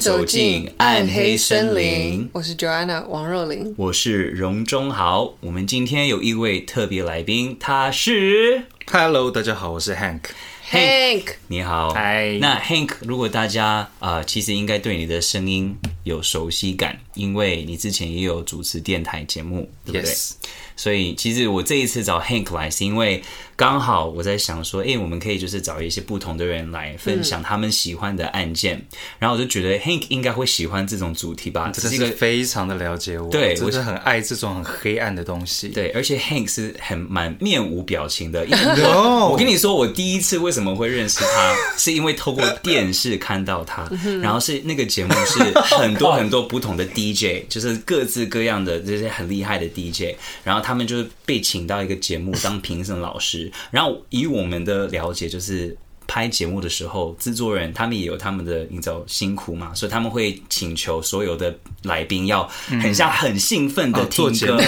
走進暗黑森林，我是 Joanna 王若琳，我是榮忠豪。我們今天有一位特別來賓，他是 Hello，大家好，我是 Hank，Hank Hank. 你好，嗨。Hi. 那 Hank，如果大家啊、呃，其實應該對你的聲音有熟悉感，因為你之前也有主持電台節目，對不對？Yes. 所以其實我這一次找 Hank 來是因為。剛好我在想說，誒、欸、我們可以就是找一些不同的人來分享他們喜歡的案件，嗯、然後我就覺得 Hank 應該會喜歡這種主題吧，這是非常的了解我，對我是很愛這種很黑暗的東西，對,對，而且 Hank 是很蠻面無表情的，因為我, No! 我跟你說，我第一次為什麼會認識他， 是因為透過電視看到他， 然後是那個節目是很多很多不同的 DJ，就是各自各樣的這些、就是、很厲害的 DJ，然後他們就是被請到一個節目當評審老師。 然後以我們的了解，就是，拍節目的時候，製作人他們也有他們的，你知道，辛苦嘛，所以他們會請求所有的來賓要很像很興奮的聽歌，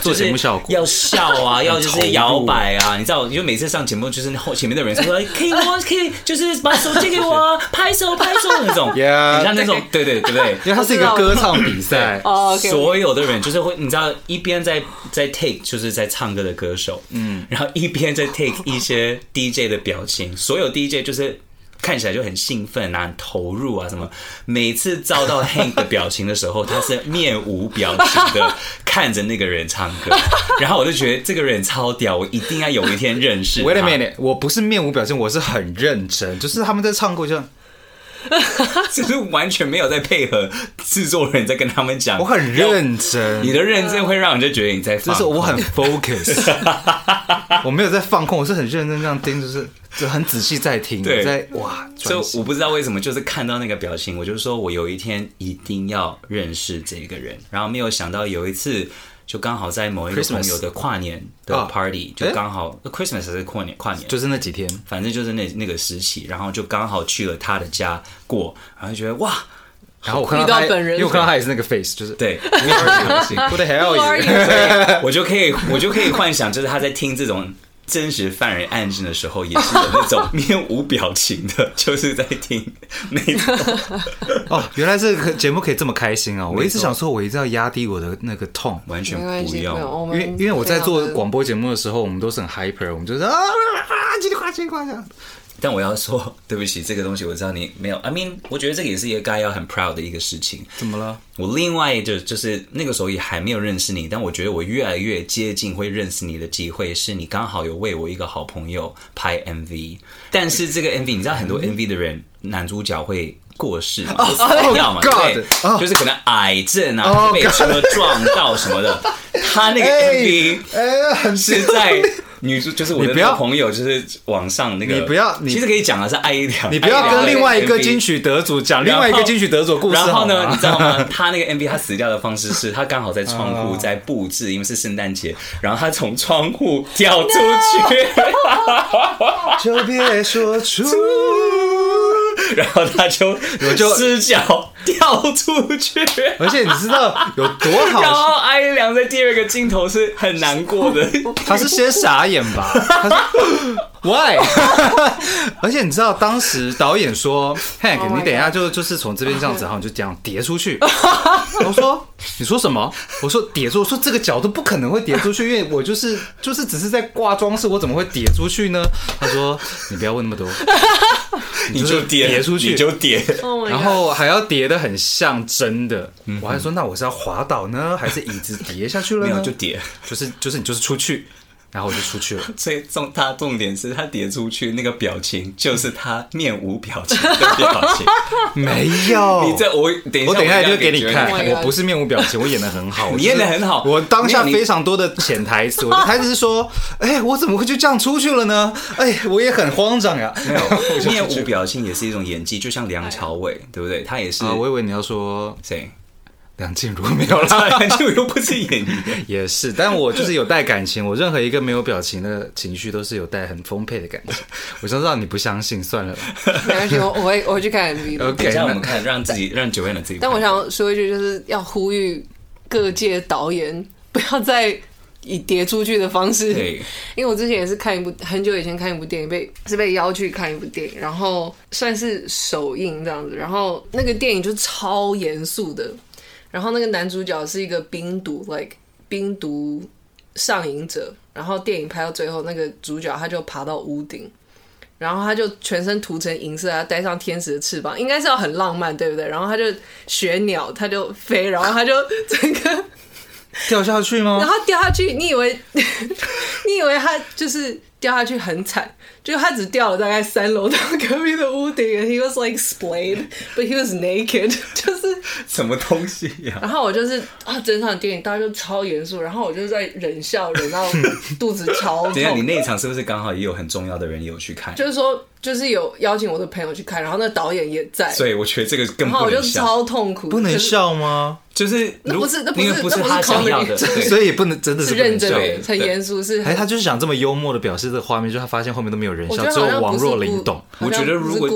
做節目效果要笑啊，要就是搖擺啊，你知道？因為每次上節目就是後前面的人說可以，我可以，就是把手機給我拍手拍手那種，你像那種對對對對，因為他是一個歌唱比賽，所有的人就是會，你知道一邊在在 take 就是在唱歌的歌手，嗯，然後一邊在 take 一些 DJ 的表情，所有 DJ。就是看起來就很興奮啊、很投入啊什麼。每次遭到 Hank 的表情的時候， 他是面無表情的 看着那個人唱歌，然後我就覺得這個人超屌，我一定要有一天認識。Wait a minute，我不是面無表情，我是很認真， 就是他們在唱歌就。 就是完全沒有在配合製作人，在跟他們講。我很認真，你的認真會讓你就覺得你在就是我很 focus, S, 我沒有在放空，我是很認真這樣盯，就是就很仔細在聽。對，在哇，就我不知道為什麼，就是看到那個表情，我就說我有一天一定要認識這個人。然後沒有想到有一次。就剛好在某一個朋友的跨年的 party，Christmas ?、oh, 就剛好 Christmas 還是跨年，啊、跨年就是那幾天，反正就是那那個時期，然後就剛好去了他的家過，然後就覺得哇，然後我看到他本人，因為我看到他也是那個 face，就是對，我 我就可以，我就可以幻想，就是他在聽這種。真實犯人案件的時候，也是有那種面無表情的。 就是在聽，沒錯。 哦，原來這個節目可以這麼開心啊！哦！錯我一直想說，我一直要壓低我的那個 tone，完全不要。因為因為我在做廣播節目的時候，我們都是很 hyper，我們就是啊啊嘰里呱嘰里呱這樣。啊啊啊啊啊啊啊但我要說對不起，這個東西我知道你沒有。I mean，我覺得這個也是一個該要很 proud 的一個事情。怎麼了？我另外就就是那個時候也還沒有認識你，但我覺得我越來越接近會認識你的機會，是你剛好有為我一個好朋友拍 MV。但是這個 MV，你知道很多 MV 的人、欸、男主角會過世嘛？你知道嗎？對，oh. 就是可能癌症啊，oh. 被什麼撞到什麼的，他那個 MV 實 Hey. 在。女主就是我的朋友，你不要，就是網上那個。你不要，你其實可以講的是愛一點點，你不要跟另外一個金曲得主講另外一個金曲得主的故事然。然後呢，你知道嗎？他那個 MV，他死掉的方式是他剛好在窗戶在布置， 因為是聖誕節，然後他從窗戶跳出去。No! 就別說出。 然後他就就失腳。跳出去，而且你知道有多好？然後哀涼在第二個鏡頭是很難過的， 他是先傻眼吧他？Why？ 而且你知道當時導演說：“Hank，、oh、my 你等一下，就就是從這邊這樣子，然後你就這樣疊出去。” oh、my 我說：“你說什麼？”我說：“疊出。”我說：“這個角度不可能會疊出去，因為我就是就是只是在掛裝飾，我怎麼會疊出去呢？”他說：“你不要問那麼多，你就疊出去，你就,疊你就疊，然後還要疊的。”很像真的，我還說，那我是要滑倒呢，還是椅子跌下去了呢？ 沒有就跌，就是就是你就是出去。然後我就出去了。所以重，他重點是他跌出去那個表情，就是他面無表情的表情，沒有。你在我等我等一下就給你看，我不是面無表情，我演得很好，你演得很好。我當下非常多的潛台詞，我的台詞是說，哎，我怎麼會就這樣出去了呢？哎，我也很慌張呀。沒有，面無表情也是一種演技，就像梁朝偉，對不對？他也是。我以為你要說誰？梁靜茹，沒有啦，梁靜茹又不是演員， 也是，但我就是有帶感情，我任何一個沒有表情的情緒都是有帶很豐沛的感情。我想知道你不相信，算了。沒關係，我會我會去看 MV。OK，讓我們看讓自己在讓久違的自己。但我想要說一句，就是要呼籲各界導演不要再以疊出去的方式，對因為我之前也是看一部很久以前看一部電影，被是被邀去看一部電影，然後算是首映這樣子，然後那個電影就超嚴肅的。然後那個男主角是一個冰毒，like 冰毒上癮者。然後電影拍到最後，那個主角他就爬到屋頂，然後他就全身塗成銀色，啊，他戴上天使的翅膀，應該是要很浪漫，對不對？然後他就學鳥，他就飛，然後他就整個掉下去嗎？然後掉下去，你以為 你以為他就是掉下去很慘？就他只掉了大概三樓到隔壁的屋頂，and he was like splayed，but he was naked，就是什麼東西呀？然後我就是啊，整場電影大家都超嚴肅，然後我就在忍笑，忍到肚子超痛。等一下你那一場是不是剛好也有很重要的人有去看？就是說，就是有邀請我的朋友去看，然後那導演也在。所以我覺得這個根本，然後我就超痛苦，不能笑嗎？就是那不是，那不是，不是他想要的，所以不能，真的是認真的。很嚴肅是。哎，他就是想這麼幽默的表示這個畫面，就他發現後面的。沒有人像不不，只有王若琳懂。我覺得如果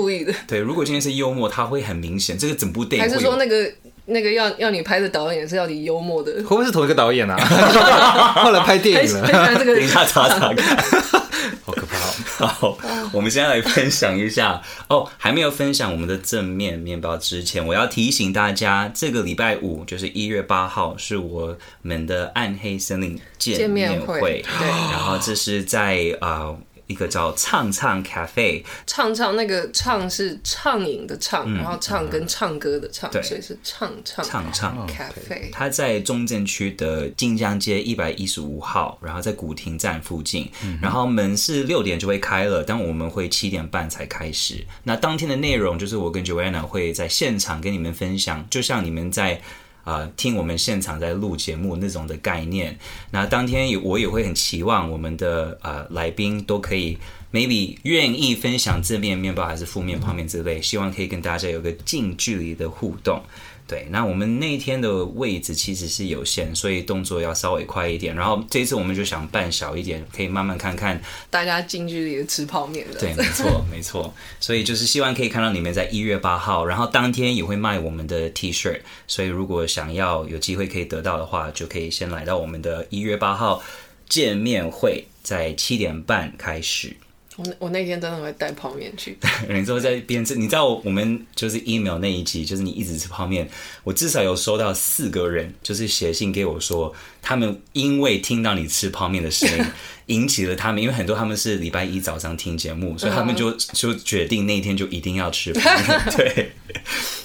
對，如果今天是幽默，他會很明顯。這個整部電影還是說那個那個要要你拍的導演是要你幽默的，會不會是同一個導演啊？ 後來拍電影了，拍拍拍這個，等一下查查看， 好可怕哦！好，我們先來分享一下 哦。還沒有分享我們的正面面包之前，我要提醒大家，這個禮拜五就是一月八號，是我們的暗黑森林見面會。見面會，對，然後這是在啊。呃一個叫唱唱 cafe，唱唱那個唱是暢飲的暢，嗯、然後唱跟唱歌的唱，嗯、所以是唱唱對唱唱 cafe。哦、它在中正區的晉江街一百一十五號，然後在古亭站附近，嗯、哼然後門是六點就會開了，但我們會七點半才開始。那當天的內容就是我跟 Joanna 會在現場跟你們分享，就像你們在。啊，uh, 聽我們現場在錄節目那種的概念，那當天也我也會很期望我們的啊，uh, 來賓都可以，maybe 願意分享正面面包還是負面泡面之類，希望可以跟大家有個近距離的互動。對，那我們那一天的位置其實是有限，所以動作要稍微快一點。然後這次我們就想辦小一點，可以慢慢看看大家近距離吃泡麵的。對，沒錯，沒錯。所以就是希望可以看到你們在一月八號，然後當天也會賣我們的 T 恤，所以如果想要有機會可以得到的話，就可以先來到我們的一月八號見面會，在七點半開始。我我那天真的會帶泡麵去。你就在邊吃，你知道，我們就是 email 那一集，就是你一直吃泡麵，我至少有收到四個人就是寫信給我說，他們因為聽到你吃泡麵的聲音， 引起了他們，因為很多他們是禮拜一早上聽節目，所以他們就就決定那一天就一定要吃泡麵， 對，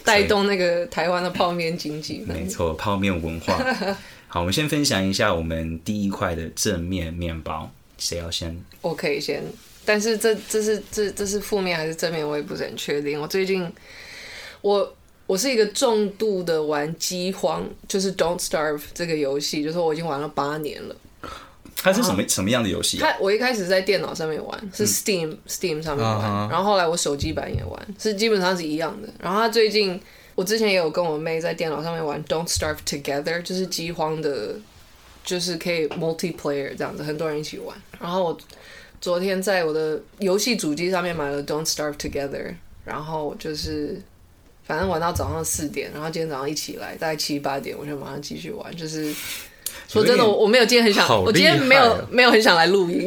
帶動那個台灣的泡麵經濟，沒錯，泡麵文化。好，我們先分享一下我們第一塊的正面麵包，誰要先？我可以先。但是這這是這這是負面還是正面，我也不是很確定。我最近，我我是一個重度的玩饑荒，就是 Don't Starve 這個遊戲，就是我已經玩了八年了。它是什麼什麼樣的遊戲？它我一開始在電腦上面玩，是 Steam Steam 上面玩，然後後來我手機版也玩，是基本上是一樣的。然後它最近，我之前也有跟我妹在電腦上面玩 Don't Starve Together，就是饑荒的，就是可以 Multiplayer 這樣子，很多人一起玩。然後我。昨天在我的遊戲主機上面買了《Don't Starve Together》，然後就是反正玩到早上四點，然後今天早上一起來大概七八點我就馬上繼續玩。就是說真的，我沒有今天很想，我今天沒有沒有很想來錄音，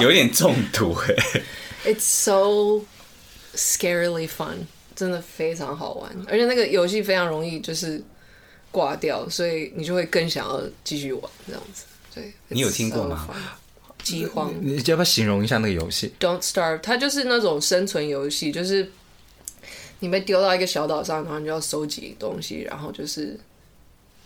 有點中毒哎。 It's so scarily fun，真的非常好玩，而且那個遊戲非常容易就是掛掉，所以你就會更想要繼續玩這樣子。對，你有聽過嗎？So 饑荒，你要不要形容一下那個遊戲？Don't Starve，它就是那種生存遊戲，就是你被丟到一個小島上，然後你就要收集東西，然後就是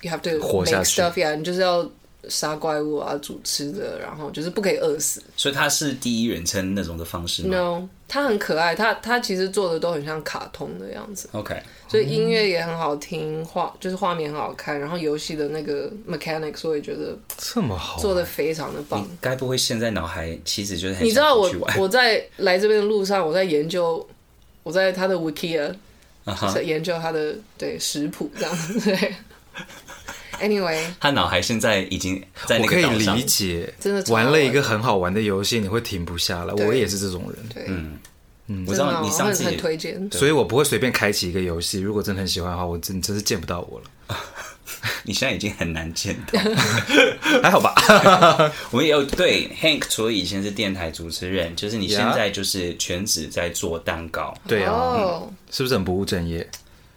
y o u have to make stuff，活下去，你就是要。殺怪物啊，煮吃的，然後就是不可以餓死。所以他是第一人稱那種的方式嗎？No，他很可愛，他，他其實做的都很像卡通的樣子。OK，所以音樂也很好聽，畫就是畫面很好看，然後遊戲的那個 mechanics 我也覺得這麼好，做的非常的棒。該不會現在腦海其實就是很你知道我我在來這邊的路上，我在研究我在他的 Wikia 研究他的、uh huh. 對食譜這樣子對。 Anyway，他腦海現在已經在那個島上。真的，玩了一個很好玩的遊戲，你會停不下來。我也是這種人。對，嗯，我知道你上次也推薦，所以我不會隨便開啟一個遊戲。如果真的很喜歡的話，我真真是見不到我了。你現在已經很難見到，還好吧？我也有對 Hank，除了以前是電臺主持人，就是你現在就是全職在做蛋糕。對啊，是不是很不務正業？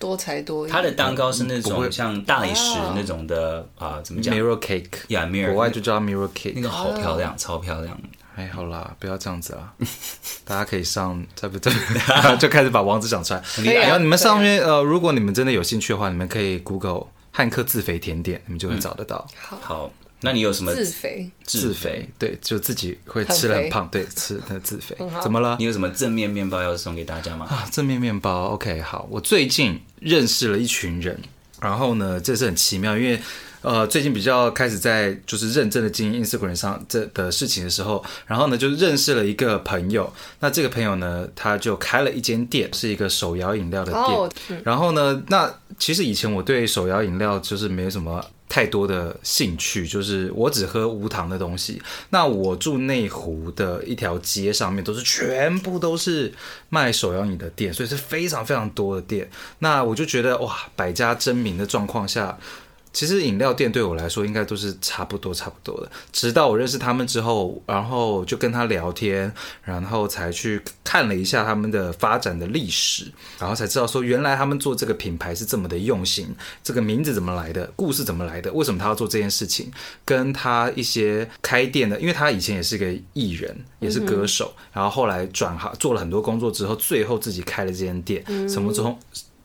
多才多藝，他的蛋糕是那種像大理石那種的啊，怎麼講？Mirror cake，Yeah，mirror，國外就叫 mirror cake，那個好漂亮，超漂亮。還好啦，不要這樣子啦，大家可以上，對不對？就開始把網址講出來。然後你們上面呃，如果你們真的有興趣的話，你們可以 Google 漢克自肥甜點，你們就會找得到。好。那你有什麼自肥？自肥，對，就自己會吃的很胖，很肥對，吃的自肥， 怎麼了？你有什麼正面麵包要送給大家嗎？啊，正面麵包，OK，好。我最近認識了一群人，然後呢，這是很奇妙，因為呃，最近比較開始在就是認真的經營 Instagram 上這的事情的時候，然後呢，就認識了一個朋友。那這個朋友呢，他就開了一間店，是一個手搖飲料的店。好好吃，然後呢，那其實以前我對手搖飲料就是沒有什麼。太多的興趣，就是我只喝無糖的東西。那我住內湖的一條街上面，都是全部都是賣手搖飲的店，所以是非常非常多的店。那我就覺得哇，百家爭鳴的狀況下。其實飲料店對我來說應該都是差不多差不多的。直到我認識他們之後，然後就跟他聊天，然後才去看了一下他們的發展的歷史，然後才知道說原來他們做這個品牌是這麼的用心。這個名字怎麼來的？故事怎麼來的？為什麼他要做這件事情？跟他一些開店的，因為他以前也是個藝人，也是歌手，然後後來轉行做了很多工作之後，最後自己開了這間店，什麼之後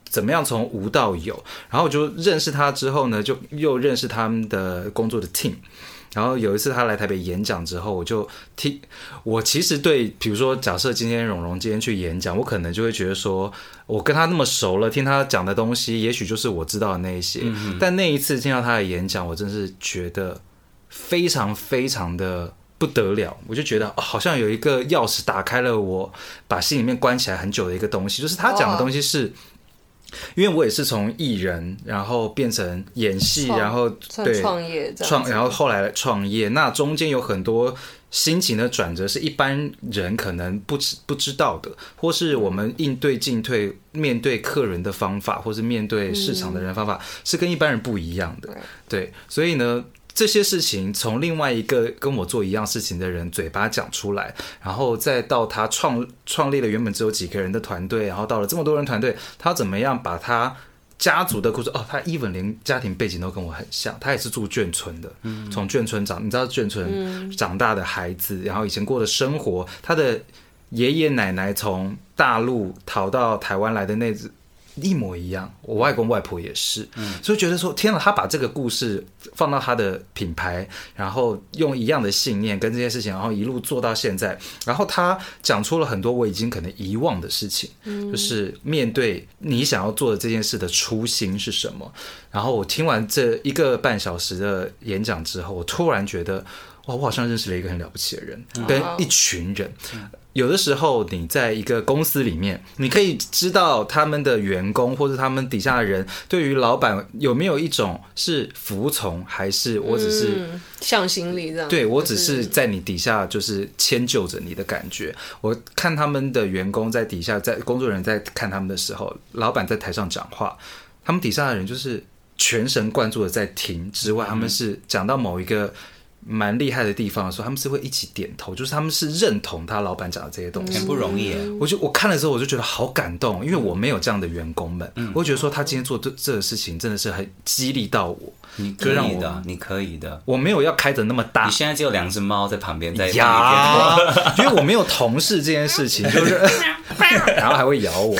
怎麼樣從無到有？然後我就認識他之後呢，就又認識他們的工作的 team。然後有一次他來台北演講之後，我就聽。我其實對，比如說，假設今天榮榮今天去演講，我可能就會覺得說，我跟他那麼熟了，聽他講的東西，也許就是我知道的那一些。嗯、哼但那一次聽到他的演講，我真是覺得非常非常的不得了。我就覺得，哦、好像有一個鑰匙打開了我，我把心裡面關起來很久的一個東西，就是他講的東西是。哦因為我也是從藝人，然後變成演戲，創然後對創，創業，然後後來創業，那中間有很多心情的轉折，是一般人可能不知不知道的，或是我們應對進退、面對客人的方法，或是面對市場的人的方法，嗯、是跟一般人不一樣的。對，對，所以呢。這些事情從另外一個跟我做一樣事情的人嘴巴講出來，然後再到他創創立了原本只有幾個人的團隊，然後到了這麼多人團隊，他怎麼樣把他家族的故事，嗯、哦，他 even 連家庭背景都跟我很像，他也是住眷村的，從、嗯、眷村長，你知道眷村長大的孩子，嗯、然後以前過的生活，他的爺爺奶奶從大陸逃到台灣來的那。一模一樣，我外公外婆也是，嗯、所以覺得說，天啊，他把這個故事放到他的品牌，然後用一樣的信念跟這件事情，然後一路做到現在。然後他講出了很多我已經可能遺忘的事情，嗯、就是面對你想要做的這件事的初心是什麼。然後我聽完這一個半小時的演講之後，我突然覺得，哇，我好像認識了一個很了不起的人，哦、跟一群人。有的時候，你在一個公司裡面，你可以知道他們的員工或者他們底下的人，對於老闆有沒有一種是服從，還是我只是向心力這樣？對，我只是在你底下就是遷就着你的感覺。我看他們的員工在底下，在工作人員在看他們的時候，老闆在台上講話，他們底下的人就是全神貫注的在聽之外，他們是講到某一個。蠻厲害的地方的時候，他們是會一起點頭，就是他們是認同他老板講的這些東西，很不容易。我就我看了之後我就覺得好感動，因為我沒有這樣的員工們，嗯、我覺得說他今天做這這個事情真的是很激勵到我，你可以的，你可以的，我沒有要開的那麼大。你現在只有兩隻貓在旁邊在叫。呀 因為我沒有同事這件事情，就是 然後還會咬我，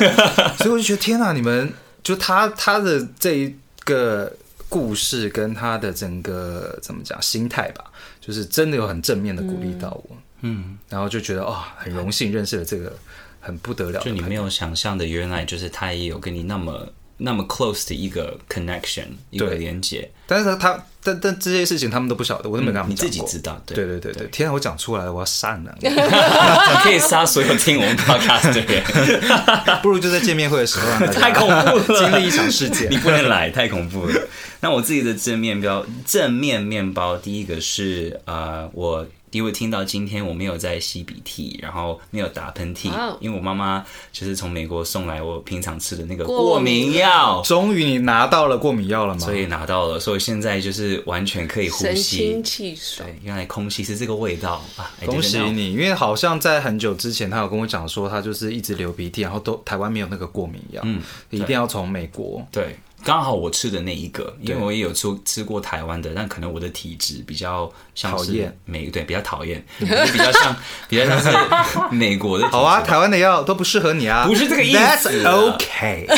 所以我就覺得天哪、啊，你們就他他的這一個故事跟他的整個怎麼講心態吧。就是真的有很正面的鼓勵到我，嗯，嗯然後就覺得啊、哦，很榮幸認識了這個很不得了。就你沒有想象的，原來就是他也有跟你那麼那麼 close 的一個 connection，對一個連接。但是他。他但但這些事情他們都不曉得，我都沒跟他們講過，嗯、你自己知道，對對對對。對天，我講出來了，我要刪了，啊。可以殺所有聽我們 podcast 不如就在見面會的時候讓大家太恐怖了，經歷一場事件，你不能來，太恐怖了。 那我自己的正面包，正面面包，第一個是啊，呃，我。因為聽到今天我沒有在吸鼻涕，然後沒有打噴嚏，哦，因為我媽媽就是從美國送來我平常吃的那個過敏藥。過敏了？終於你拿到了過敏藥了嗎？所以拿到了，所以現在就是完全可以呼吸，神清氣爽，對，原來空氣是這個味道啊！恭喜你，因為好像在很久之前他有跟我講說，他就是一直流鼻涕，然後都台灣沒有那個過敏藥，嗯，一定要從美國對。剛好我吃的那一個，因為我也有吃吃過台灣的，對但可能我的體質比較像是美厭對，比較討厭，比較像 比較像是美國的。好啊，台灣的藥都不適合你啊，不是這個意思。That's OK，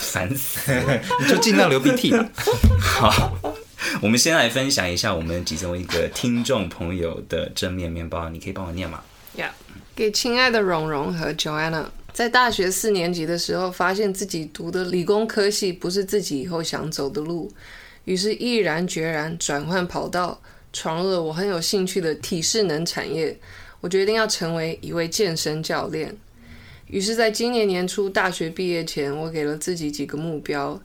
煩死， 你就儘量流鼻涕吧。 好，我們先來分享一下我們其中一個聽眾朋友的正面面包，你可以幫我念嗎？Yeah，給親愛的蓉蓉和 Joanna。在大學四年級的時候，發現自己讀的理工科系不是自己以後想走的路，於是毅然決然轉換跑道，闖入了我很有興趣的體適能產業。我決定要成為一位健身教練。於是，在今年年初大學畢業前，我給了自己幾個目標：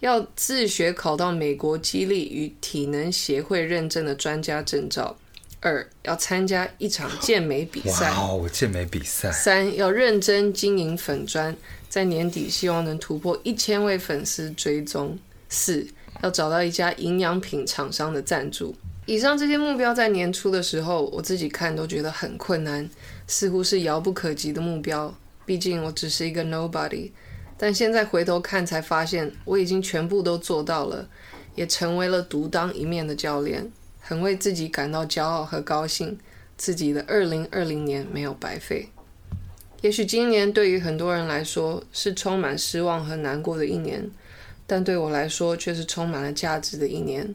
要自學考到美國肌力與體能協會認證的專家證照。二要參加一場健美比賽。Wow, 我健美比賽！三要認真經營粉專，在年底希望能突破一千位粉絲追蹤。四要找到一家營養品廠商的贊助。以上這些目標，在年初的時候我自己看都覺得很困難，似乎是遙不可及的目標。畢竟我只是一個 nobody，但現在回頭看才發現，我已經全部都做到了，也成為了獨當一面的教練。很為自己感到驕傲和高興，自己的二零二零年沒有白費。也許今年對於很多人來說是充滿失望和難過的一年，但對我來說卻是充滿了價值的一年。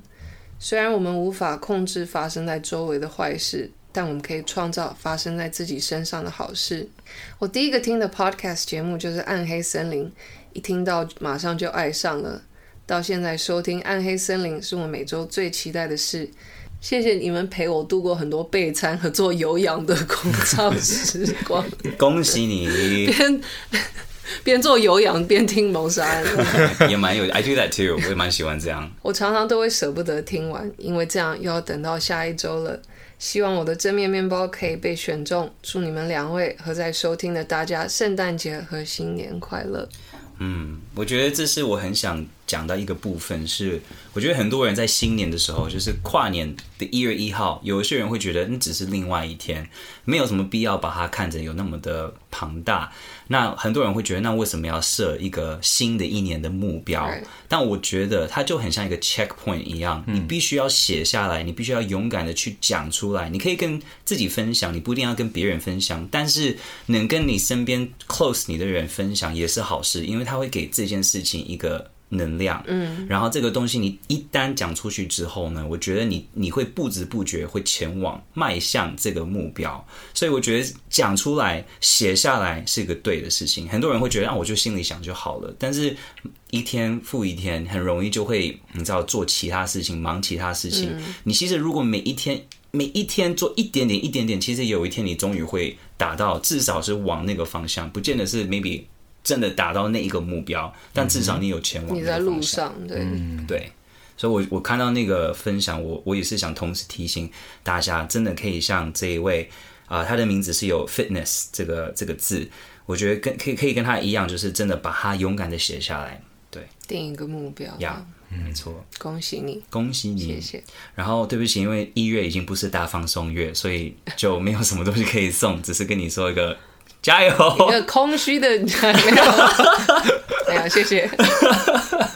雖然我們無法控制發生在周圍的壞事，但我們可以創造發生在自己身上的好事。我第一個聽的 podcast 節目就是《暗黑森林》，一聽到馬上就愛上了。到現在收聽《暗黑森林》是我每週最期待的事。謝謝你們陪我度過很多備餐和做有氧的枯燥時光。恭喜你！邊邊做有氧邊聽謀殺案，也蠻有。I do that too。我也蠻喜歡這樣。 我常常都會捨不得聽完，因為這樣又要等到下一周了。希望我的正面麵包可以被選中。祝你們兩位和在收聽的大家聖誕節和新年快樂。嗯，我覺得這是我很想。講到一個部分是，我覺得很多人在新年的時候，就是跨年的一月一號，有一些人會覺得那只是另外一天，沒有什麼必要把它看着有那麼的龐大。那很多人會覺得，那為什麼要設一個新的一年的目標？但我覺得它就很像一個 checkpoint 一樣，你必須要寫下來，你必須要勇敢的去講出來。你可以跟自己分享，你不一定要跟別人分享，但是能跟你身邊 close 你的人分享也是好事，因為他會給這件事情一個。能量，嗯，然後這個東西你一旦講出去之後呢，我覺得你你會不知不覺會前往邁向這個目標，所以我覺得講出來寫下來是一個對的事情。很多人會覺得，啊、嗯，我就心裡想就好了，但是一天復一天，很容易就會你知道做其他事情，忙其他事情。嗯、你其實如果每一天每一天做一點點一點點，其實有一天你終於會達到，至少是往那個方向，不見得是 maybe。真的達到那一個目標，但至少你有前往。你在路上，對，對，所以我，我我看到那個分享，我我也是想同時提醒大家，真的可以像這一位啊、呃，他的名字是有 fitness 這個這個字，我覺得跟可以可以跟他一樣，就是真的把它勇敢的寫下來，對，定一個目標，呀，沒錯，恭喜你，恭喜你，謝謝。然後對不起，因為一月已經不是大放送月，所以就沒有什麼東西可以送， 只是跟你說一個。加油！一個空虛的。哎呀，謝謝。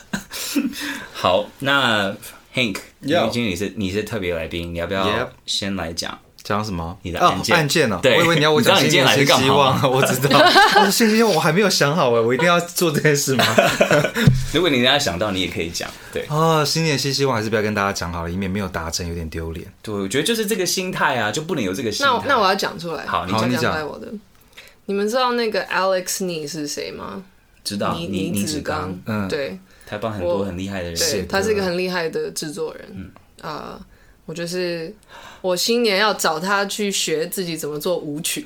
好，那 Hank，女經理是你是特別來賓，你要不要先來講？講什麼？你的案件？案件啊！對，我以為你要我講案件來着。希望，我知道。新希望，我還沒有想好哎，我一定要做這件事嗎？如果你等下想到，你也可以講。對哦，新年的新希望還是不要跟大家講好了，以免沒有達成，有點丟臉。對，我覺得就是這個心態啊，就不能有這個心態。那我要講出來。好，你講講我的。你們知道那個 Alex Ni 是誰嗎？知道，倪倪子剛。嗯，對，他幫很多很厲害的人對，他是一個很厲害的製作人，嗯啊，uh, 我就是我新年要找他去學自己怎麼做舞曲，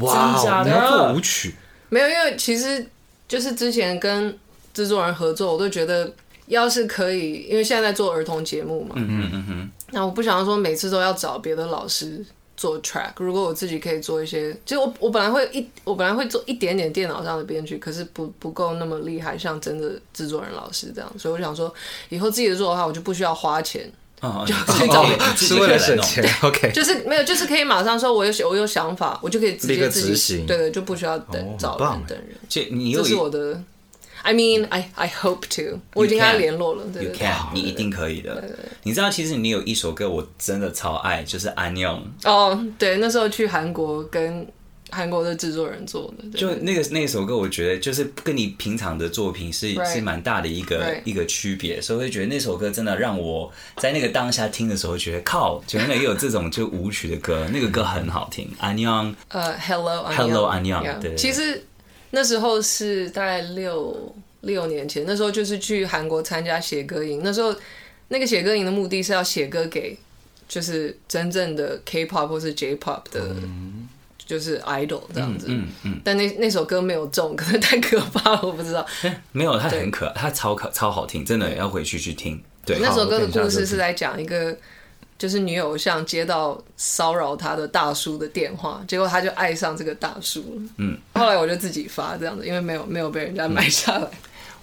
哇， 的的你要做舞曲？沒有，因為其實就是之前跟製作人合作，我都覺得要是可以，因為現在在做兒童節目嘛，嗯哼嗯嗯嗯，那我不想要說每次都要找別的老師。做 track，如果我自己可以做一些，就我我本來會一，我本來會做一點點電腦上的編曲，可是不不夠那麼厲害，像真的制作人老師這樣，所以我想說，以後自己的做的話，我就不需要花錢，哦、就自己找人自己、哦，是為了省錢，OK，對。就是沒有，就是可以馬上說，我有我有想法，我就可以直接自己行，對，對對，就不需要等、哦、找人等人，你又這是我的。I mean, I I hope to. 我已經跟他聯絡了，對 You can，你一定可以的。你知道，其實你有一首歌，我真的超愛，就是 An Young。哦，對，那時候去韓國跟韓國的制作人做的。就那個那首歌，我覺得就是跟你平常的作品是是蠻大的一個一個區別，所以會覺得那首歌真的讓我在那個當下聽的時候覺得靠，原來也有這種就舞曲的歌，那個歌很好聽。An Young，呃，Hello An Young，Hello An Young，對。其實。那時候是大概六六年前，那時候就是去韓國參加寫歌營。那時候，那個寫歌營的目的是要寫歌給，就是真正的 K-pop 或是 J-pop 的，就是 idol 這樣子。嗯嗯。嗯嗯，但那那首歌沒有中，可能太可怕了，我不知道、欸。沒有，它很可怕，對它超可超好聽，真的要回去去聽。對，好那首歌的故事是在講一個。就是女友像接到騷擾他的大叔的電話，結果他就愛上這個大叔了。嗯，後來我就自己發這樣子，因為沒有沒有被人家買下來。嗯、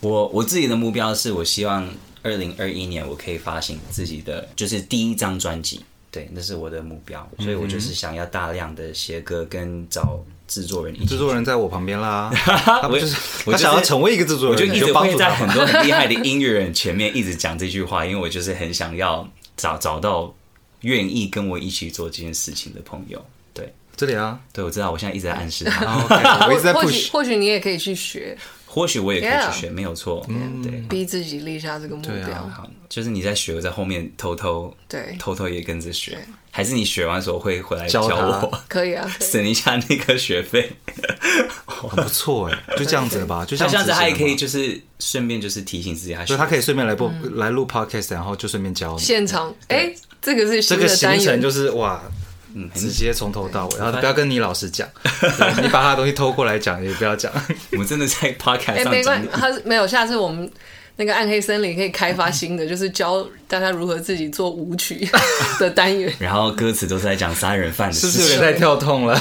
我我自己的目標是我希望二零二一年我可以發行自己的就是第一張專輯，對，那是我的目標，所以我就是想要大量的寫歌跟找制作人。制作人在我旁邊啦、就是 我，我就是我想要成為一個制作人，我就一直幫助他。在很多很厲害的音樂人前面一直講這句話， 因為我就是很想要找找到。願意跟我一起做這件事情的朋友，對，這裡啊，對，我知道，我現在一直在暗示他，我一直在暗示，或許你也可以去學，或許我也可以去學，沒有錯，嗯，對，逼自己立下這個目標，就是你在學，我在後面偷偷偷偷也跟着學，還是你學完時候會回來教我？可以啊，省一下那個學費，很不錯哎，就這樣子吧，就像這樣子，他也可以，就是順便就是提醒自己，所以他可以順便來播來錄 podcast，然後就順便教現場，哎。這個是的，這個行程就是哇，嗯，直接從頭到尾，Okay. 然後不要跟你老師講， 你把他的東西偷過來講也不要講， 我們真的在 podcast 上講，欸，沒關係，他是沒有，下次我們。那個暗黑森林可以開發新的，就是教大家如何自己做舞曲的單元。然後歌詞都是在講殺人犯的事情。是不是有點太跳痛了？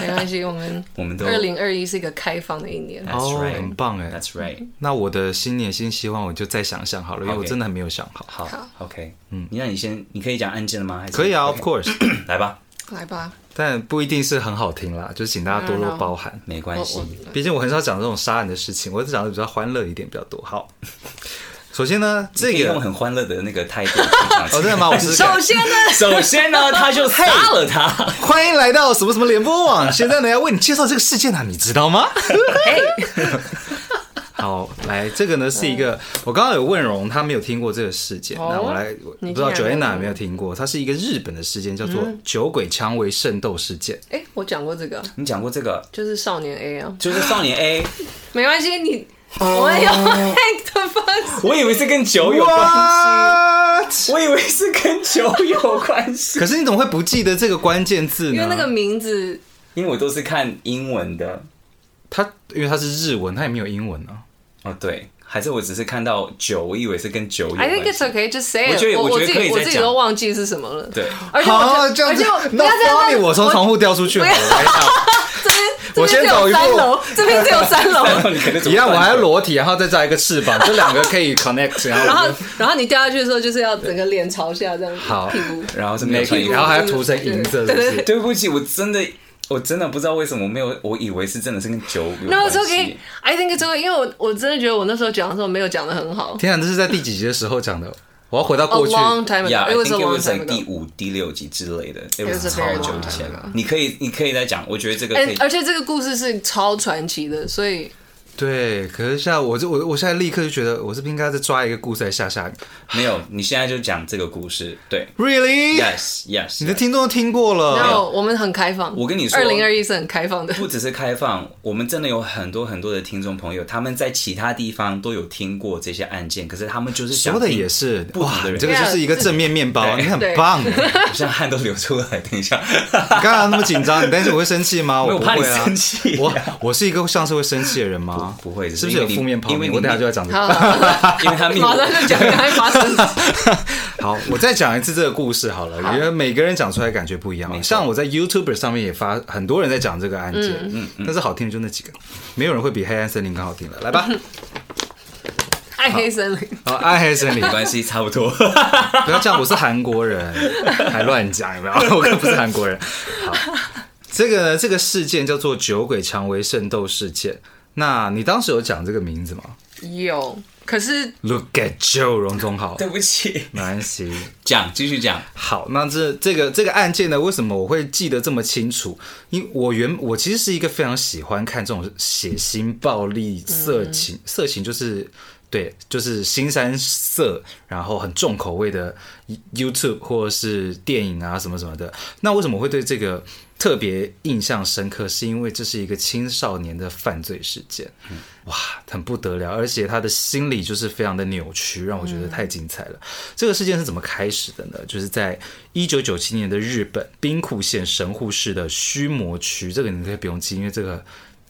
沒關係，我們我們二零二一是一個開放的一年。哦，很棒哎。That's right。那我的新年新希望，我就再想想好了。因為我真的還沒有想好。好，OK。嗯，那你先，你可以講案件了嗎？還是可以啊？Of course。來吧。來吧。但不一定是很好聽啦，就是請大家多多包涵，嗯、沒關係。畢竟我很少講這種殺人的事情，我只講的比較歡樂一點，比較多。好，首先呢，這個用很歡樂的那個態度去，好在、 哦、嗎？我是首先呢，首先呢，他就殺了他。Hey, 歡迎來到什麼什麼聯播網， 現在呢，要為你介紹這個事件呢、啊，你知道嗎？ Hey. 好，來這個呢是一個，嗯、我剛剛有問榮，他沒有聽過這個事件。那我，哦、來，我不知道 Joanna 有沒有聽過，它是一個日本的事件，叫做“酒鬼薔薇聖斗事件”。嗯。哎、欸，我講過這個，你講過這個，就是少年 A 啊，就是少年 A。 沒關係，你我有 h a n k the f 我以為是跟酒有關係，What? 我以為是跟酒有關係。 可是你怎麼會不記得這個關鍵字呢？因為那個名字，因為我都是看英文的。它因為它是日文，它也沒有英文呢。哦，對，還是我只是看到九，我以為是跟九有關係。I think it's okay, just say it. 我覺得我自己我自己都忘記是什麼了。對，而且而且這樣子，我從窗戶掉出去我先走三樓，這邊只有三樓。一樣我還要裸體，然後再加一個翅膀，這兩個可以 connect。然後然後你掉下去的時候，就是要整個臉朝下這樣子。好，然後是每個，然後還要塗成銀色。對不起，我真的。我真的不知道為什麼沒有，我以為是真的是跟酒有關係、欸。No，it's okay. I think 這個，因為我我真的覺得我那時候講的時候沒有講的很好。天啊，這是在第幾集的時候講的？我要回到過去。Long time ago，Yeah, I think it was like 第五、第六集之類的，那是超久以前了。你可以，你可以再講。我覺得這個，And, 而且這個故事是超傳奇的，所以。對，可是現在我這我我現在立刻就覺得，我這邊應該在抓一個故事來嚇嚇。沒有，你現在就講這個故事。對，Really？Yes，Yes。你的聽眾都聽過了。沒有，我們很開放。我跟你說，二零二一是很開放的。不只是開放，我們真的有很多很多的聽眾朋友，他們在其他地方都有聽過這些案件，可是他們就是想說的也是不好的人。這個就是一個正面面包，你很棒，像汗都流出來，等一下，你剛剛那麼緊張，你擔心我會生氣嗎？我不會啊。我我是一個像是會生氣的人嗎？不會，是不是有負面泡麵？我等下就要講，這個。好，我再講一次這個故事好了。因為每個人講出來感覺不一樣。像我在 YouTube 上面也發，很多人在講這個案件，但是好聽的就那幾個，沒有人會比黑暗森林更好聽了。來吧，暗黑森林啊，暗黑森林，沒關係差不多。不要這樣，我是韓國人，還亂講，有沒有？我可不是韓國人。好，這個這個事件叫做“酒鬼薔薇聖斗事件”。那你當時有講這個名字嗎？有，可是 Look at you，榮忠豪，對不起，沒關係，講， 繼續講。好，那這這個這個案件呢，為什麼我會記得這麼清楚？因為我原我其實是一個非常喜歡看這種血腥、暴力、色情、嗯、色情就是。對，就是腥羶色，然後很重口味的 YouTube 或是電影啊什麼什麼的。那為什麼我會對這個特別印象深刻？是因為這是一個青少年的犯罪事件，嗯、哇，很不得了，而且他的心理就是非常的扭曲，讓我覺得太精彩了。嗯、這個事件是怎麼開始的呢？就是在一九九七年的日本兵庫縣神戶市的須磨區，這個你可以不用記，因為這個。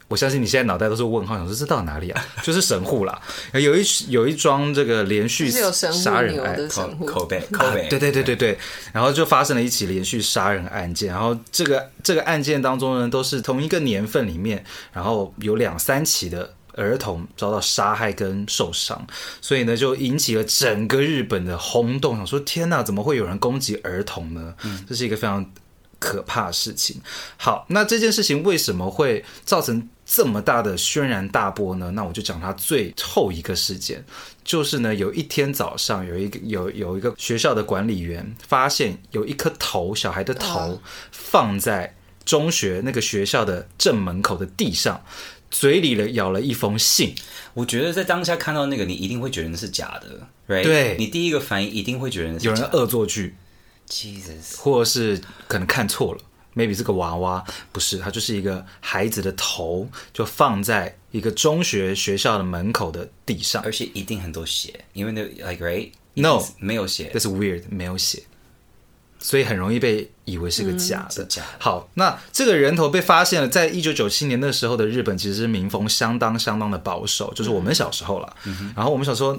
我相信你現在腦袋都是問號，想說這到哪裡啊？就是神戶啦。有一有一樁這個連續殺人案，口碑口碑，對對對對對。然後就發生了一起連續殺人案件，然後這個這個案件當中呢，都是同一個年份裡面，然後有兩三起的兒童遭到殺害跟受傷，所以呢就引起了整個日本的轟動，想說天吶，怎麼會有人攻擊兒童呢？這是一個非常可怕的事情。好，那這件事情為什麼會造成？這麼大的軒然大波呢？那我就講它最後一個事件，就是呢，有一天早上，有一個有有一個學校的管理員發現有一顆頭，小孩的頭放在中學那個學校的正門口的地上，嘴裡了咬了一封信。我覺得在當下看到那個，你一定會覺得是假的，Right? 對？你第一個反應一定會覺得是假的，有人惡作劇，Jesus，或是可能看錯了。maybe 這個娃娃不是，它就是一個孩子的頭，就放在一個中學學校的門口的地上，而且一定很多血，因為那 like right no 沒有血，這是 weird 沒有血，所以很容易被以為是個假的假。好，那這個人頭被發現了，在一九九七年那時候的日本，其實民風相當相當的保守，就是我們小時候了，然後我們小時候。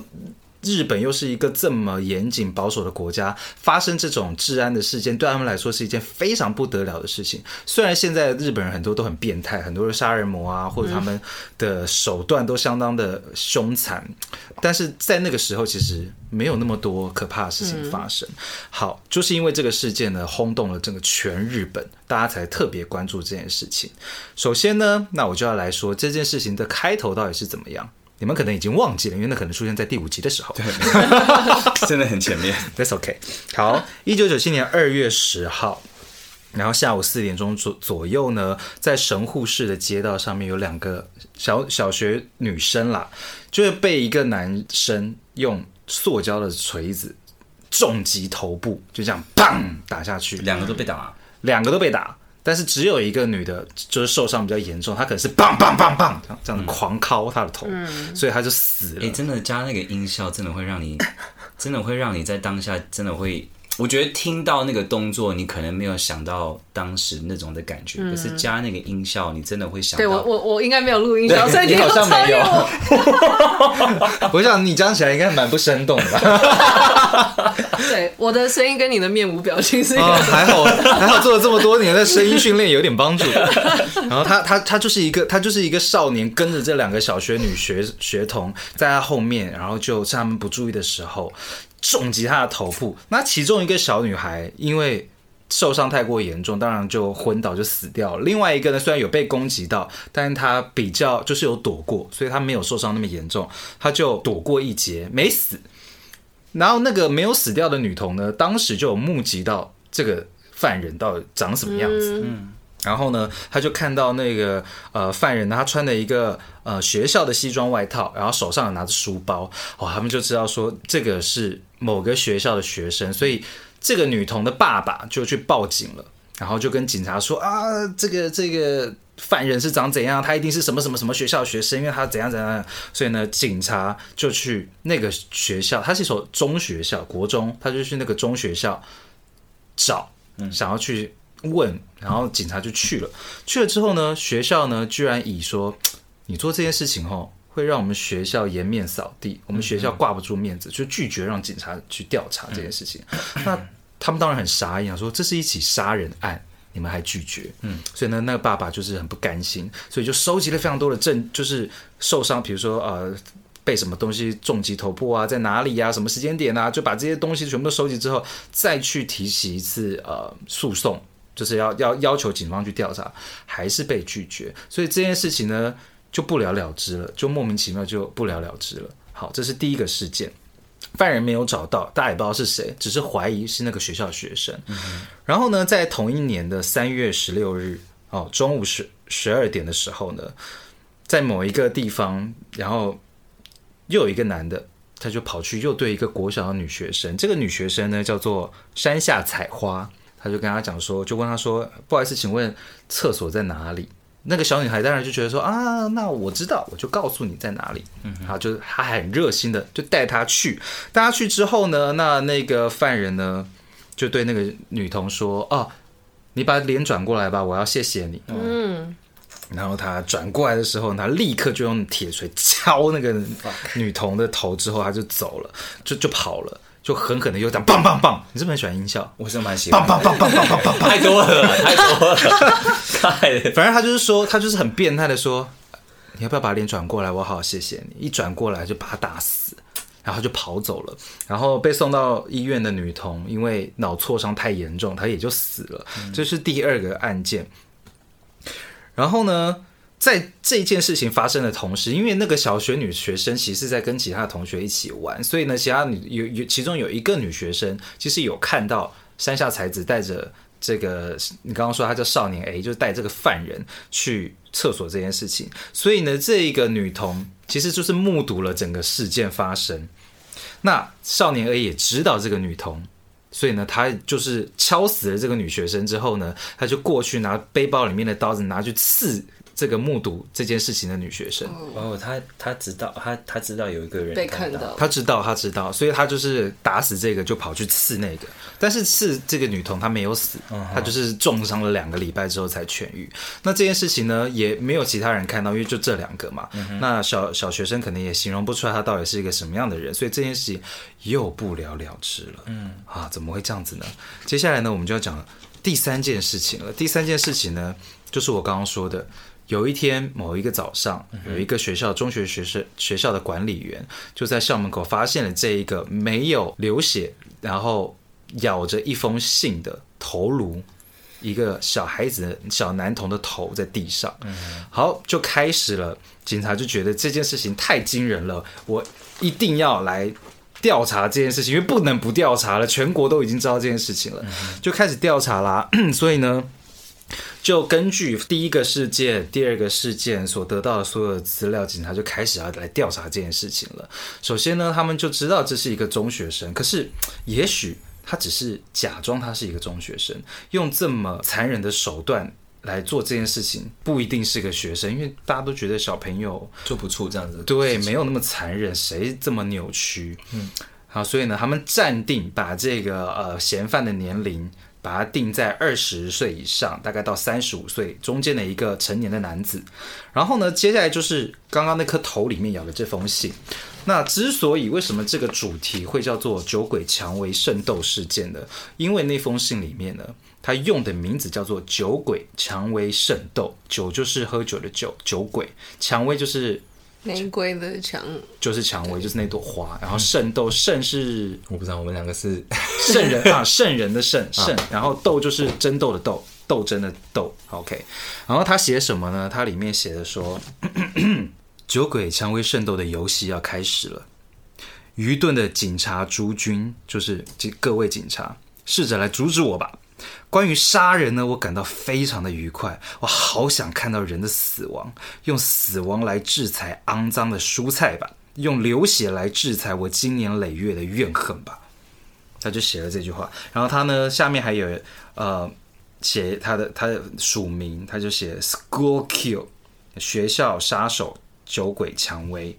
日本又是一個這麼嚴謹保守的國家，發生這種治安的事件，對他們來說是一件非常不得了的事情。雖然現在日本人很多都很變態，很多的殺人魔啊，或者他們的手段都相當的凶殘，嗯。但是在那個時候其實沒有那麼多可怕的事情發生。嗯。好，就是因為這個事件呢，轟動了整個全日本，大家才特別關注這件事情。首先呢，那我就要來說，這件事情的開頭到底是怎麼樣？你們可能已經忘記了，因為那可能出現在第五集的時候。對，真的 很前面。That's OK。好，一九九七年二月十號，然後下午四點鐘左左右呢，在神戶市的街道上面，有兩個小小學女生啦，就是被一個男生用塑膠的錘子重擊頭部，就這樣砰打下去。兩個，兩個都被打？兩個都被打。但是只有一個女的，就是受傷比較嚴重，她可能是棒棒棒棒這樣這樣狂敲她的頭，嗯、所以她就死了。哎、欸，真的加那個音效，真的會讓你， 真的會讓你在當下，真的會。我覺得聽到那個動作，你可能沒有想到當時那種的感覺。嗯。可是加那個音效，你真的會想到。對我，我我應該沒有錄音效，對所以你，你好像沒有。我想你講起來應該蠻不生動的吧？ 對，我的聲音跟你的面無表情是一、哦。 還好，還好，做了這麼多年的聲音訓練，有點幫助。然後他他他就是一個他就是一個少年，跟着這兩個小學女學學童在他後面，然後就趁他們不注意的時候。重擊她的頭部，那其中一個小女孩因為受傷太過嚴重，當然就昏倒就死掉了。另外一個呢，雖然有被攻擊到，但她比較就是有躲過，所以她沒有受傷那麼嚴重，她就躲過一劫，沒死。然後那個沒有死掉的女童呢，當時就有目擊到這個犯人到底長什麼樣子。嗯嗯然後呢，他就看到那個呃犯人，他穿了一個呃學校的西裝外套，然後手上拿着書包，哦，他們就知道說這個是某個學校的學生，所以這個女童的爸爸就去報警了，然後就跟警察說啊，這個這個犯人是長怎樣，他一定是什麼什麼什麼學校學生，因為他怎樣怎樣，所以呢，警察就去那個學校，他是一所中學校，國中，他就去那個中學校找，嗯，想要去。問，然後警察就去了。嗯、去了之後呢，學校呢居然以說，嗯、你做這件事情吼，會讓我們學校顏面掃地，嗯、我們學校掛不住面子，就拒絕讓警察去調查這件事情。嗯、那他們當然很傻眼，說這是一起殺人案，你們還拒絕？嗯，所以呢，那個爸爸就是很不甘心，所以就收集了非常多的證，就是受傷，比如說呃，被什麼東西重擊頭部啊，在哪裡啊，什麼時間點啊，就把這些東西全部都收集之後，再去提起一次呃訴訟。就是要要要求警方去調查，還是被拒絕，所以這件事情呢就不了了之了，就莫名其妙就不了了之了。好，這是第一個事件，犯人沒有找到，大家也不知道是誰，只是懷疑是那個學校的學生。嗯哼。然後呢，在同一年的三月十六日，哦，中午十十二點的時候呢，在某一個地方，然後又有一個男的，他就跑去又對一個國小的女學生，這個女學生呢叫做山下彩花。他就跟他講說，就問他說：“不好意思，請問廁所在哪裡？”那個小女孩當然就覺得說：“啊，那我知道，我就告訴你在哪裡。嗯哼”嗯，好，就是他很熱心的就帶他去。帶他去之後呢，那那個犯人呢，就對那個女童說：“哦、啊，你把臉轉過來吧，我要謝謝你。”嗯，然後他轉過來的時候，他立刻就用鐵錘敲那個女童的頭，之後他就走了，就就跑了。就狠狠的又講棒棒棒！你是不是很喜歡音效？我是蠻喜歡。棒棒棒棒棒棒，太多了，太多了。反正他就是說，他就是很變態的說，你要不要把臉轉過來？我好謝謝你。一轉過來就把他打死，然後就跑走了。然後被送到醫院的女童，因為腦挫傷太嚴重，她也就死了。這是第二個案件。然後呢？在這件事情發生的同時，因為那個小學女學生其實在跟其他同學一起玩，所以呢，其他女有有其中有一個女學生其實有看到山下才子帶着這個你剛剛說他叫少年 A，就是帶這個犯人去廁所這件事情，所以呢，這一個女童其實就是目睹了整個事件發生。那少年 A 也知道這個女童，所以呢，他就是敲死了這個女學生之後呢，他就過去拿背包裡面的刀子拿去刺。這個目睹這件事情的女學生，哦，她她、哦、知道，她她知道有一個人被看到，她知道她知道，所以她就是打死這個，就跑去刺那個，但是刺這個女童她沒有死，她、哦、哈就是重傷了兩個禮拜之後才痊癒。那這件事情呢，也沒有其他人看到，因為就這兩個嘛。嗯、哼那小小學生可能也形容不出來她到底是一個什麼樣的人，所以這件事情又不了了之了。嗯啊，怎麼會這樣子呢？接下來呢，我們就要講第三件事情了。第三件事情呢，就是我剛剛說的。有一天，某一個早上，有一個學校中學學生學校的管理員就在校門口發現了這一個沒有流血，然後咬着一封信的頭顱，一個小孩子小男童的頭在地上。好，就開始了。警察就覺得這件事情太驚人了，我一定要來調查這件事情，因為不能不調查了。全國都已經知道這件事情了，就開始調查啦。所以呢。就根據第一個事件、第二個事件所得到的所有資料，警察就開始要來調查這件事情了。首先呢，他們就知道這是一個中學生，可是也許他只是假裝他是一個中學生，用這麼殘忍的手段來做這件事情，不一定是個學生，因為大家都覺得小朋友做不出這樣子。對，沒有那麼殘忍，誰這麼扭曲？嗯，好，所以呢，他們暫定把這個呃嫌犯的年齡。把它定在二十歲以上，大概到三十五歲中間的一個成年的男子。然後呢，接下來就是剛剛那顆頭裡面咬的這封信。那之所以為什麼這個主題會叫做“酒鬼薔薇聖斗事件”呢？因為那封信裡面呢，他用的名字叫做“酒鬼薔薇聖斗”。酒就是喝酒的酒，酒鬼，薔薇就是。玫瑰的薔，就是薔薇，就是那朵花。對然後聖鬥聖是我不知道，我們兩個是聖人啊，聖人的聖 聖。然後鬥就是爭鬥的鬥，鬥爭 的鬥。OK，然後他寫什麼呢？他裡面寫的說， 酒鬼、薔薇、聖鬥的遊戲要開始了。愚鈍的警察諸君，就是這各位警察，試着來阻止我吧。關於殺人呢，我感到非常的愉快。我好想看到人的死亡，用死亡來制裁骯髒的蔬菜吧，用流血來制裁我經年累月的怨恨吧。他就寫了這句話，然後他呢下面還有呃寫他的他的署名，他就寫 School Kill，學校殺手酒鬼薔薇。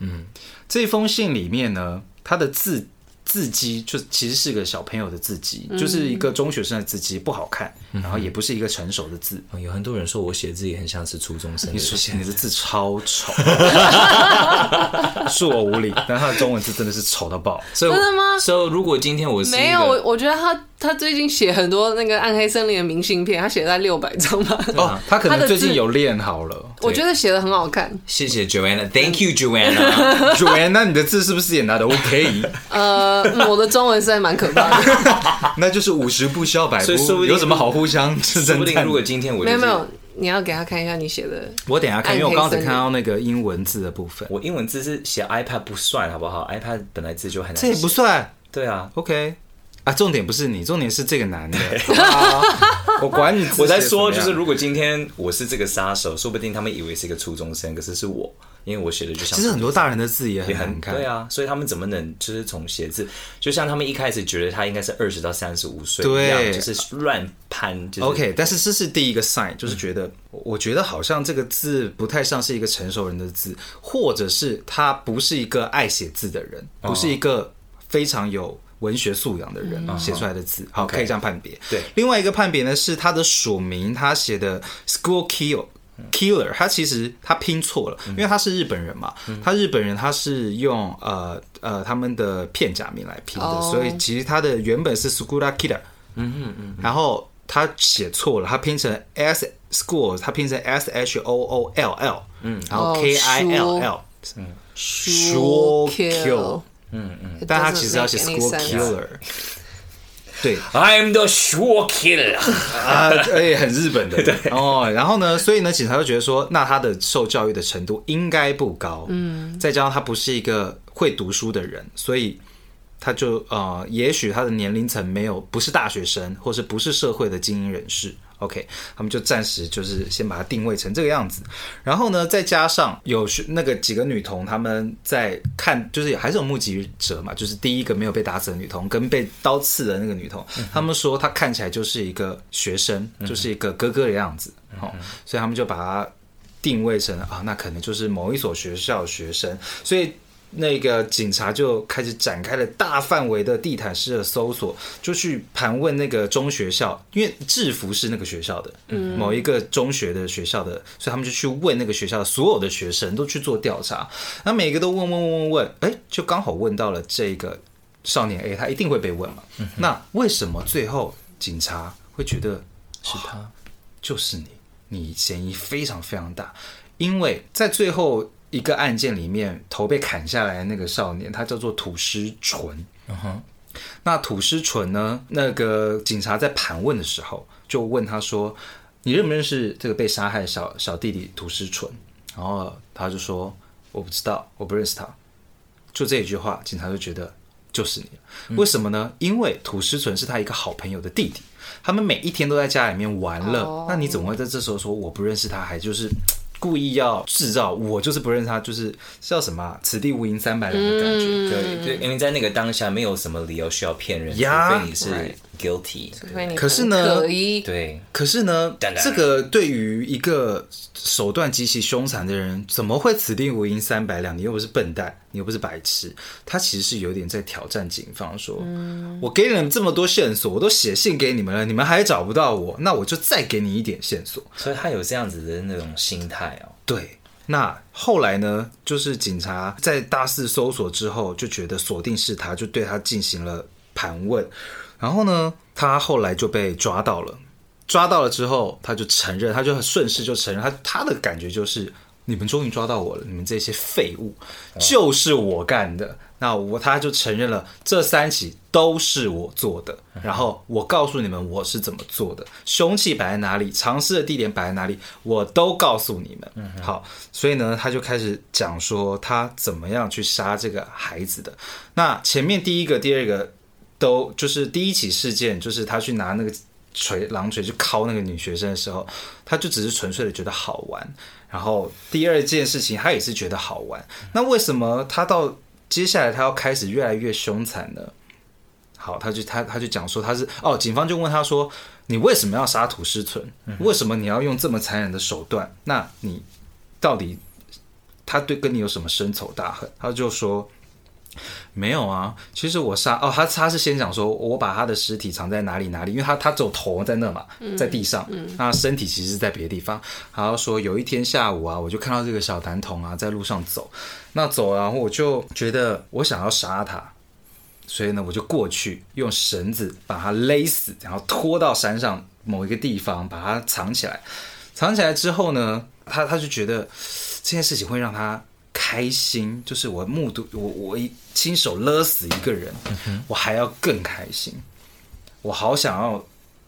嗯，這封信裡面呢，他的字。字跡就其實是個小朋友的字跡，嗯、就是一個中學生的字跡，不好看，嗯、然後也不是一個成熟的字。嗯、有很多人說我寫字也很像是初中生。你說寫你的字超醜，啊， 恕我無禮。但他的中文字真的是醜到爆。真的嗎？所以，所以如果今天我是沒有，我覺得他。他最近寫很多那個暗黑森林的明信片，他寫在六百張嘛？哦，他可能最近有練好了。我覺得寫得很好看。謝謝 Joanna，Thank you Joanna。Joanna，你的字是不是也拿得 OK？呃，我的中文實在蠻可怕的。那就是五十步笑百步，有什麼好互相自證。如果今天我沒有沒有，你要給他看一下你寫的。我等下看，因為我剛才看到那個英文字的部分，我英文字是寫 iPad 不算好不好？iPad 本來字就很難寫，這也不算。對啊，OK。啊，重點不是你，重點是這個男的。對啊、我管你，我在說就是，如果今天我是這個殺手，說不定他們以為是一個初中生，可是是我，因為我寫的就像。其實很多大人的字也很難看，對，對啊，所以他們怎麼能就是從寫字，就像他們一開始覺得他應該是二十到三十五歲一樣，對就是亂攀。就是、OK，但是這是第一個 sign，就是覺得、嗯、我覺得好像這個字不太像是一個成熟人的字，或者是他不是一個愛寫字的人，不是一個非常有文學素養的人寫出來的字，嗯哦、好，okay，可以這樣判別。對，另外一個判別呢是他的署名，他寫的 “school kill killer”，他其實他拼錯了，嗯、因為他是日本人嘛，嗯、他日本人他是用呃呃他們的片假名來拼的，哦、所以其實他的原本是 “school killer”，嗯嗯嗯，嗯嗯然後他寫錯了，他拼成 “s school”，他拼成 “s, s h o o l l”，嗯，然後 “k i l l”，嗯 sure kill。嗯嗯，但他其實要寫 School Killer，sense, 對，I'm the School Killer 啊，哎，很日本的， 對，哦，然後呢，所以呢，警察就覺得說，那他的受教育的程度應該不高，嗯， 再加上他不是一個會讀書的人，所以他就呃，也許他的年齡層沒有不是大學生，或是不是社會的精英人士。OK，他們就暫時就是先把它定位成這個樣子，然後呢，再加上有學那個幾個女童他們在看，就是還是有目擊者嘛，就是第一個沒有被打死的女童跟被刀刺的那個女童，嗯、哼他們說她看起來就是一個學生，就是一個哥哥的樣子，好、嗯哼哦，所以他們就把它定位成啊，那可能就是某一所學校的學生，所以。那個警察就開始展開了大範圍的地毯式的搜索，就去盤問那個中學校，因為制服是那個學校的，嗯、某一個中學的學校的，所以他們就去問那個學校的所有的學生都去做調查，那每個都問問問問問，哎，欸，就剛好問到了這個少年 A，他一定會被問嘛？嗯哼，那為什麼最後警察會覺得是他，就是你，你嫌疑非常非常大？因為在最後。一個案件裡面，頭被砍下來的那個少年，他叫做土師純。Uh huh. 那土師純呢？那個警察在盤問的時候，就問他說：“你認不認識這個被殺害的小小弟弟土師純？”然後他就說：“我不知道，我不認識他。”就這一句話，警察就覺得就是你。嗯。為什麼呢？因為土師純是他一個好朋友的弟弟，他們每一天都在家裡面玩樂。Oh. 那你怎麼會在這時候說我不認識他？還就是？故意要製造，我就是不認識他，就是叫什麼、啊“此地無銀三百兩”的感覺，對、嗯、對，對因為在那個當下沒有什麼理由需要騙人，除非你是。guilty，對可是呢，可對，可是呢，但但這個對於一個手段極其兇殘的人，怎麼會此地無銀三百兩？你又不是笨蛋，你又不是白痴，他其實是有點在挑戰警方說，說、嗯、我給你們這麼多線索，我都寫信給你們了，你們還找不到我，那我就再給你一點線索。所以他有這樣子的那種心態哦。對，那後來呢，就是警察在大肆搜索之後，就覺得鎖定是他，就對他進行了盤問。然後呢，他後來就被抓到了。抓到了之後，他就承認，他就很順勢就承認。他他的感覺就是：你們終於抓到我了！你們這些廢物，哦、就是我幹的。那我他就承認了，這三起都是我做的。然後我告訴你們，我是怎麼做的，凶器擺在哪裡，藏屍的地點擺在哪裡，我都告訴你們。嗯、哼好，所以呢，他就開始講說他怎麼樣去殺這個孩子的。那前面第一個，第二個。都就是第一起事件，就是他去拿那個錘狼錘去敲那個女學生的時候，他就只是純粹的覺得好玩。然後第二件事情，他也是覺得好玩。那為什麼他到接下來他要開始越來越兇殘呢？好，他就他他就講說他是哦，警方就問他說，你為什麼要殺土師淳？為什麼你要用這麼殘忍的手段？那你到底他對跟你有什麼深仇大恨？他就說。沒有啊，其實我殺哦，他他是先想說，我把他的屍體藏在哪裡哪裡，因為他他只有頭，在那嘛，在地上，嗯嗯、那身體其實是在別的地方。然後說有一天下午啊，我就看到這個小男童啊在路上走，那走然後我就覺得我想要殺他，所以呢，我就過去用繩子把他勒死，然後拖到山上某一個地方把他藏起來。藏起來之後呢，他他就覺得這件事情會讓他。開心，就是我目睹我我一親手勒死一個人，嗯、哼我還要更開心，我好想要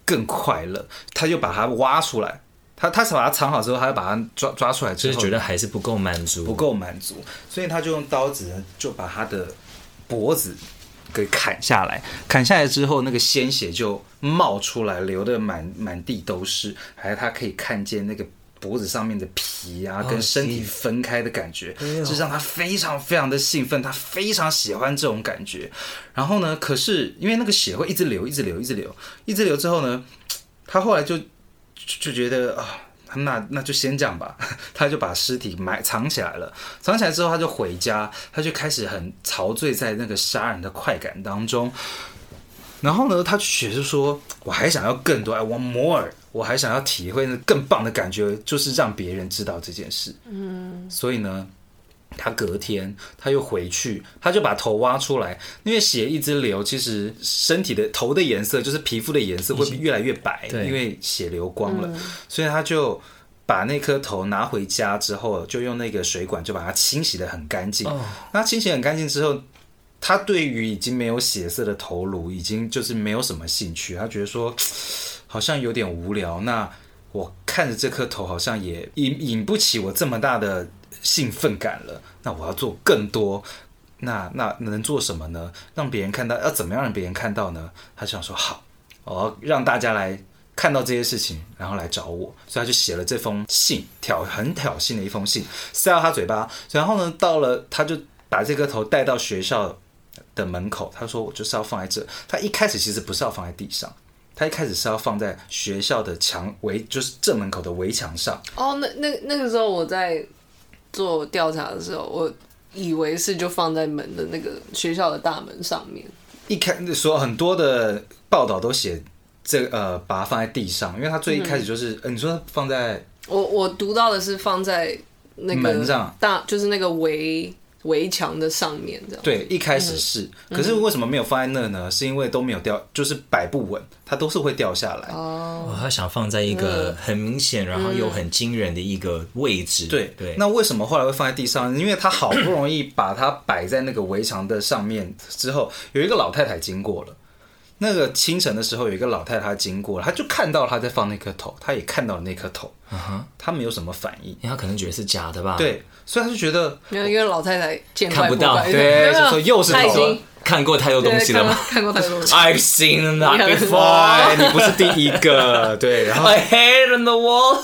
更快樂。他就把它挖出來，他他才把它藏好之後，他就把它抓抓出來之後，就是覺得還是不夠滿足，不夠滿足，所以他就用刀子就把他的脖子給砍下來，砍下來之後那個鮮血就冒出來，流的滿滿地都是，還有他可以看見那個。脖子上面的皮啊，跟身體分開的感覺，就、oh, dear. 讓他非常非常的興奮，他非常喜歡這種感覺。然後呢，可是因為那個血會一直流，一直流，一直流，一直流之後呢，他後來就就，就覺得啊、哦，那那就先這樣吧，他就把屍體埋藏起來了。藏起來之後，他就回家，他就開始很陶醉在那個殺人的快感當中。然後呢，他血實說，我還想要更多，I want more。我還想要體會那更棒的感覺，就是讓別人知道這件事。嗯，所以呢，他隔天他又回去，他就把頭挖出來，因為血一直流，其實身體的頭的顏色就是皮膚的顏色會越來越白，因為血流光了。所以他就把那顆頭拿回家之後，就用那個水管就把它清洗得很乾淨。那清洗很乾淨之後，他對於已經沒有血色的頭顱已經就是沒有什麼興趣，他覺得說。好像有點無聊，那我看着這顆頭好像也引引不起我這麼大的興奮感了。那我要做更多，那那能做什麼呢？讓別人看到，要怎麼樣讓別人看到呢？他就想說好，我要讓大家來看到這些事情，然後來找我。所以他就寫了這封信，挑，很挑釁的一封信，塞到他嘴巴。然後呢，到了他就把這個頭帶到學校的門口。他說：“我就是要放在這。”他一開始其實不是要放在地上。他一開始是要放在學校的牆圍，就是正門口的圍牆上。哦，那那那個時候我在做調查的時候，我以為是就放在門的那個學校的大門上面。一開始說很多的報道都寫這，呃，把它放在地上，因為他最一開始就是嗯、呃、你說放在我我讀到的是放在那個門上，大就是那個圍。圍牆的上面，這樣，對，一開始是，嗯、可是為什麼沒有放在那呢？嗯、是因為都沒有掉，就是擺不穩，它都是會掉下來。哦，他想放在一個很明顯，嗯、然後又很驚人的一個位置。對對，對，那為什麼後來會放在地上？因為他好不容易把它擺在那個圍牆的上面之後，有一個老太太經過了。那個清晨的時候，有一個老太太經過了，他就看到他在放那顆頭，他也看到了那顆頭，他沒有什麼反應，他可能覺得是假的吧？對，所以他就覺得沒有，因為老太太見看不到，對，就對有說又是老行了看，看過太多東西了嗎，看過太多東西，I've seen that、like、before，你不是第一個， 對，然後 a head on the wall，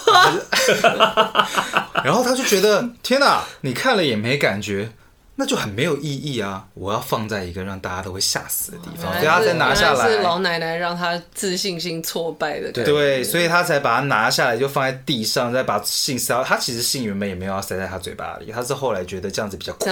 然後他就覺得天哪，你看了也沒感覺。那就很沒有意義啊！我要放在一個讓大家都會嚇死的地方，大、哦、他再拿下來。原來是老奶奶讓他自信心挫敗的。對，對，對，所以他才把它拿下來，就放在地上，再把信塞到。他其實信原本也沒有要塞在他嘴巴裡，他是後來覺得這樣子比較酷，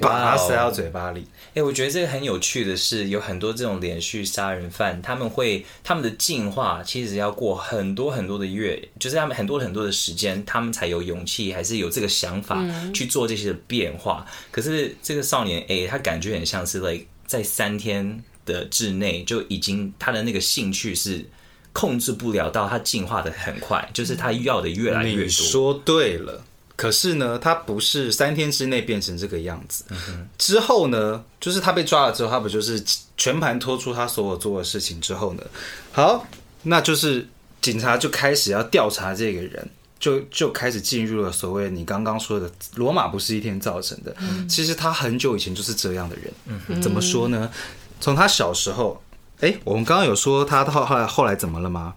把他塞到嘴巴裡。哎、欸，我覺得這個很有趣的是，有很多這種連續殺人犯，他們會他們的進化其實要過很多很多的月，就是他們很多很多的時間，他們才有勇氣還是有這個想法去做這些的變化。嗯可是這個少年 A，他感覺很像是、like、在三天的之內就已經他的那個興趣是控制不了，到他進化的很快，就是他要的越來越多、嗯。你說對了，可是呢，他不是三天之內變成這個樣子，嗯、之後呢，就是他被抓了之後，他不就是全盤托出他所有做的事情之後呢？好，那就是警察就開始要調查這個人。就就開始進入了所謂你剛剛說的羅馬不是一天造成的。嗯、其實他很久以前就是這樣的人。嗯、怎麼說呢？從他小時候，誒、欸，我們剛剛有說他到後來後來怎麼了嗎？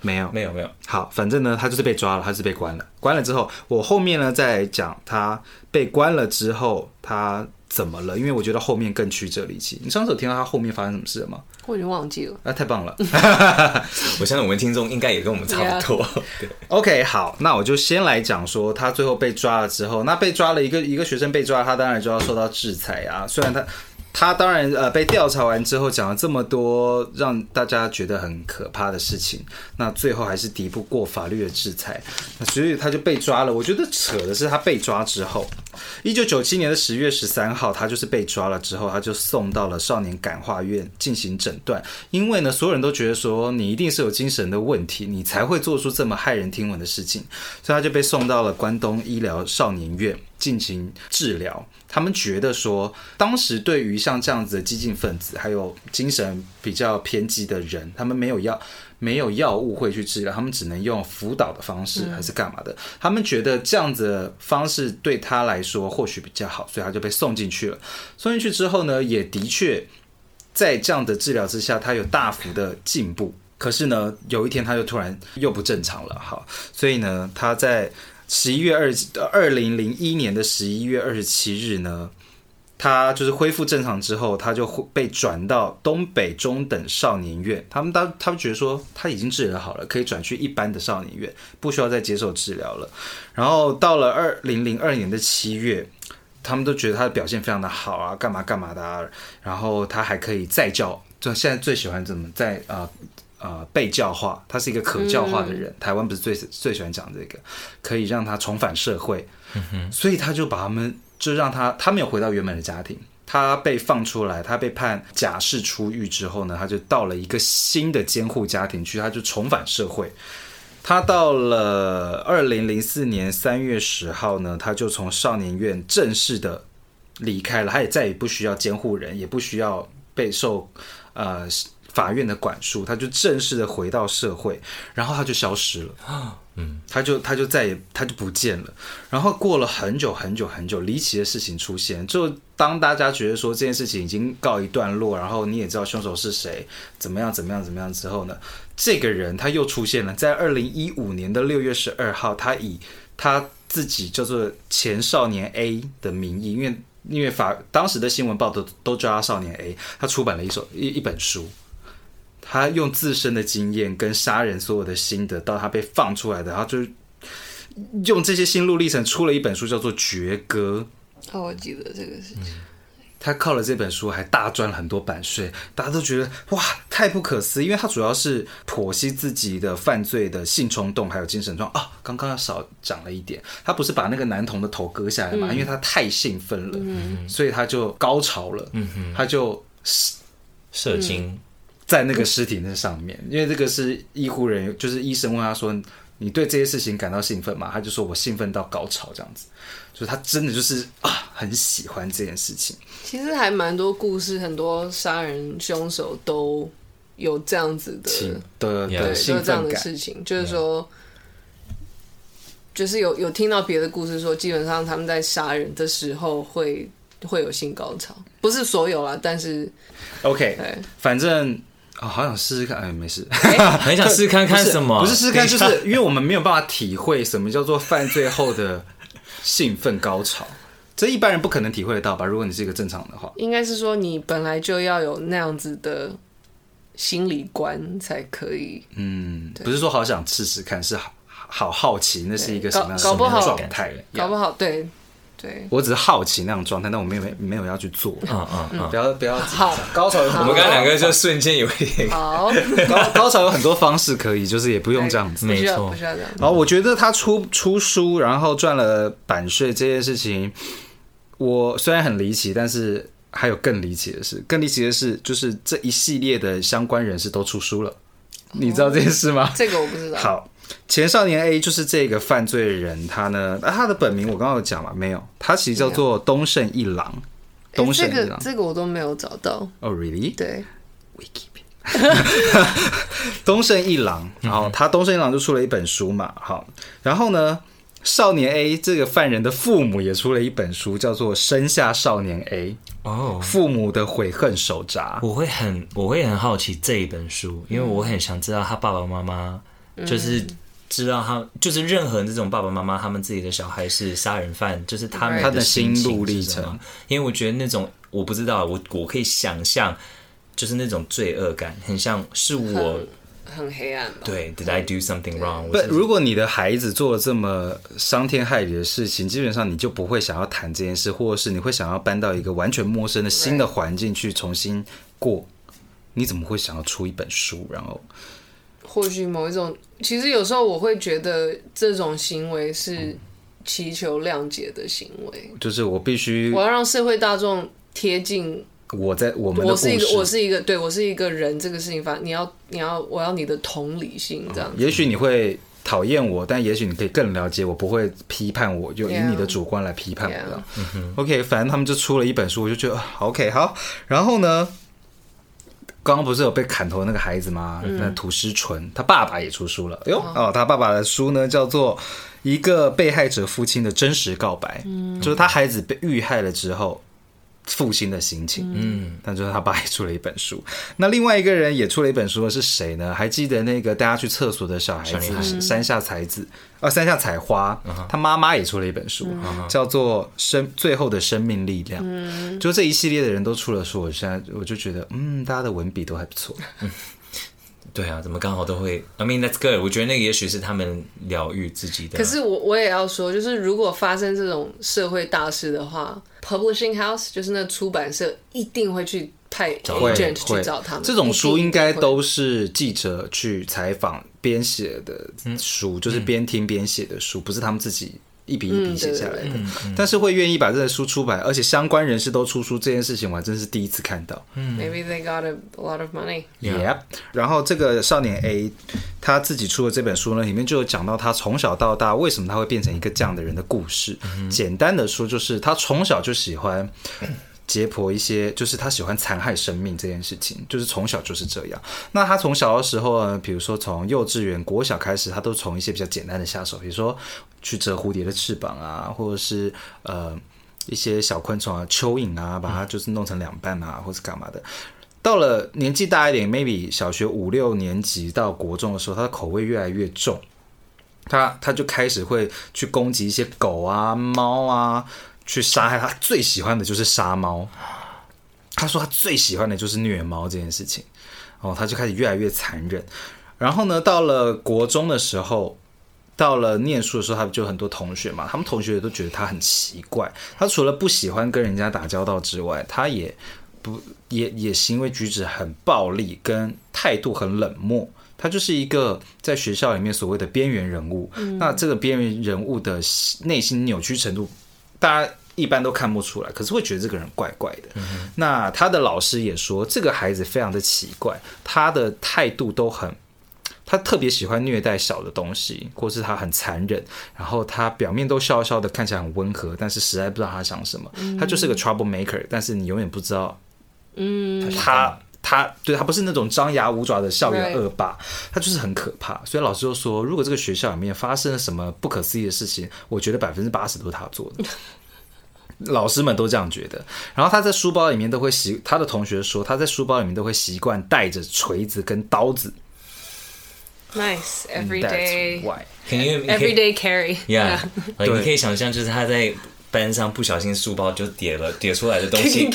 沒有，沒有，沒有，沒有。好，反正呢，他就是被抓了，他是被關了。關了之後，我後面呢再講他被關了之後他。怎麼了？因為我覺得後面更曲折離奇。你上次有聽到他後面發生什麼事了嗎？我已經忘記了、啊。那太棒了！ 我相信我們聽眾應該也跟我們差不多。Yeah 對 OK，好，那我就先來講說他最後被抓了之後。那被抓了一個一個學生被抓，他當然就要受到制裁啊。雖然他他當然呃被調查完之後講了這麼多讓大家覺得很可怕的事情，那最後還是敵不過法律的制裁，所以他就被抓了。我覺得扯的是他被抓之後。一九九七年的十月十三號，他就是被抓了之後，他就送到了少年感化院進行診斷。因為呢，所有人都覺得說你一定是有精神的問題，你才會做出這麼駭人聽聞的事情，所以他就被送到了關東醫療少年院進行治療。他們覺得說，當時對於像這樣子的激進分子，還有精神比較偏激的人，他們沒有要。沒有藥物會去治療，他們只能用輔導的方式還是幹嘛的？嗯、他們覺得這樣子的方式對他來說或許比較好，所以他就被送進去了。送進去之後呢，也的確在這樣的治療之下，他有大幅的進步。可是呢，有一天他就突然又不正常了。好，所以呢，他在十一月二、二零零一年的十一月二十七日呢。他就是恢復正常之後，他就被轉到東北中等少年院。他們當他們覺得說他已經治療好了，可以轉去一般的少年院，不需要再接受治療了。然後到了二零零二年的七月，他們都覺得他的表現非常的好啊，幹嘛幹嘛的啊。然後他還可以再教，就現在最喜歡怎麼在啊啊被教化，他是一個可教化的人。嗯、台灣不是最最喜歡講這個，可以讓他重返社會，嗯、哼所以他就把他們。就讓他，他沒有回到原本的家庭，他被放出來，他被判假釋出獄之後呢，他就到了一個新的監護家庭去，他就重返社會。他到了二零零四年三月十號呢，他就從少年院正式的離開了，他也再也不需要監護人，也不需要被受呃法院的管束，他就正式的回到社會，然後他就消失了。嗯，他就他就再也他就不見了。然後過了很久很久很久，離奇的事情出現。就當大家覺得說這件事情已經告一段落，然後你也知道凶手是誰，怎麼樣怎麼樣怎麼樣之後呢，這個人他又出現了。在二零一五年的六月十二號，他以他自己叫做前少年 A 的名義，因為因為法當時的新聞報道都，都叫他少年 A，他出版了一首一一本書。他用自身的經驗跟殺人所有的心得，到他被放出來的，他就用這些心路歷程出了一本書，叫做《絕歌》。哦，我記得這個事情。嗯，他靠了這本書還大賺了很多版稅，大家都覺得哇，太不可思議！因為他主要是剖析自己的犯罪的性衝動，還有精神狀哦，剛剛要少講了一點，他不是把那個男童的頭割下來嘛？嗯，因為他太興奮了，嗯，所以他就高潮了。嗯，他就射精。嗯情在那個屍體那上面，是因為這個是醫護人員，就是醫生問他說：“你對這些事情感到興奮嗎？”他就說：“我興奮到高潮，這樣子。”就是他真的就是啊，很喜歡這件事情。其實還蠻多故事，很多殺人兇手都有這樣子的，對對對，Yeah. 對都有這樣的事情，Yeah. 就是說，Yeah. 就是有有聽到別的故事說，基本上他們在殺人的時候會會有性高潮，不是所有啦，但是，OK，唉反正。哦、好想試試看！哎，沒事，很想試試看看什麼？ 不是試試看，就是因為我們沒有辦法體會什麼叫做犯罪後的興奮高潮， 這一般人不可能體會得到吧？如果你是一個正常的話，應該是說你本來就要有那樣子的心理觀才可以。嗯，不是說好想試試看，是好，好好奇，那是一個什麼樣的狀態？搞不好，對。我只是好奇那種狀態，但我沒有沒有要去做。嗯嗯嗯，不要不要，好高潮。我們剛兩個就瞬間有一點好高高潮，有很多方式可以，就是也不用這樣子，沒錯，不需要這樣，然後我覺得他出出書，然後賺了版稅這件事情，我雖然很離奇，但是還有更離奇的事。更離奇的事就是這一系列的相關人士都出書了，你知道這件事嗎？這個我不知道。好。前少年 A 就是這個犯罪人，他呢，那他的本名我剛剛有講嘛沒有？他其實叫做東盛一郎。Yeah. 東盛一郎、欸這個，這個我都沒有找到。哦、oh,，really？對，維基。東盛一郎，然後他東盛一郎就出了一本書嘛。好、mm，hmm. 然後呢，少年 A 這個犯人的父母也出了一本書，叫做《生下少年 A》，哦，父母的悔恨手札。我會很，我會很好奇這一本書，因為我很想知道他爸爸媽媽就是、mm。Hmm. 知道他就是任何這種爸爸媽媽，他們自己的小孩是殺人犯，就是他們的心，他的心路歷程。因為我覺得那種我不知道，我我可以想象，就是那種罪惡感，很像是我很，很黑暗吧。對，Did I do something wrong？嗯，如果你的孩子做了這麼傷天害理的事情，基本上你就不會想要談這件事，或者是你會想要搬到一個完全陌生的新的環境去重新過。對你怎麼會想要出一本書，然後？或許某一種，其實有時候我會覺得這種行為是祈求諒解的行為，就是我必須，我要讓社會大眾貼近。我在我們的，我是一個，我是一個，對我是一個人，這個事情反，反你要，你要，我要你的同理心，這樣。也許你會討厭我，但也許你可以更了解我，不會批判我，就以你的主觀來批判我。OK，反正他們就出了一本書，我就覺得 OK，好，然後呢？剛剛不是有被砍頭的那個孩子嗎？嗯、那土師淳，他爸爸也出書了。喲，哦，哦，他爸爸的書呢，叫做《一個被害者父親的真實告白》，嗯、就是他孩子被遇害了之後。父親的心情，嗯，但就是他爸也出了一本書。那另外一個人也出了一本書的是誰呢？還記得那個帶他去廁所的小孩子山下才子、嗯、啊，山下彩花，嗯、他媽媽也出了一本書，嗯、叫做《生最後的生命力量》。就是、嗯、這一系列的人都出了書，我現在我就覺得，嗯，大家的文筆都還不錯。嗯對啊，怎麼剛好都會？I mean that's good。我覺得那個也許是他們療癒自己的、啊。可是我我也要說，就是如果發生這種社會大事的話，Publishing House 就是那出版社一定會去派 agent 去找他們。這種書應該都是記者去採訪邊寫的書，嗯、就是邊聽邊寫的書，嗯、不是他們自己。一筆一筆寫下來的，嗯、對對對。但是會願意把這些書出版，而且相關人士都出書這件事情，我還真是第一次看到。Maybe they got a lot of money. Yep. 然後這個少年 A 他自己出的這本書呢，裡面就有講到他從小到大為什麼他會變成一個這樣的人的故事。嗯、簡單的說，就是他從小就喜歡。解剖一些，就是他喜歡殘害生命這件事情，就是從小就是這樣。那他從小的時候啊，比如說從幼稚園、國小開始，他都從一些比較簡單的下手，比如說去折蝴蝶的翅膀啊，或者是呃一些小昆蟲啊、蚯蚓啊，把它就是弄成兩半啊，嗯、或是幹嘛的。到了年紀大一點，maybe 小學五六年級到國中的時候，他的口味越來越重，他他就開始會去攻擊一些狗啊、貓啊。去殺害他，他最喜歡的就是殺貓，他說他最喜歡的就是虐貓這件事情，哦，他就開始越來越殘忍。然後呢，到了國中的時候，到了念書的時候，他就很多同學嘛，他們同學都覺得他很奇怪。他除了不喜歡跟人家打交道之外，他也不也也行為舉止很暴力，跟態度很冷漠。他就是一個在學校裡面所謂的邊緣人物。嗯。那這個邊緣人物的內心扭曲程度。大家一般都看不出來，可是會覺得這個人怪怪的。嗯、哼那他的老師也說，這個孩子非常的奇怪，他的態度都很，他特別喜歡虐待小的東西，或是他很殘忍。然後他表面都笑笑的，看起來很溫和，但是實在不知道他想什麼。嗯、他就是個 trouble maker，但是你永遠不知道，嗯，他。嗯他對他不是那種張牙舞爪的校園惡霸，Right. 他就是很可怕。所以老師就說，如果這個學校裡面發生了什麼不可思議的事情，我覺得百分之八十都是他做的。 老師們都這樣覺得。然後他在書包裡面都會習，他的同學說他在書包裡面都會習慣帶着錘子跟刀子。Nice every day. Why? can you, you can, every day carry. Yeah，你可以想象就是他在。班上不小心書包就跌了跌出來的東西，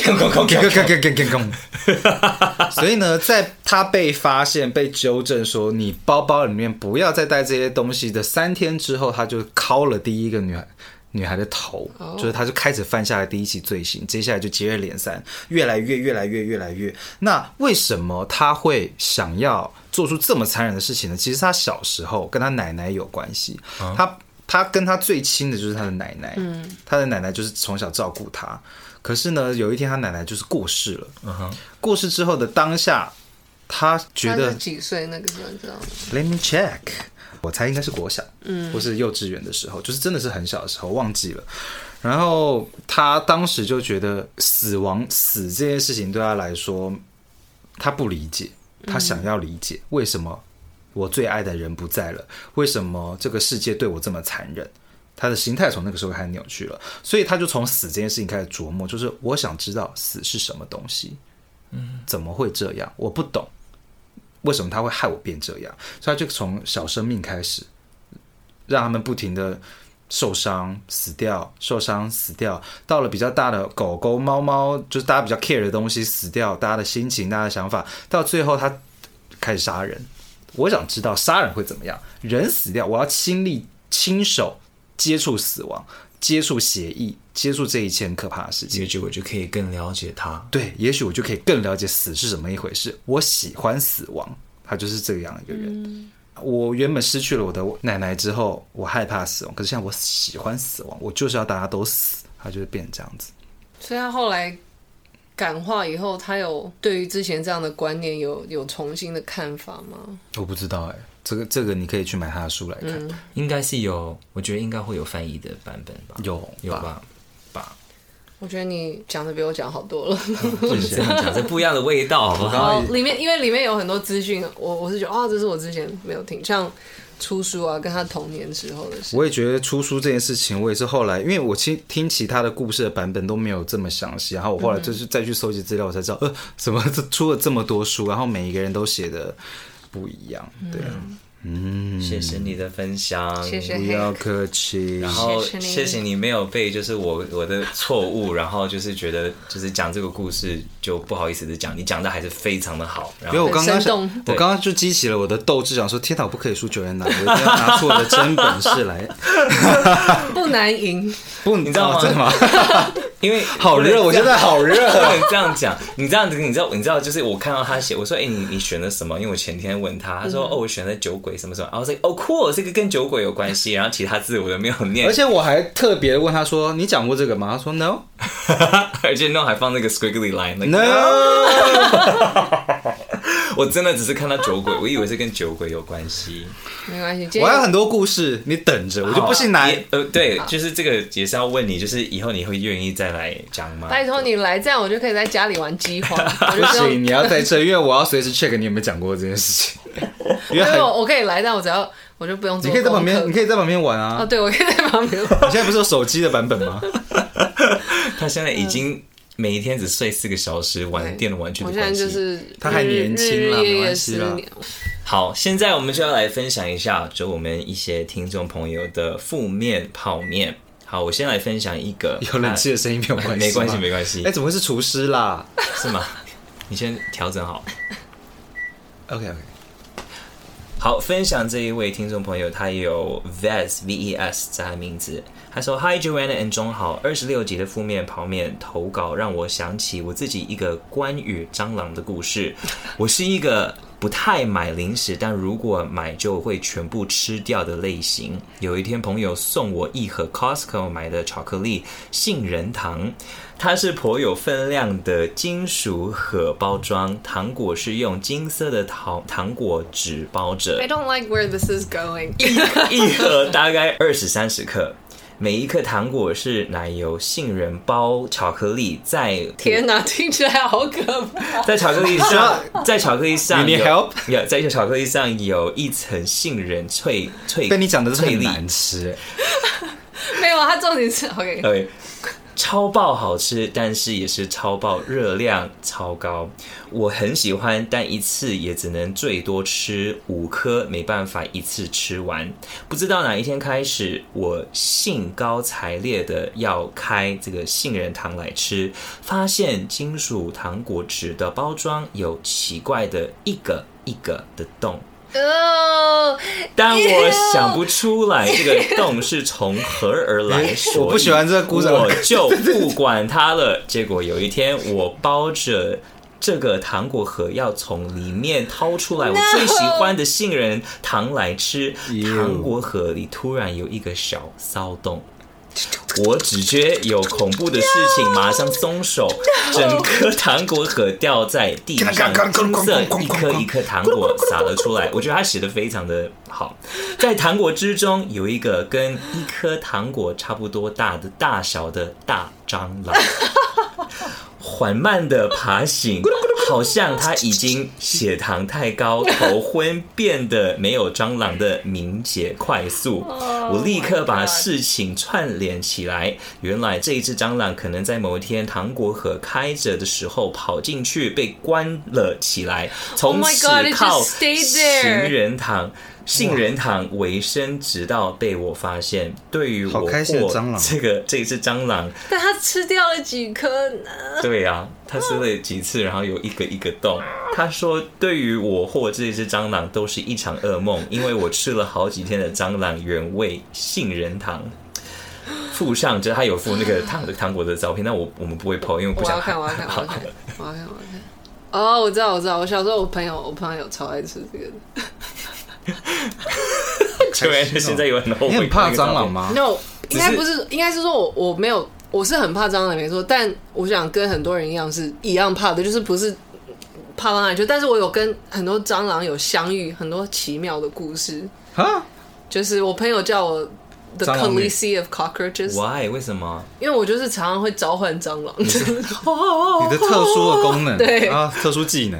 所以呢，在他被發現、被糾正說，你包包裡面不要再帶這些東西的三天之後，他就敲了第一個女孩女孩的頭，就是他就開始犯下了第一起罪行，接下來就接二連三，越來越、越來越、越來越。那為什麼他會想要做出這麼殘忍的事情呢？其實他小時候跟他奶奶有關係，他。他跟他最親的就是他的奶奶，嗯，他的奶奶就是從小照顧他。可是呢，有一天他奶奶就是過世了。嗯、哼過世之後的當下，他覺得他幾歲那個時候知道嗎？Let me check，我猜應該是國小，嗯，或是幼稚園的時候，就是真的是很小的時候，忘記了。然後他當時就覺得死亡、死這件事情對他來說，他不理解，他想要理解為什麼。嗯。我最愛的人不在了，為什麼這個世界對我這麼殘忍？他的心態從那個時候開始扭曲了，所以他就從死這件事情開始琢磨，就是我想知道死是什麼東西，嗯，怎麼會這樣？我不懂，為什麼他會害我變這樣？所以他就從小生命開始，讓他們不停的受傷、死掉、受傷、死掉，到了比較大的狗狗、貓貓，就是大家比較 care 的東西死掉，大家的心情、大家的想法，到最後他開始殺人。我想知道殺人會怎麼樣，人死掉，我要親力親手接觸死亡，接觸血液，接觸這一切可怕的事情，也許我就可以更了解他。對，也許我就可以更了解死是什麼一回事。我喜歡死亡，他就是這樣一個人。嗯、我原本失去了我的奶奶之後，我害怕死亡，可是現在我喜歡死亡，我就是要大家都死，他就是變成這樣子。雖然後來。感化以後，他有對於之前這樣的觀念有有重新的看法嗎？我不知道哎、欸，這個這個你可以去買他的書來看，嗯、應該是有，我覺得應該會有翻譯的版本吧，有有吧吧。吧我覺得你講的比我講好多了，就是這樣講這不一樣的味道，好不好，好？裡面因為裡面有很多資訊，我我是覺得啊，這是我之前沒有聽像。出書啊，跟他童年時候的事。我也覺得出書這件事情，我也是後來，因為我聽聽其他的故事的版本都沒有這麼詳細，然後我後來就是再去搜集資料，嗯、我才知道，呃，怎麼出了這麼多書，然後每一個人都寫的不一樣，對、嗯嗯，謝謝你的分享，不要客氣。然後謝謝你沒有被就是我我的錯誤， 然後就是覺得就是講這個故事就不好意思的講，你講的還是非常的好。然後因為我剛剛動我剛剛就激起了我的鬥志，想說天道不可以輸九元男，我一定要拿出我的真本事來， 不難贏，不 你知道嗎？ 因為好熱熱，我，我現在好熱。我這樣講， 你這樣子，你知道，你知道，就是我看到他寫，我說，哎、欸，你你選了什麼？因為我前天問他，他說，哦，我選了酒鬼什麼什麼。我說，哦，cool，這個跟酒鬼有關係。然後其他字我都沒有念。而且我還特別問他說，你講過這個嗎？他說，no。 而且 no 還放那、like、個 squiggly line，no、like，。 我真的只是看到酒鬼，我以為是跟酒鬼有關係，沒關係。我有很多故事，你等着，我就不信來、哦。呃，對，就是這個也是要問你，就是以後你會願意再來講嗎？拜託好對你來，這樣我就可以在家裡玩飢荒。 不行，你要在這，因為我要隨時 check 你有沒有講過這件事情。沒有，我可以來，但我只要我就不用做。你可以在旁邊，你可以在旁邊玩啊。哦，對，我可以在旁邊玩。我 現在不是有手機的版本嗎？ 他現在已經。 每一天只睡四個小時，玩電動玩具沒關係。他還年輕了，沒關係了。好，現在我們就要來分享一下，就我們一些聽眾朋友的負面泡麵。好，我先來分享一個，有冷氣的聲音沒有關係？沒關係，沒關係。哎，怎麼會是廚師啦？是嗎？你先調整好。OK OK。好，分享這一位聽眾朋友，他有 VES V E S v 這樣名字。他說：“Hi, Joanna，and 忠豪好。二十六集的負面泡麵投稿讓我想起我自己一個關於蟑螂的故事。我是一個不太買零食，但如果買就會全部吃掉的類型。有一天，朋友送我一盒 Costco 買的巧克力杏仁糖，它是頗有分量的金屬盒包裝，糖果是用金色的糖糖果紙包着。I don't like where this is going. 一。一盒大概二十三十克。”每一顆糖果是奶油、杏仁包巧克力，在天哪，聽起來好可怕！在巧克力上，在巧克力上 You need help? Yeah，在巧克力上有 yeah, 在一些巧克力上有一層杏仁脆脆，被脆你講的都是很難吃。 沒有，他重點是，OK。Okay. 超爆好吃，但是也是超爆，熱量超高。我很喜歡，但一次也只能最多吃五顆，沒辦法一次吃完。不知道哪一天開始，我興高采烈的要開這個杏仁糖來吃，發現金屬糖果紙的包裝有奇怪的一個一個的洞。哦，no, 但我想不出來這個洞 是從何而來。我不喜歡這個故事，我就不管它了。結果有一天，我抱着這個糖果盒，要從裡面掏出來我最喜歡的杏仁糖來吃，No! 糖果盒裡突然有一個小騷動。我只覺有恐怖的事情，馬上鬆手，No! No! 整顆糖果盒掉在地上，Oh! 金色一顆一顆糖果撒了出來。我覺得他寫得非常的好， 在糖果之中有一個跟一顆糖果差不多大的大小的大蟑螂。 緩慢的爬行，好像他已經血糖太高，頭昏，變得沒有蟑螂的敏捷快速。我立刻把事情串聯起來，原來這一隻蟑螂可能在某一天糖果盒開着的時候跑進去，被關了起來，從此靠行人糖。杏仁糖為生，直到被我發現。對於我或這個這一只蟑螂，蟑螂，但它吃掉了幾顆。對呀、啊，它吃了幾次，然後有一個一個洞。 他說，對於我或這一只蟑螂，都是一場噩夢，因為我吃了好幾天的蟑螂原味杏仁糖。附上，就是他有附那個糖的糖果的照片。但我我們不會剖，因為不想我我看。我要看，好我要看，我要看，我要看，我要看。哦、oh,，我知道，我知道。我小時候，我朋友，我朋友超愛吃這個。前面現在有很你很怕蟑螂嗎？no，應該不是，應該是說我我沒有，我是很怕蟑螂，沒錯。但我想跟很多人一樣，是一樣怕的，就是不是怕蟑螂，但是我有跟很多蟑螂有相遇，很多奇妙的故事。蛤就是我朋友叫我 the Cali of Cockroaches，why？為什麼？因為我就是常常會召喚蟑螂，你，是 你的特殊的功能，對啊，特殊技能。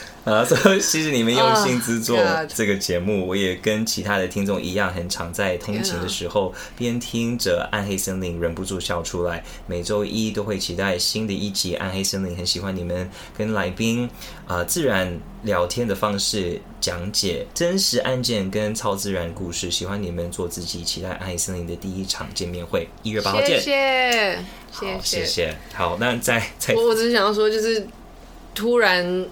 啊！所以謝謝你們用心制作這個節目。我也跟其他的聽眾一樣，很常在通勤的時候邊聽着《暗黑森林》，忍不住笑出來。每周一都會期待新的一集《暗黑森林》，很喜歡你們跟來賓啊自然聊天的方式講解真實案件跟超自然故事，喜歡你們做自己，期待《暗黑森林》的第一場見面會，一月八號見。謝謝，好，謝謝，謝謝，好，那再再，我我只是想要說，就是突然。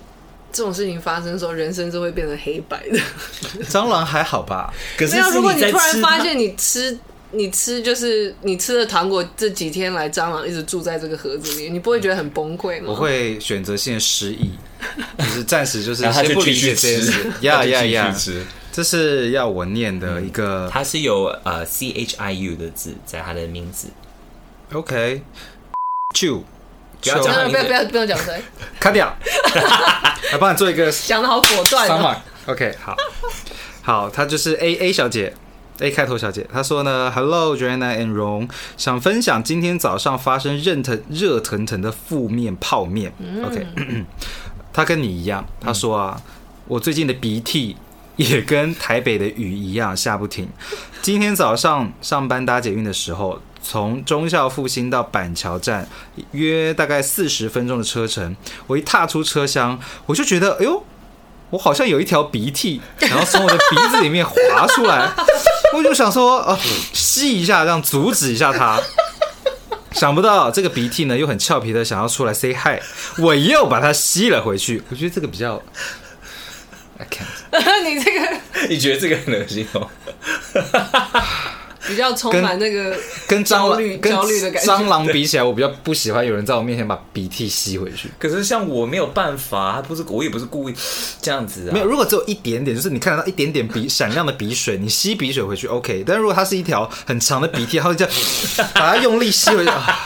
這種事情發生的時候，人生就會變成黑白的。 蟑螂還好吧？可沒有。如果你突然發現你吃它 你吃就是你吃的糖果，這幾天來蟑螂一直住在這個盒子裡，你不會覺得很崩潰嗎？我會選擇性失憶， 就是暫時就是先不理解這件事，然後他就繼續吃，要要要吃，這是要我念的一個。嗯、它是有呃、uh, C H I U 的字在它的名字。OK，two 要嗯、不要講，不要不要不要講出卡 cut 掉，來幫 你做一個講的好果斷。 OK，好，好，她就是 A A 小姐 ，A 開頭小姐，她說呢，Hello Joanna and Rong，想分享今天早上發生熱騰熱騰騰的負面泡麵。嗯、OK，咳咳，她跟你一樣，她說啊，嗯、我最近的鼻涕也跟台北的雨一樣下不停。今天早上上班搭捷運的時候，從忠孝復興到板橋站，約大概四十分鐘的車程。我一踏出車廂，我就覺得，哎呦，我好像有一條鼻涕，然後從我的鼻子裡面滑出來。 我就想說，哦、啊，吸一下，讓阻止一下它。 想不到這個鼻涕呢，又很俏皮的想要出來 say hi，我又把它吸了回去。我覺得這個比較， can 你這個，你覺得這個噁心嗎？比較充滿那個跟、跟蟑螂，焦慮的感覺。蟑螂比起來，我比較不喜歡有人在我面前把鼻涕吸回去。對 可是像我沒有辦法，他不是，我也不是故意這樣子、啊、沒有，如果只有一點點，就是你看得到一點點鼻閃亮的鼻水，你吸鼻水回去，OK。但如果它是一條很長的鼻涕，然後這樣 把它用力吸回去、啊，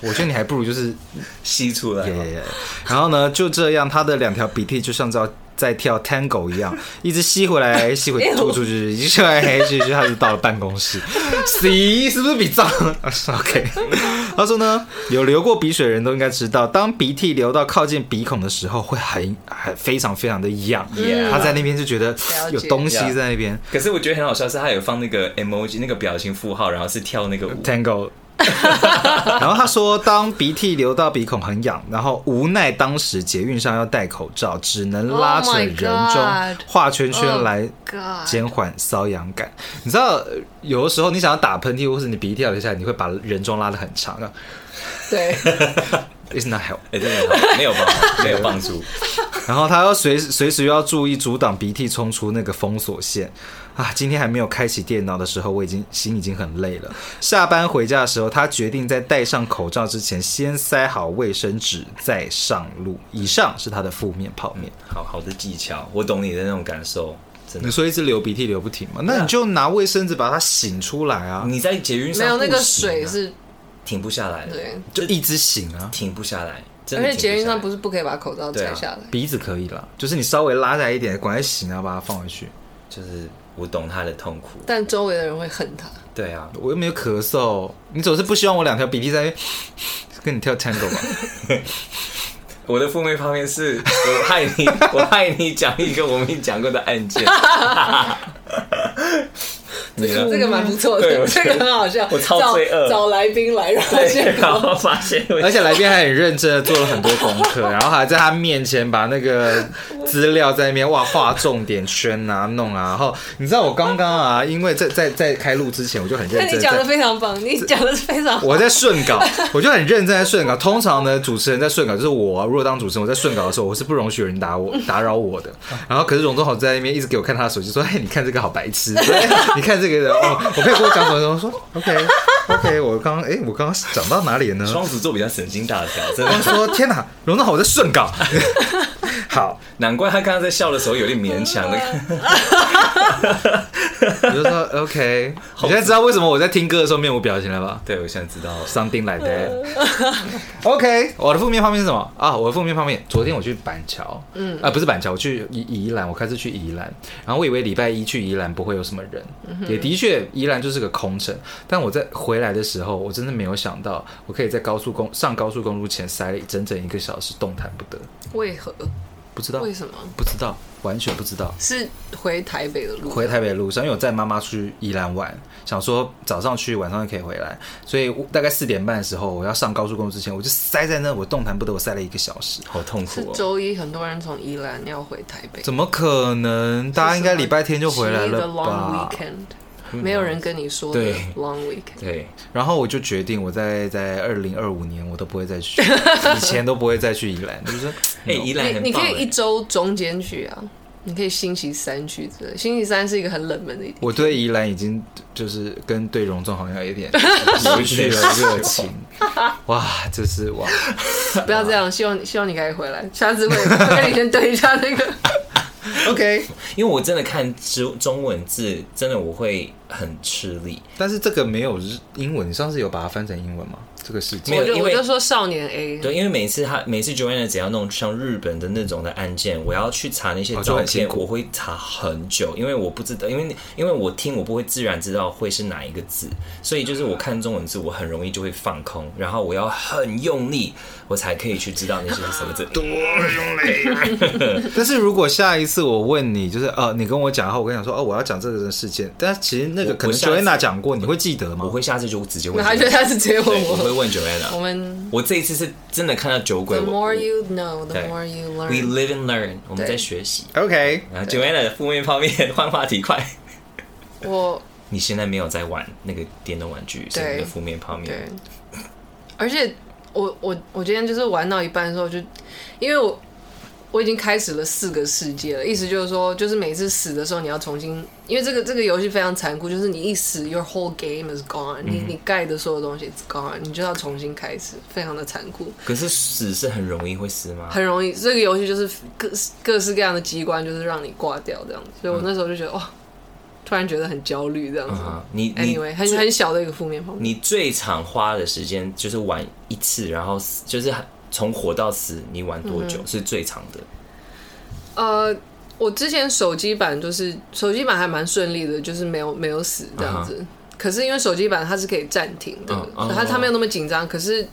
我覺得你還不如就是吸出來。Yeah yeah yeah, 然後呢，就這樣，它的兩條鼻涕就像這樣。在跳 tango 一樣，一直吸回來，吸回來，吐 出去，一出來，一出來，他就到了辦公室。鼻是不是比髒？啊 ，OK。 他說呢，有流過鼻水的人都應該知道，當鼻涕流到靠近鼻孔的時候，會很很非常非常的癢。Yeah. 他在那邊就覺得解有東西在那邊。Yeah. 可是我覺得很好笑，是他有放那個 emoji 那個表情符號，然後是跳那個 tango。 然後他說，當鼻涕流到鼻孔很癢，然後無奈當時捷運上要戴口罩，只能拉着人中畫圈圈來減緩瘙癢感。Oh my God. 你知道，有的時候你想要打噴嚏，或是你鼻涕流下來，你會把人中拉得很長的。對。 It's not 的、 欸、沒有沒有幫助，沒有幫助。然後他要隨隨時要注意阻擋鼻涕衝出那個封鎖線啊！今天還沒有開啟電腦的時候，我已經心已經很累了。下班回家的時候，他決定在戴上口罩之前，先塞好衛生紙再上路。以上是他的負面泡面、嗯，好好的技巧，我懂你的那種感受。真的你說一直流鼻涕流不停嗎？啊、那你就拿衛生紙把它擤出來啊！你在捷運上、啊、沒有那個水是。停不下來了，對，就一直醒啊，停不下來。下來，而且捷運上不是不可以把口罩摘下來，啊啊、鼻子可以了，就是你稍微拉下來一點，管它醒，然後把它放回去。就是我懂他的痛苦，但周圍的人會恨他。對啊，我又沒有咳嗽，你總是不希望我兩條鼻涕在跟你跳 tango 吧？我的負面方面是我害你，我害你講一個我們講過的案件。 這個這個蠻不錯的，這個很好笑。我超罪惡找來賓來，然後發現，而且來賓還很認真地做了很多功課，然後還在他面前把那個資料在那邊哇畫重點圈啊弄啊。然後你知道我剛剛啊，因為在在在開錄之前我就很認真，但你講的非常棒，你講的是非常。我在順稿，我就很認真在順稿。通常呢，主持人在順稿就是我，如果當主持人，我在順稿的時候，我是不容許有人打我打擾我的。然後可是榮忠豪在那邊一直給我看他的手機，說：“哎，你看這個好白痴。”看這個人哦，我可以跟我講什麼說？我說 OK OK，我剛哎、欸，我剛剛講到哪裡呢？雙子座比較神經大條。剛剛說天哪、啊，龍龍好， 好，我在順搞。好，難怪他剛剛在笑的時候有點勉強的。我就說 OK，你現在知道為什麼我在聽歌的時候面無表情了吧？對，我現在知道。Something like that。 OK，我的負面方面是什麼啊？我的負面方面，昨天我去板橋，嗯啊，不是板橋，我去宜宜蘭，我開始去宜蘭，然後我以為禮拜一去宜蘭不會有什麼人。嗯也的確，宜蘭就是個空城。但我在回來的時候，我真的沒有想到，我可以在高速公上高速公路前塞了整整一個小時，動彈不得。為何？不知道為什麼？不知道，完全不知道。是回台北的路？回台北的路上，因為我載媽媽去宜蘭玩。想說早上去，晚上就可以回來，所以大概四點半的時候，我要上高速公路之前，我就塞在那，我動彈不得，我塞了一個小時，好痛苦，哦。是周一，很多人從宜蘭要回台北。怎麼可能？大家應該禮拜天就回來了吧？long weekend。沒有人跟你說對 long weekend，對，對。然後我就決定，我在在二零二五年我都不會再去， 以前都不會再去宜蘭。是說，哎， 欸，宜蘭你，你可以一周中間去啊。你可以星期三去，真，星期三是一個很冷門的一天。我對宜蘭已經就是跟對榮忠好像有點失去了熱情。 哇，就是哇！不要這樣，哇希望你希望你可以回來。下次會我跟你先對一下那個。 OK，因為我真的看中中文字，真的我會。很吃力，但是這個沒有日英文，你上次有把它翻成英文嗎？這個是沒有，我就說少年 A。對，因為每次他每次 Joanna 只要弄像日本的那種的案件，我要去查那些中文，哦、我會查很久，因為我不知道，因為因為我聽我不會自然知道會是哪一個字，所以就是我看中文字，我很容易就會放空，然後我要很用力，我才可以去知道那些是什麼字，多用力、啊。 但是如果下一次我問你，就是呃，你跟我講的話我跟你講說哦、呃，我要講這個的事件，但其實。那個可能 Joanna 講過，你會記得嗎？我會下次就直接問。我還覺得他是直接問我。我會問 Joanna。我們我這一次是真的看到酒鬼。The more you know, the more you learn. We live and learn. 我們在學習。OK。然後 Joanna 的負面泡麵，換話題快。我你現在沒有在玩那個電動玩具，是你的負面泡面。而且我我我今天就是玩到一半的時候，就因為我。我已經開始了四個世界了，意思就是說，就是每次死的時候你要重新，因為這個這個遊戲非常殘酷，就是你一死，your whole game is gone、嗯、哼你你蓋的所有東西是 gone，你就要重新開始，非常的殘酷。可是死是很容易會死嗎？很容易，這個遊戲就是各各式各樣的機關，就是讓你掛掉這樣子。所以我那時候就覺得，哇、嗯哦，突然覺得很焦慮這樣子。嗯、你，你，Anyway，很最很小的一個負面方面。你最常花的時間就是玩一次，然後就是很。從活到死，你玩多久，嗯、是最長的？呃，uh, 我之前手機版，就是手機版還蠻順利的，就是沒有沒有死這樣子。Uh huh. 可是因為手機版它是可以暫停的，它，uh huh. 它沒有那麼緊張。可是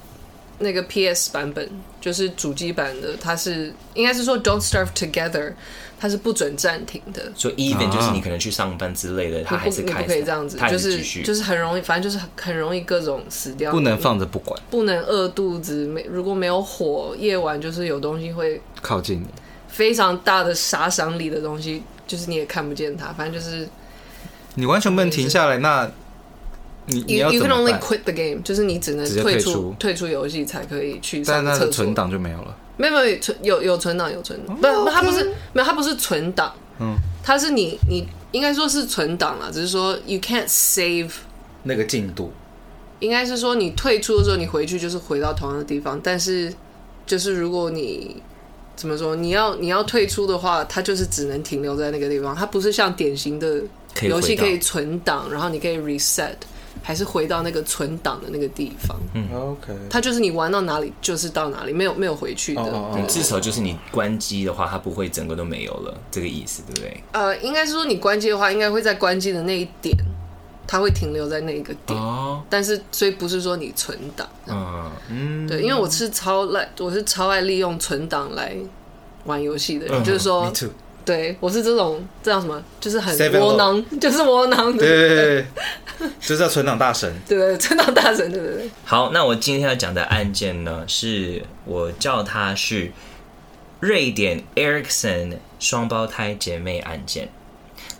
那個 PS 版本就是主機版的，它是，應該是說 Don't Starve Together。它是不准暫停的，So even 就是你可能去上班之類的，它還是開，不不，可以這樣子，它是就是就是很容易，反正就是很很容易各種死掉，不能放着不管，嗯、不能餓肚子。沒，如果沒有火，夜晚就是有東西會靠近你，非常大的殺傷力的東西，就是你也看不見它。反正就是你完全不能停下來，你只那你，你要 you can only quit the game，就是你只能退出，出退出遊戲才可以去上廁所，但那存檔就沒有了。沒，沒有，有存有有存檔有存檔，Okay 不是，它不是沒有，它不是存檔，嗯，它是你你應該說是存檔了，只是說 you can't save 那個進度，應該是說你退出的時候，你回去就是回到同樣的地方，但是就是如果你怎麼說你要你要退出的話，它就是只能停留在那個地方，它不是像典型的遊戲可以存檔，然後你可以 reset。還是回到那個存檔的那個地方。嗯，OK。它就是你玩到哪裡就是到哪裡，沒有沒有回去的。至少就是你關機的話，它不會整個都沒有了，這個意思對不對？呃，應該是說你關機的話，應該會在關機的那一點，它會停留在那一個點。哦，但是所以不是說你存檔，哦、是嗎？嗯，對，因為我是超愛，我是超愛利用存檔來玩遊戲的人，嗯、就是說。嗯對，我是這種，這叫什麼，就是很窩囊 Seven Ho.，就是窩囊。對對對，就是存檔大神。對，對，存檔大神。對對對。好，那我今天要講的案件呢，是我叫它是瑞典 Eriksson 雙胞胎姐妹案件。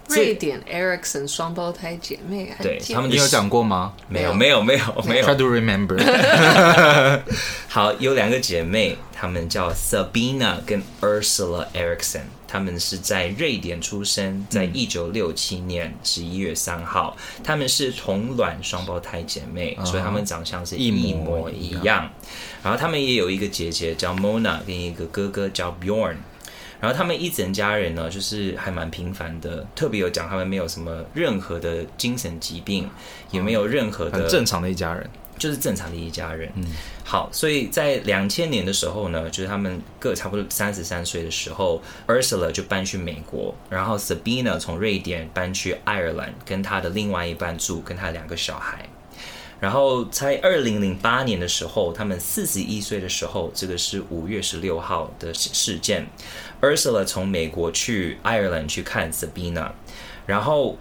瑞典 Eriksson 雙胞胎姐妹案件，案，對，他們、就是、有講過嗎？沒有，沒有，沒有，沒有。try to remember。 好，有兩個姐妹，她們叫 Sabina 跟 Ursula Eriksson。他們是在瑞典出生，在一九六七年十一月三號。嗯、他們是同卵雙胞胎姐妹，哦、所以他們長相是一模一樣。一模一樣。然後他們也有一個姐姐叫 Mona，跟一個哥哥叫 Bjorn。然後他們一整家人呢，就是還蠻平凡的，特別有講他們沒有什麼任何的精神疾病，哦、也沒有任何的正常的一家人。就是正常的一家人。嗯，好，所以在兩千年的時候呢，就是他們各差不多三十三歲的時候，Ursula 就搬去美國，然後 Sabina 從瑞典搬去愛爾蘭，跟他的另外一半住，跟他兩個小孩。然後在二零零八年的時候，他們四十一歲的時候，這個是五月十六號的事件。嗯、Ursula 從美國去愛爾蘭去看 Sabina，然後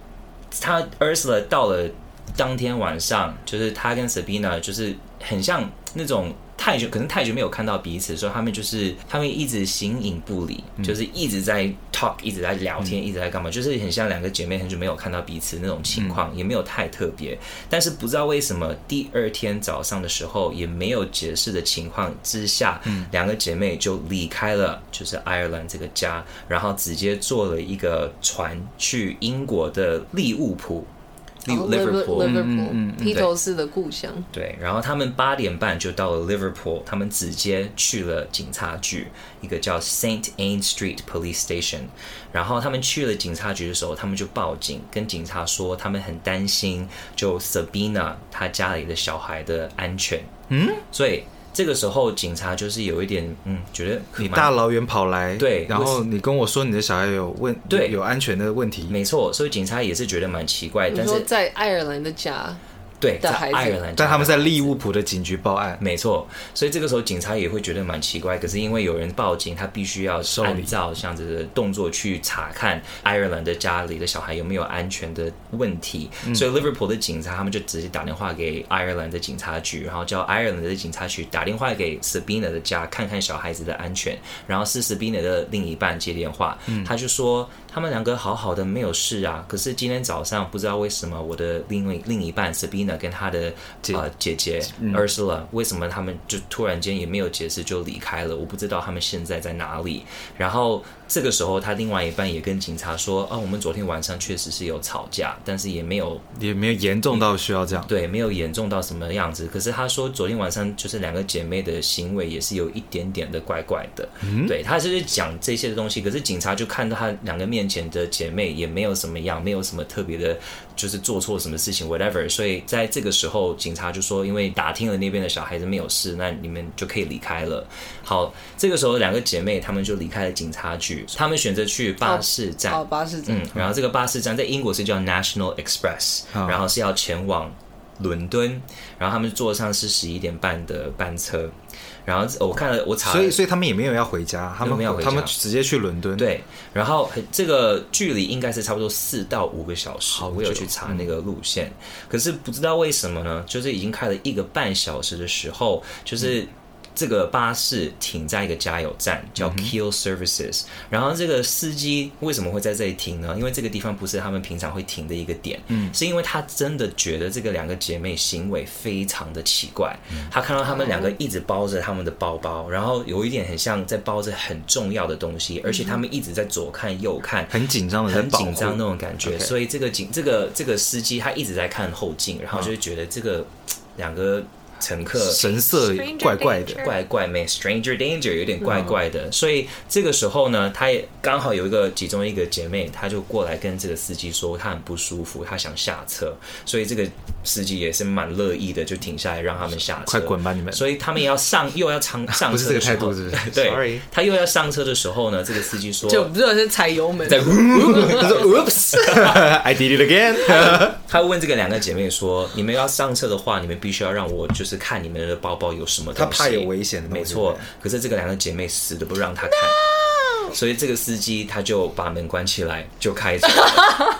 他 Ursula 到了。當天晚上，就是她跟 Sabina，就是很像那種太久，可能太久沒有看到彼此，所以他們就是他們一直形影不離，嗯、就是一直在 talk，一直在聊天，嗯、一直在幹嘛，就是很像兩個姐妹很久沒有看到彼此那種情況，嗯、也沒有太特別。但是不知道為什麼，第二天早上的時候，也沒有解釋的情況之下，兩、嗯、個姐妹就離開了就是愛爾蘭這個家，然後直接坐了一個船去英國的利物浦。Liverpool，嗯嗯嗯，披頭士的故鄉。嗯、對，對，然後他們八點半就到了 Liverpool，他們直接去了警察局，一個叫 Saint Anne Street Police Station。然後他們去了警察局的時候，他們就報警，跟警察說他們很擔心，就 Sabina 她家裡的小孩的安全。嗯，所以。這個時候警察就是有一點，嗯，覺得你大老遠跑來，對，然後你跟我說你的小孩有問，對，有安全的問題，沒錯，所以警察也是覺得蠻奇怪，但是你說在愛爾蘭的家。對，在愛爾蘭，但他們在利物浦的警局報案，沒錯。所以這個時候警察也會覺得蠻奇怪，可是因為有人報警，他必須要按照這樣子的動作去查看 Ireland 的家裡的小孩有沒有安全的問題。所以 Liverpool 的警察他們就直接打電話給 Ireland 的警察局，然後叫 Ireland 的警察局打電話給 Sabina 的家，看看小孩子的安全。然後是 Sabina 的另一半接電話，他就說。他們兩個好好的沒有事啊，可是今天早上不知道為什麼我的另外另一半 Sabina 跟她的姐、呃、姐姐、姐 Ursula，為什麼他們就突然間也沒有解釋就離開了？我不知道他們現在在哪裡，然後。這個時候，他另外一半也跟警察說：“哦，我們昨天晚上確實是有吵架，但是也沒有，也沒有嚴重到需要這樣。對，沒有嚴重到什麼樣子。可是他說，昨天晚上就是兩個姐妹的行為也是有一點點的怪怪的。嗯，對，他就是講這些的東西。可是警察就看到他兩個面前的姐妹也沒有什麼樣，沒有什麼特別的。”就是做錯什麼事情，whatever。所以在這個時候，警察就說，因為打聽了那邊的小孩子沒有事，那你們就可以離開了。好，這個時候兩個姐妹他們就離開了警察局，他們選擇去巴士站，哦，巴士站，嗯，然後這個巴士站在英國是叫 National Express，好然後是要前往倫敦，然後他們坐上是十一點半的班車。然後我看了，我查，所以所以他們也沒有要回家，他們沒有回家，他們直接去倫敦。對，然後這個距離應該是差不多四到五個小時，好久，我有去查那個路線。可是不知道為什麼呢？就是已經開了一個半小時的時候，就是。嗯這個巴士停在一個加油站，叫 Kill Services、嗯哼。然後這個司機為什麼會在這裡停呢？因為這個地方不是他們平常會停的一個點，嗯、是因為他真的覺得這個兩個姐妹行為非常的奇怪。嗯、他看到他們兩個一直包着他們的包包，嗯、然後有一點很像在包着很重要的東西，嗯、而且他們一直在左看右看，嗯、很緊張的，很緊張那種感覺。Okay 所以這個警，這個這個司機他一直在看後鏡，然後就覺得這個、嗯、兩個。乘客神色怪怪的，怪怪，man stranger danger 有點怪怪的，嗯、所以這個時候呢，他也剛好有一個，其中一個姐妹，她就過來跟這個司機說，她很不舒服，她想下車，所以這個司機也是蠻樂意的，就停下來讓他們下車，快滾吧你們，所以他們也要上，又要上，上車的 不是這個態度是不是？對，他 Sorry. 又要上車的時候呢，這個司機說，就不知道是踩油門，在 說，oops，I did it again，他 問這個兩個姐妹說，你們要上車的話，你們必須要讓我就是。是看你們的包包有什麼？他怕有危險。沒錯，可是這個兩個姐妹死都不讓他看。No! 所以這個司機他就把門關起來，就開著，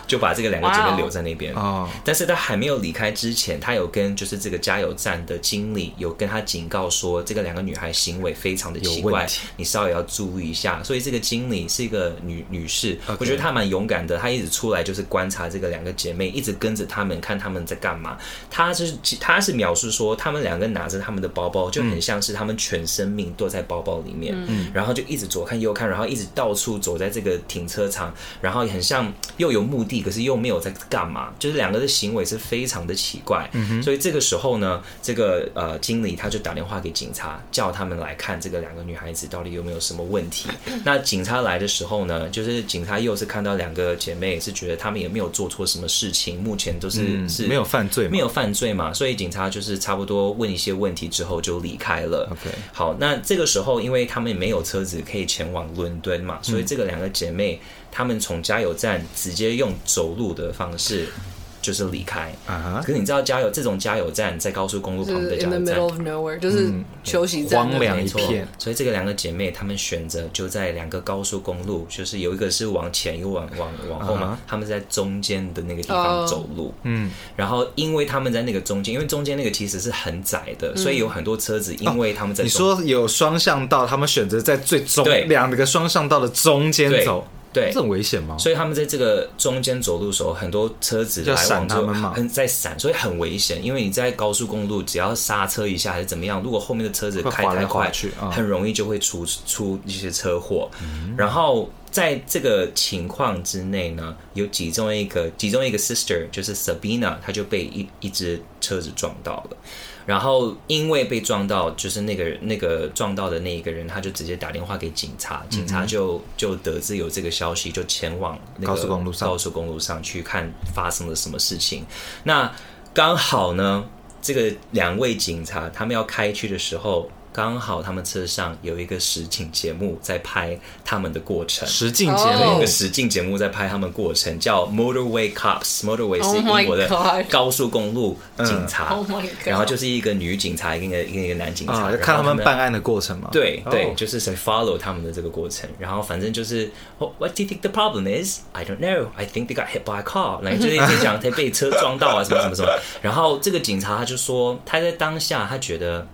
就把這個兩個姐妹留在那邊。哦，但是他還沒有離開之前，他有跟就是這個加油站的經理有跟他警告說，這個兩個女孩行為非常的奇怪，你稍微要注意一下。所以這個經理是一個女女士，我覺得她蠻勇敢的，她一直出來就是觀察這個兩個姐妹，一直跟着他們看他們在幹嘛。她是她是描述說，她們兩個拿着她們的包包，就很像是她們全生命都在包包裡面，嗯，然後就一直左看右看，然後一直。到處走在這個停車場，然後很像又有目的，可是又沒有在幹嘛，就是兩個的行為是非常的奇怪。嗯哼。所以這個時候呢，這個呃經理他就打電話給警察，叫他們來看這個兩個女孩子到底有沒有什麼問題？ 那警察來的時候呢，就是警察又是看到兩個姐妹，是覺得她們也沒有做錯什麼事情，目前都、就是、嗯、是沒有犯罪，沒有犯罪嘛。所以警察就是差不多問一些問題之後就離開了。OK。好，那這個時候，因為他們沒有車子可以前往倫敦。所以這個兩個姐妹，她、嗯、們從加油站直接用走路的方式。就是離開，uh huh. 可是你知道，加油這種加油站在高速公路旁的加油站，nowhere, 嗯、就是休息站，荒涼一片。所以這個兩個姐妹，她們選擇就在兩個高速公路，就是有一個是往前，有一個往往往後嘛。她、uh huh. 們在中間的那個地方走路，嗯、uh，huh. 然後因為她們在那個中間，因為中間那個其實是很窄的，uh huh. 所以有很多車子。因為她們在、哦、你說有雙向道，她們選擇在最中，兩對個雙向道的中間走。對，這很危險嗎？所以他們在這個中間走路的時候，很多車子來往就很在閃，所以很危險。因為你在高速公路，只要剎車一下還是怎麼樣，如果後面的車子開太快，滑滑啊，很容易就會出出一些車禍。嗯、然後在這個情況之內呢，有其中一個其中一個 sister 就是 Sabina，她就被一一隻車子撞到了。然後因為被撞到，就是那個那個撞到的那一個人，他就直接打電話給警察，嗯嗯，警察就就得知有這個消息，就前往、那個、高速公路上高速公路上去看發生了什麼事情。那剛好呢，這個兩位警察他們要開去的時候。剛好他們車上有一個實境節目在拍他們的過程，實境節目對一個實境節目在拍他們過程，oh. 叫 Motorway Cops。Motorway 是英國的高速公路警察，oh、my 然後就是一個女警察，一個一個男警察，uh, 他看他們辦案的過程嘛。對、oh. 對，就是 follow 他們的這個過程。然後反正就是、oh, What do you think the problem is? I don't know. I think they got hit by a car。Like, 就是講他被車撞到啊，什麼什麼什麼。然後這個警察他就說，他在當下他覺得。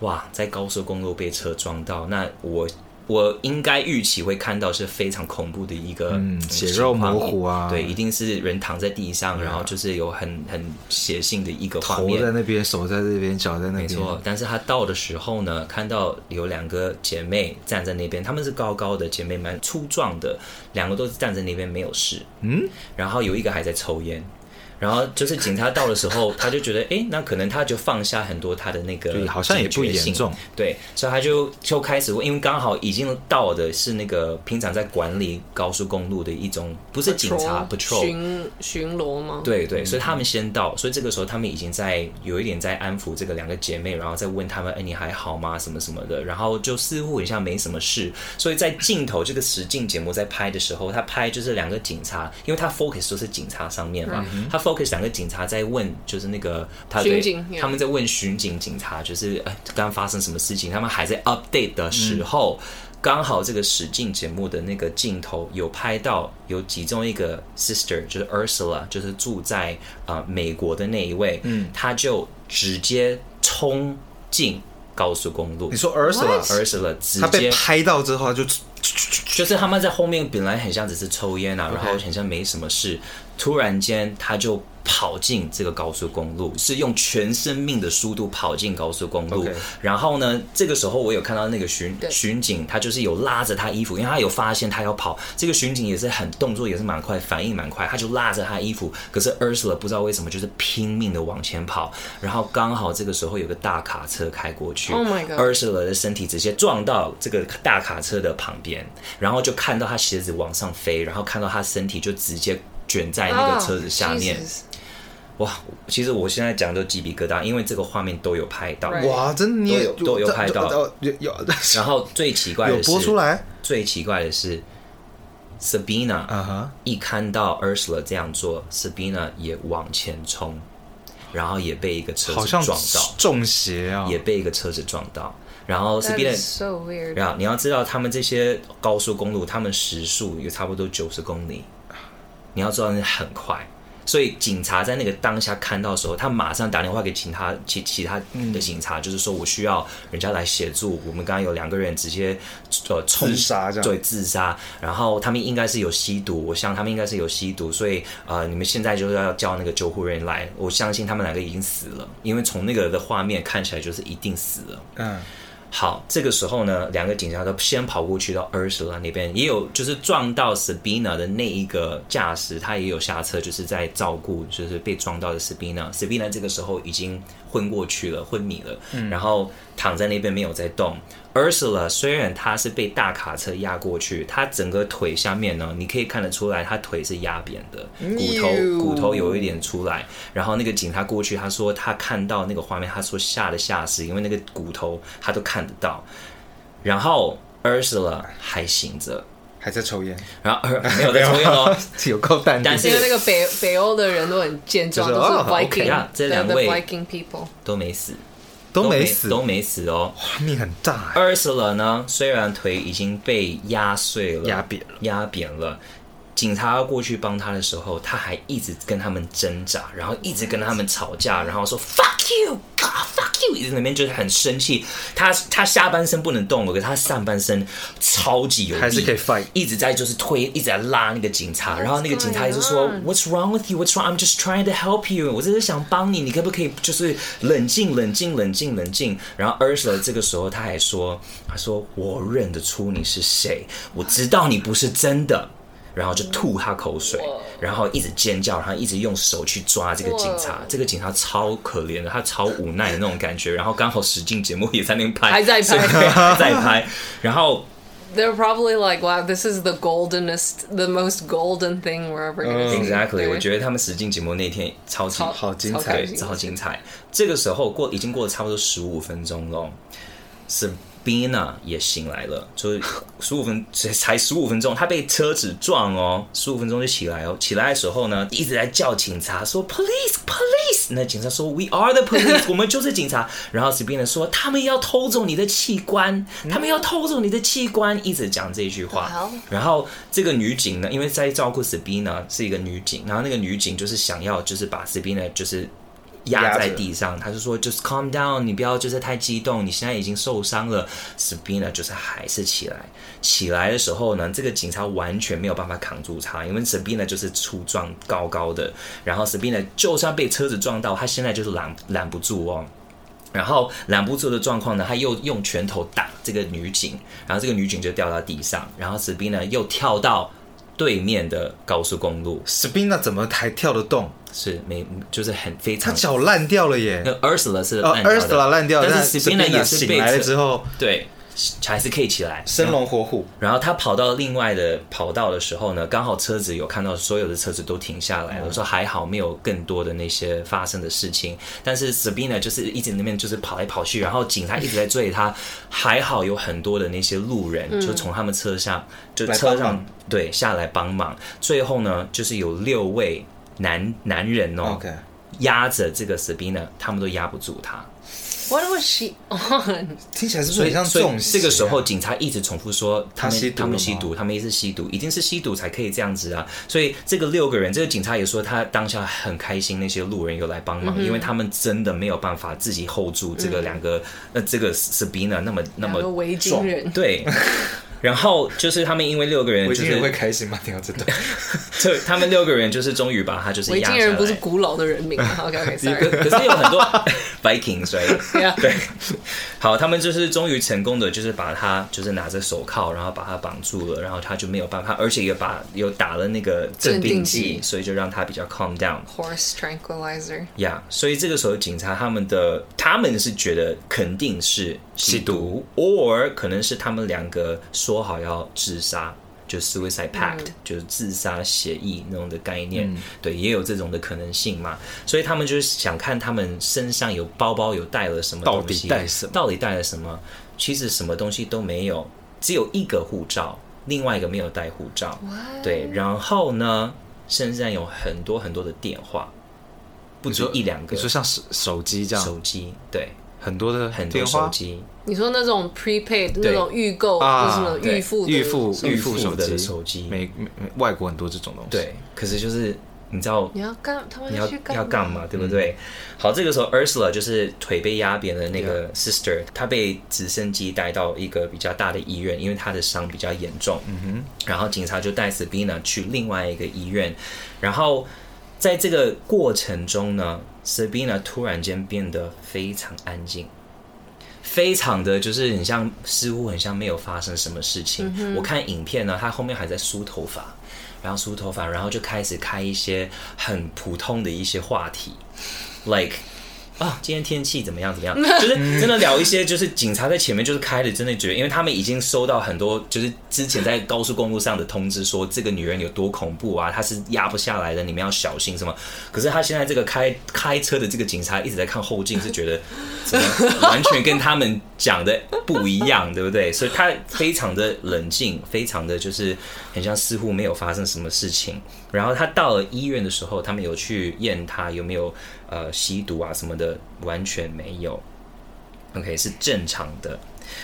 哇，在高速公路被車撞到，那我我應該預期會看到是非常恐怖的一個血模、嗯、肉模糊啊！對，一定是人躺在地上，嗯啊、然後就是有很很血腥的一個畫面。頭在那邊，手在這邊，腳在那邊。沒錯，但是他到的時候呢，看到有兩個姐妹站在那邊，他們是高高的姐妹蠻粗壯的，兩個都是站在那邊沒有事。嗯，然後有一個還在抽菸。 然後就是警察到的時候，他就覺得，哎、欸，那可能他就放下很多他的那個，好像也不嚴重，對，所以他就就開始問，因為剛好已經到的是那個平常在管理高速公路的一種，不是警察、嗯、patrol, patrol 巡巡邏嗎？對，對對，所以他們先到，所以這個時候他們已經在有一點在安撫這個兩個姐妹，然後再問他們，哎、欸，你還好嗎？什麼什麼的，然後就似乎很像沒什麼事。所以在鏡頭這個實境節目在拍的時候，他拍就是兩個警察，因為他 focus 都是警察上面嘛，嗯、他。focus 兩個警察在問，就是那個他的他們在問巡警警察，就是剛剛發生什麼事情，他們還在 update 的時候，剛好這個實境節目的那個鏡頭有拍到，有其中一個 sister 就是 Ursula，就是住在啊、呃、美國的那一位，嗯，他就直接衝進高速公路。你說 Ursula，Ursula，他被拍到之後就，就是他們在後面本來很像只是抽煙啊，然後很像沒什麼事。突然間，他就跑進這個高速公路，是用全生命的速度跑進高速公路。Okay. 然後呢，這個時候我有看到那個巡對巡警，他就是有拉着他衣服，因為他有發現他要跑。這個巡警也是很動作也是蠻快，反應蠻快，他就拉着他衣服。可是 Ursula 不知道為什麼就是拼命的往前跑，然後剛好這個時候有個大卡車開過去，Oh my God！Ursula 的身體直接撞到這個大卡車的旁邊，然後就看到他鞋子往上飛，然後看到他身體就直接。捲在那個車子下面，oh, Jesus. 哇！其實我現在講都雞皮疙瘩，因為這個畫面都有拍到，哇 Right.！真的，都有都有拍到，有。Right. 然後最奇怪的是，播 出來最奇怪的是，Sabina 啊哈，一看到 Ursula 這樣做，Sabina 也往前衝，然後也被一個車子撞到，好像中邪啊！也被一個車子撞到，然後 Sabina 然後你要知道，他們這些高速公路，他們時速有差不多九十公里。你要知道，那很快，所以警察在那個當下看到的時候，他馬上打電話給其他其其他的警察，嗯、就是說我需要人家來協助。我們剛剛有兩個人直接呃衝殺這樣，對自殺，然後他們應該是有吸毒，我想他們應該是有吸毒，所以呃，你們現在就是要叫那個救護人員來。我相信他們兩個已經死了，因為從那個的畫面看起來就是一定死了。嗯。好，這個時候呢，兩個警察，都先跑過去到 Ursula 那邊，也有就是撞到 Sabina 的那一個駕駛，他也有下車，就是在照顧，就是被撞到的 Sabina，Sabina 這個時候已經昏過去了，昏迷了，然後躺在那邊沒有在動。Ursula 雖然他是被大卡車壓過去，他整個腿下面呢，你可以看得出來，他腿是壓扁的，骨頭骨頭有一點出來。然後那個警察過去，他說他看到那個畫面，他說嚇得嚇死，因為那個骨頭他都看得到。然後 Ursula 還醒着，還在抽煙。然後、呃、沒有在抽煙哦， 有，有夠淡定。但是那個北北歐的人都很健壯，是哦、都是 Viking，okay. 這，這兩位 Viking people 都沒死。都沒死，都沒死哦，哇，命很大。二十了呢，雖然腿已經被壓碎了，壓扁了，壓扁了。警察要過去幫他的時候，他還一直跟他們掙扎，然後一直跟他們吵架，然後說 “fuck you”, god, “fuck you”，一直那邊就是很生氣。他他下半身不能動了，可是他上半身超級有力，還是可以 fight，一直在就是推，一直在拉那個警察。然後那個警察一直說 “What's wrong with you? What's wrong? I'm just trying to help you。我只是想幫你，你可不可以就是冷靜、冷靜、冷靜、冷靜？”然後 Ursula 這個時候他還說：“他說我認得出你是誰，我知道你不是真的。”然後就吐他口水，然後一直尖叫，然後一直用手去抓這個警察。這個警察超可憐的，他超無奈的那種感覺。然後剛好實境節目也在那邊拍，還在拍，還在拍。然後，They're probably like, "Wow, this is the goldenest, the most golden thing, wherever exactly." 我覺得他們實境節目那天超級好精彩，超精彩。這個時候過已經過了差不多十五分鐘嘍，是。Sabina 也醒來了，就十五分，才才十五分鐘，他被車子撞哦，十五分鐘就起來哦，起來的時候呢，一直在叫警察說 ice, “Police, Police”，那警察說 “We are the police”， 我們就是警察。然後 Sabina 說：“他們要偷走你的器官，嗯、他們要偷走你的器官。”一直講這一句話。好然後這個女警呢，因為在照顧 Sabina 是一個女警，然後那個女警就是想要就是把 Sabina 就是。壓在地上，着他就說，just calm down，你不要就是太激動。你現在已經受傷了，Sabina 就是還是起來。起來的時候呢，這個警察完全沒有辦法扛住他，因為 Sabina 就是粗壯高高的。然後 Sabina 就算被車子撞到，他現在就是攔攔不住哦。然後攔不住的狀況呢，他又用拳頭打這個女警，然後這個女警就掉到地上，然後 Sabina 又跳到。對面的高速公路，s i n a 怎麼還跳得動？是沒，就是很非常，他腳爛掉了耶。那 e a 了是 e a 了爛掉，但是 Spina 也醒來了之後，之後對。還是可以起來，生龍活虎、嗯。然後他跑到另外的跑道的時候呢，剛好車子有看到所有的車子都停下來了。我、嗯、說還好沒有更多的那些發生的事情。但是 Sabina 就是一直那邊就是跑來跑去，然後警察一直在追他。 還好有很多的那些路人、嗯、就從他們車上就車上對下來幫忙。最後呢，就是有六位男男人哦。Okay. 壓着這個 Sabina，他們都壓不住她。What was she on？聽起來是說，所以這個時候，警察一直重複說，他們他們吸毒，他們一直吸毒，一定是吸毒才可以這樣子啊！所以這個六個人，這個警察也說，他當下很開心，那些路人有來幫忙，mm hmm. 因為他們真的沒有辦法自己 hold 住這個兩個，那、mm hmm. 呃、這個 Sabina 那麼那麼壯，人對。 然後就是他們因為六個人，我覺得會開心嗎？聽到這的。這他們六個人就是終於把他就是維京人不是古老的人民，可是有很多 Vikings，right? 對。好，他們就是終於成功的，就是把他就是拿着手銬，然後把他綁住了，然後他就沒有辦法，而且也把，又打了那個鎮定劑，所以就讓他比較 calm down。horse tranquilizer。Yeah，所以這個時候警察他們的他們是覺得肯定是吸毒，or 可能是他們兩個說好要自殺。就 suicide pact，嗯，就是自殺協議那種的概念，嗯，對，也有這種的可能性嘛。所以他們就是想看他們身上有包包有帶了什麼東西，到底帶什麼？到底帶了什麼？其實什麼東西都沒有，只有一個護照，另外一個沒有帶護照。什麼？對，然後呢，身上有很多很多的電話，不止一兩個，就像手手機這樣，手機對，很多的電話很多手機。你說那種 prepaid 那種預購，什麼預付預付預付手機？手機，美外國很多這種東西。對，可是就是你知道你要幹，他們要去幹嘛，對不對？好，這個時候 Ursula 就是腿被壓扁的那個 sister，她被直升機帶到一個比較大的醫院，因為她的傷比較嚴重。嗯哼。然後警察就帶 Sabina 去另外一個醫院，然後在這個過程中呢，Sabina 突然間變得非常安靜。非常的就是很像，似乎很像沒有發生什麼事情。我看影片呢，他後面還在梳頭髮，然後梳頭髮，然後就開始開一些很普通的一些話題，like。啊，今天天氣怎麼樣？怎麼樣？就是真的聊一些，就是警察在前面就是開的，真的覺得，因為他們已經收到很多，就是之前在高速公路上的通知，說這個女人有多恐怖啊，她是壓不下來的，你們要小心什麼。可是他現在這個開開車的這個警察一直在看後鏡，是覺得什麼完全跟他們講的不一樣，對不對？所以他非常的冷靜，非常的就是很像似乎沒有發生什麼事情。然後他到了醫院的時候，他們有去驗他有沒有呃吸毒啊什麼的，完全沒有，OK 是正常的。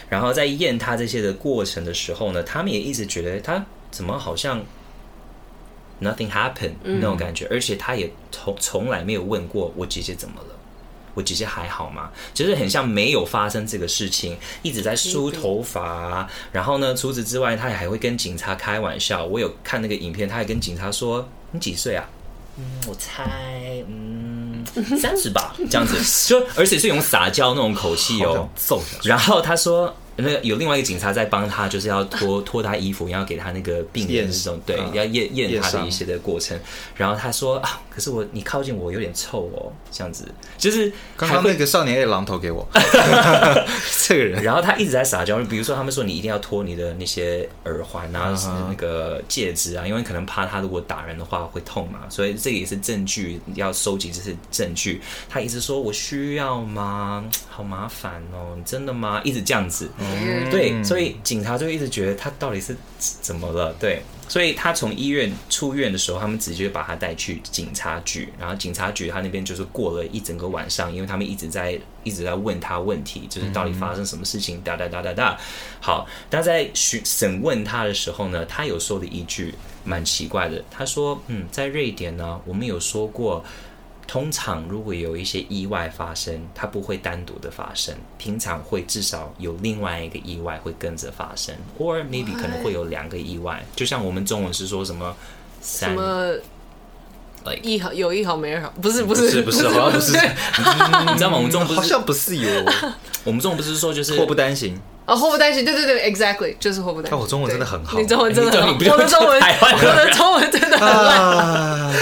然後在驗他這些的過程的時候呢，他們也一直覺得他怎麼好像 nothing happened，嗯，那種感覺，而且他也從從來沒有問過我姐姐怎麼了。我姐姐還好嗎？就是很像沒有發生這個事情，一直在梳頭髮。然後呢，除此之外，他也還會跟警察開玩笑。我有看那個影片，他還跟警察說：“你幾歲啊？”嗯，我猜，嗯，三十吧， 這樣子。就而且是用撒嬌那種口氣哦，揍！然後他說。那有另外一個警察在幫他，就是要脫脫他衣服，然後給他那個病人這種驗對，要驗驗他的一些的過程。傷然後他說：“啊，可是我你靠近我有點臭哦，這樣子。”就是剛剛那個少年的榔頭給我這個人。 然後他一直在撒嬌，比如說他們說你一定要脫你的那些耳環啊、uh huh. 那個戒指啊，因為可能怕他如果打人的話會痛嘛，所以這個也是證據，要收集這些證據。他一直說：“我需要嗎？好麻煩哦、喔，真的嗎？”一直這樣子。Mm. 對，所以警察就一直覺得他到底是怎麼了？對，所以他從醫院出院的時候，他們直接把他帶去警察局，然後警察局他那邊就是過了一整個晚上，因為他們一直在一直在問他問題，就是到底發生什麼事情？噠噠噠噠噠。好，他在審審問他的時候呢，他有說了一句蠻奇怪的，他說：“嗯，在瑞典呢，我們有說過。”通常，如果有一些意外發生，它不會單獨的發生，平常會至少有另外一個意外會跟着發生，或 What? maybe 可能會有兩個意外。就像我們中文是說什麼三？什麼？呃，一好有一好沒二好，不是不是不是不是，好像不是，你知道嗎？我們中文不是好像不是有， 我們中文不是說就是禍不單行。啊，禍、哦、不單行，對對對，exactly，就是禍不單行。那我、哦、中文真的很好，你中文真的很好，欸、我的中文，我的中文真的很爛、啊，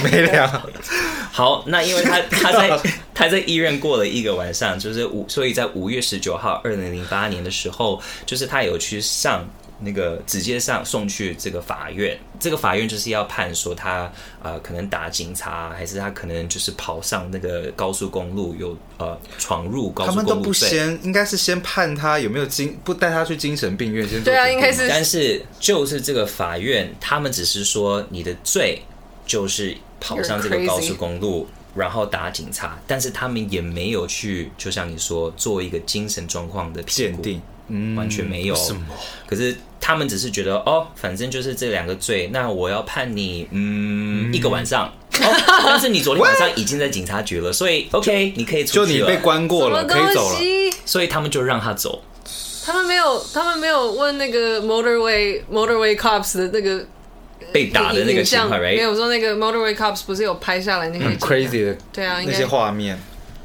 沒了。 好，那因為他他在他在醫院過了一個晚上，就是五，所以在五月十九號，二零零八年的時候，就是他有去上。那個直接上送去這個法院，這個法院就是要判說他呃，可能打警察，還是他可能就是跑上那個高速公路有、有呃，闖入高速公路。他們都不先，應該是先判他有沒有精、不帶他去精神病院先做病院。對啊，應該是。但是就是這個法院，他們只是說你的罪就是跑上這個高速公路，'re 然後打警察，但是他們也沒有去，就像你說做一個精神狀況的鑑定。嗯，完全沒有。什麼？可是他們只是覺得，哦，反正就是這兩個罪，那我要判你，嗯，一個晚上。但是你昨天晚上已經在警察局了，所以 OK，你可以出去了。就你被關過了，可以走了。所以他們就讓他走。他們沒有，他們沒有問那個 motorway motorway cops 的那個被打的那個相片。沒有說那個 motorway cops 不是有拍下來那個很 crazy 的對啊那些畫面。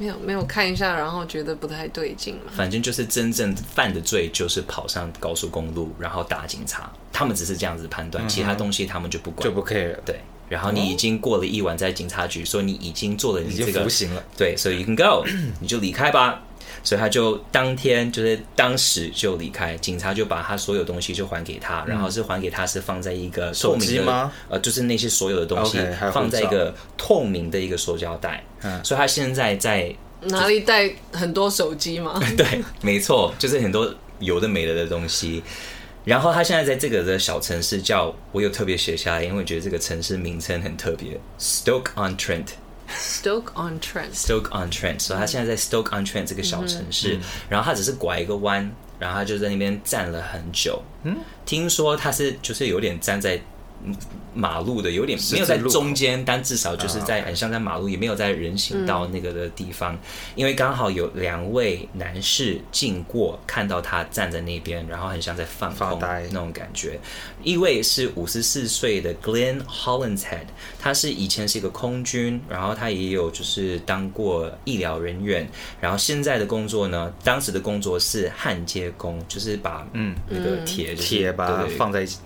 沒有沒有看一下，然後覺得不太對勁嘛。反正就是真正犯的罪，就是跑上高速公路，然後打警察。他們只是這樣子判斷，uh huh. 其他東西他們就不管。就不 care。對，然後你已經過了一晚在警察局，oh? 所以你已經做了你這個。已經服刑了。對，所、so、以 you can go， 你就離開吧。所以他就當天就是當時就離開，警察就把他所有東西就還給他，然後是還給他是放在一個手機嗎？呃，就是那些所有的東西放在一個透明的一個塑膠袋。嗯、okay，所以他現在在哪裡帶很多手機嗎？ 對，沒錯，就是很多有的沒的的東西。然後他現在在這個的小城市叫，我有特別寫下來，因為我覺得這個城市名稱很特別，Stoke on Trent。Tre Stoke on Trent，Stoke on Trent，Stoke on Trent、嗯、所以他現在在 Stoke on Trent 這個小城市，嗯、然後他只是拐一個彎，然後他就在那邊站了很久。嗯，聽說他是就是有點站在，馬路的有點沒有在中間，但至少就是在很像在馬路，也沒有在人行道那個的地方，嗯、因為剛好有兩位男士經過，看到他站在那邊，然後很像在放空呆那種感覺。一位是五十四歲的 Glenn Hollinshead，他是以前是一個空軍，然後他也有就是當過醫療人員，然後現在的工作呢，當時的工作是焊接工，就是把嗯那個鐵鐵、就是、把放在對對對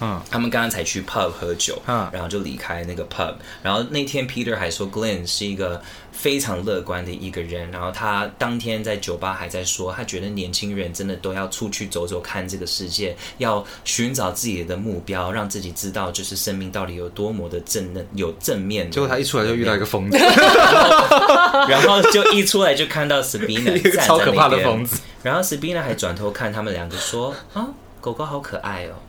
嗯，他們剛剛才去 pub 喝酒，嗯、啊，然後就離開那個 pub。然後那天 Peter 還說，Glenn 是一個非常樂觀的一個人。然後他當天在酒吧還在說，他覺得年輕人真的都要出去走走，看這個世界，要尋找自己的目標，讓自己知道就是生命到底有多麼的正能、有正面。結果他一出來就遇到一個瘋子 然，然後就一出來就看到 Sabina，超可怕的瘋子。然後 Sabina 還轉頭看他們兩個說：“啊，狗狗好可愛哦、喔。”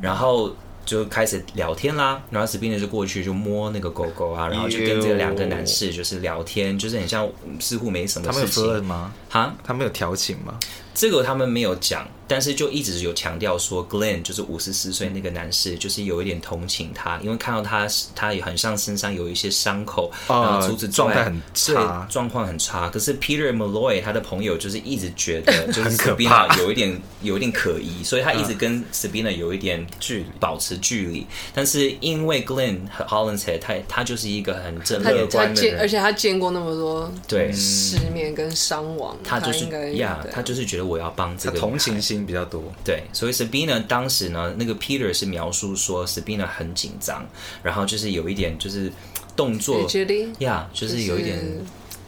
然後就開始聊天啦，然後 Sabina 就過去就摸那個狗狗啊，然後去跟這兩個男士就是聊天，呦就是很像似乎沒什麼事，他沒有喝嗎？哈？他沒有調情嗎？這個他們沒有講，但是就一直有強調說，Glen 就是五十四歲那個男士，就是有一點同情他，因為看到他，他也很像身上有一些傷口啊。除此、uh, 狀態很差，狀況很差。可是 Peter Malloy 他的朋友就是一直覺得，就是 Sabina 有一點 有一點可疑，所以他一直跟 Sabina 有一點距，保持距離。Uh, 但是因為 Glen Hollinshead，他他就是一個很正樂觀的人，的他，他，他見，而且他見過那麼多對、嗯、失眠跟傷亡，他就是呀，他，應該 yeah, 他就是覺得。我要幫這個。同情心比較多。對，所以 Sabina 當時呢，那個 Peter 是描述說，Sabina 很緊張，然後就是有一點，就是動作，呀、嗯，yeah, 就是有一點、就是，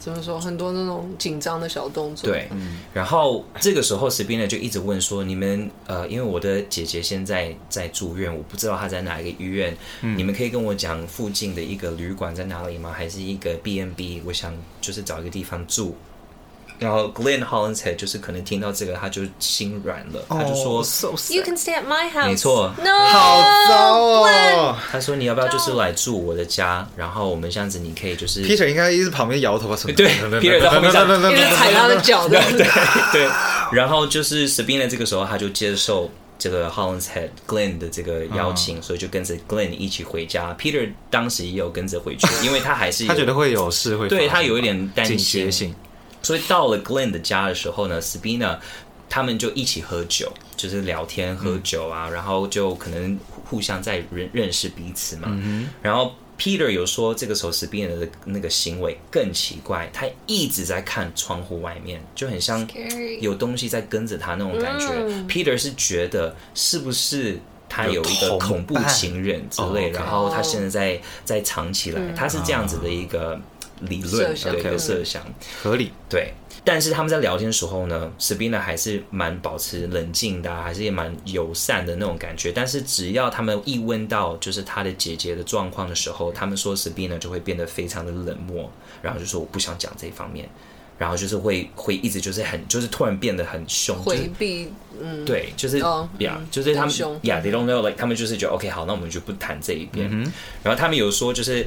怎麼說，很多那種緊張的小動作。對，嗯、然後這個時候 Sabina 就一直問說：“你們呃，因為我的姐姐現在在住院，我不知道她在哪一個醫院，嗯、你們可以跟我講附近的一個旅館在哪裡嗎？還是一個 B&B？我想就是找一個地方住。”然後 Glenn Hollinshead 就是可能聽到這個，他就心軟了，他就說：“You can stay at my house。”沒錯，No，好糟哦。他說：“你要不要就是來住我的家？然後我們這樣子，你可以就是 Peter 應該一直旁邊搖頭什麼，對，Peter 在後面踩他的腳，對對。然後就是 Sabina 這個時候他就接受這個 Hollinshead Glenn 的這個邀請，所以就跟着 Glenn 一起回家。Peter 當時也有跟着回去，因為他還是他覺得會有事會對他有一點膽怯性。”所以到了 Glen 的家的時候呢 Sabina 他們就一起喝酒，就是聊天、喝酒啊，然後就可能互相在認認識彼此嘛。然後 Peter 有說，這個時候 Sabina 的那個行為更奇怪，他一直在看窗戶外面，就很像有東西在跟着他那種感覺。Peter 是覺得是不是他有一個恐怖情人之類，然後他現在在在藏起來，他是這樣子的一個。理論的一個設想，合理對、嗯、對。但是他們在聊天的時候呢 Sabina 還是蠻保持冷靜的、啊，還是也蠻友善的那種感覺。但是只要他們一問到就是他的姐姐的狀況的時候，他們說 Sabina 就會變得非常的冷漠，然後就說我不想講這一方面，然後就是會會一直就是很就是突然變得很兇，回避、就是、嗯，對，就是呀，哦、yeah, 就是他們、嗯、yeah they t h e y don't know，like, 他們就是覺得 OK 好，那我們就不談這一邊。嗯、然後他們有說就是。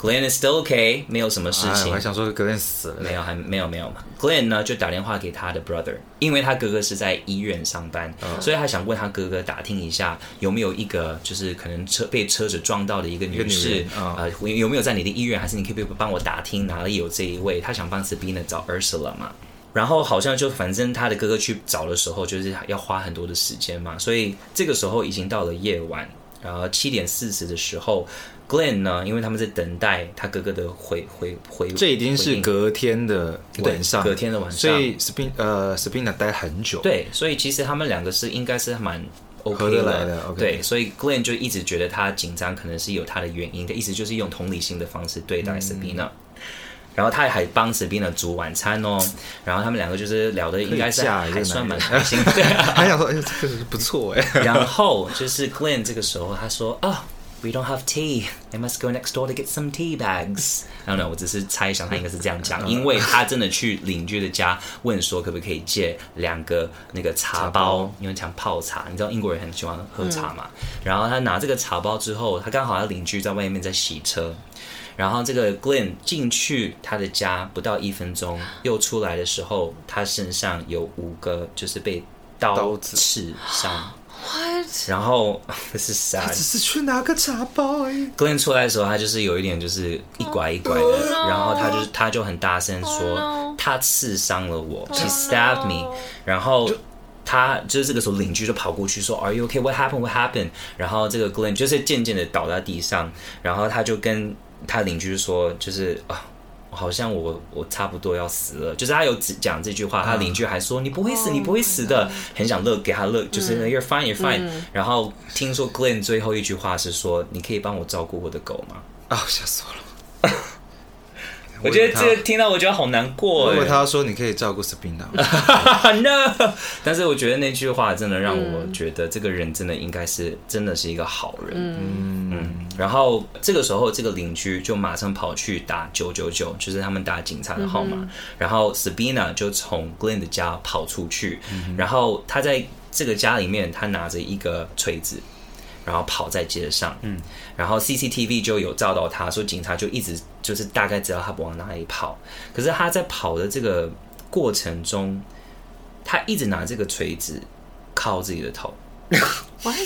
Glen is still okay，沒有什麼事情。哎、我還想說，Glen 死了，沒有，還沒有沒有嘛。Glen 呢，就打電話給他的 brother，因為他哥哥是在醫院上班，哦、所以他想問他哥哥打聽一下，有沒有一個就是可能車被車子撞到的一個女士，女人哦、呃，有沒有在你的醫院，還是你可以幫我打聽哪裡有這一位？他想幫 Sabina 找 Ursula 嘛。然後好像就反正他的哥哥去找的時候，就是要花很多的時間嘛，所以這個時候已經到了夜晚，然後七點四十的時候。Glenn 呢？因為他們在等待他哥哥的回回回，回這已經是隔天的晚上應，對隔天的晚上。所以，Spen 呃 Sabina 待很久。對，所以其實他們兩個是應該是蠻 OK 的。了 okay 對，所以 Glenn 就一直覺得他緊張，可能是有他的原因。的意思就是用同理心的方式對待 Sabina 然後他還幫 Sabina 煮晚餐哦。然後他們兩個就是聊的應該是一個還算蠻開心的， 還想說 哎，這個 不錯哎、欸。然後就是 Glenn 這個時候他說啊。哦 We don't have tea. I must go next door to get some tea bags. 然後呢，我只是猜想他應該是這樣講， 因為他真的去鄰居的家問說可不可以借兩個那個茶包，茶包因為想泡茶。你知道英國人很喜歡喝茶嘛？嗯、然後他拿這個茶包之後，他剛好他鄰居在外面在洗車，然後這個 Glen 進去他的家不到一分鐘，又出來的時候，他身上有五個就是被刀刺傷。What? 然後是啥？只是去拿個茶包而已。Glen 出來的時候，他就是有一點就是一拐一拐的，oh, no. 然後他就他就很大聲說：“ oh, no. 他刺傷了我，She stabbed me。” oh, no. 然後就他就是這個時候鄰居就跑過去說就：“Are you okay? What happened? What happened?” 然後這個 Glen 就是漸漸的倒在地上，然後他就跟他鄰居說：“就是。哦”好像我我差不多要死了，就是他有講這句話，oh. 他鄰居還說你不會死，oh, my 你不會死的，很想樂給他樂，mm. 就是 you're fine, you're fine。Mm. 然後聽說 Glenn 最後一句話是說，你可以幫我照顧我的狗嗎？啊，嚇死我了！ 我,我覺得這個聽到我覺得好難過、欸。因為他說你可以照顧 Sabina，No， 但是我覺得那句話真的讓我覺得這個人真的應該是、嗯、真的是一個好人。嗯嗯，然後這個時候這個鄰居就馬上跑去打九九九，就是他們打警察的號碼。嗯、然後 Sabina 就從 Glen 的家跑出去，嗯、然後他在這個家裡面，他拿着一個錘子。然後跑在街上，嗯，然後 CCTV 就有照到他說，所以警察就一直就是大概知道他往哪裡跑，可是他在跑的這個過程中，他一直拿這個錘子靠自己的頭，what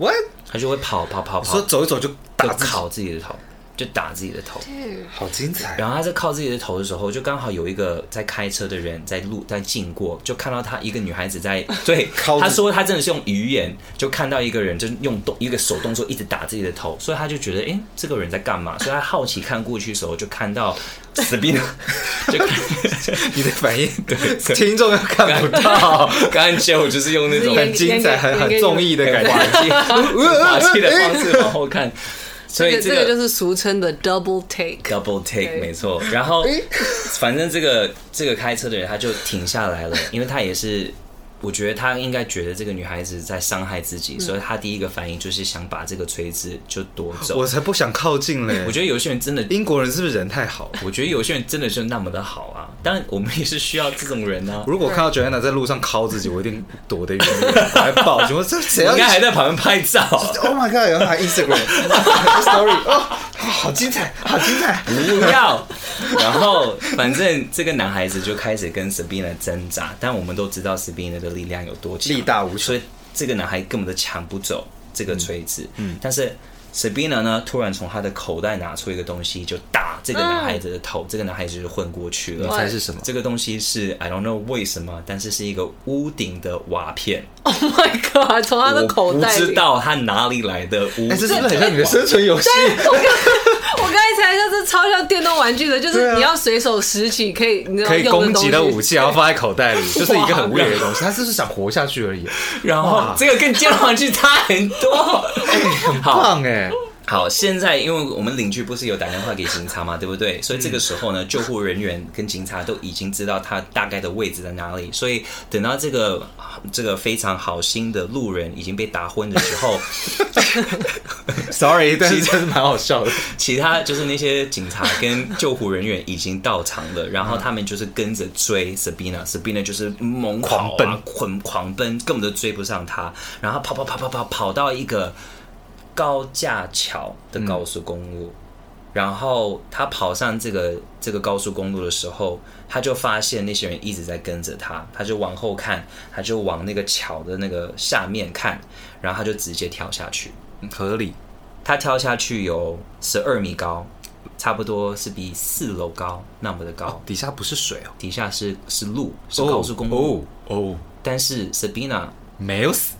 what？他就會跑跑跑跑，說走一走就打靠自己的頭。What? 就打自己的頭，好精彩！然後他在靠自己的頭的時候，就剛好有一個在開車的人在路在經過，就看到他一個女孩子在對，他說他真的是用語言就看到一個人，就用動一個手動作一直打自己的頭，所以他就覺得，哎，這個人在幹嘛？所以他好奇看過去的時候，就看到死病，就看 你的反應，聽眾看不到，剛才我就,就是用那種很精彩、很很綜藝的感覺，滑, 滑稽的方式往後看。所以、這個、這個就是俗稱的 double take，double take，對，沒錯。然後，反正這個這個開車的人他就停下來了，因為他也是。我覺得他應該覺得這個女孩子在傷害自己，所以他第一個反應就是想把這個錘子就奪走。我才不想靠近嘞！我覺得有些人真的英國人是不是人太好？我覺得有些人真的是那麼的好啊！當然我們也是需要這種人呢、啊。如果看到 Joanna 在路上靠自己，我一定躲得遠遠的，來報警！這誰要？應該還在旁邊拍照、啊。Oh my god！有人拍 Instagram story 哦，好精彩，好精彩！不要。然後，反正這個男孩子就開始跟 Sabina 掙扎，但我們都知道 Sabina 都。明力量有多強，力大無窮，所以這個男孩根本都搶不走這個錘子嗯。嗯，但是 Sabina 呢，突然從他的口袋拿出一個東西，就打這個男孩子的頭，嗯、這個男孩子就昏過去了。你猜是什麼？這個東西是 I don't know 為什麼，但是是一個屋頂的瓦片。Oh my god！從他的口袋，不知道他哪裡來的。哎、欸，這是很像你的生存遊戲。欸 我剛才才就是超像電動玩具的，就是你要隨手拾起，啊、可以可以攻擊的武器，然後放在口袋裡，哇就是一個很無聊的東西。他只後是想活下去而已。然後哇這個跟電動玩具差很多，哎， 很棒哎、欸。好，現在因為我們鄰居不是有打電話給警察嘛，對不對？所以這個時候呢，嗯、救護人員跟警察都已經知道他大概的位置在哪裡。所以等到這個這個非常好心的路人已經被打昏的時候 ，sorry，其實真是蠻好笑的其。其他就是那些警察跟救護人員已經到場了，嗯、然後他們就是跟着追 Sabina，Sabina Sab 就是猛狂奔,、啊狂奔捆、狂奔，根本都追不上他，然後跑跑跑跑跑跑到一個。高架橋的高速公路，嗯、然後他跑上這個這個高速公路的時候，他就發現那些人一直在跟着他，他就往後看，他就往那個橋的那個下面看，然後他就直接跳下去。合理，他跳下去有十二米高，差不多是比四樓高那麼的高，哦。底下不是水哦，底下是是路，是高速公路。哦哦，哦但是 Sabina 沒有死。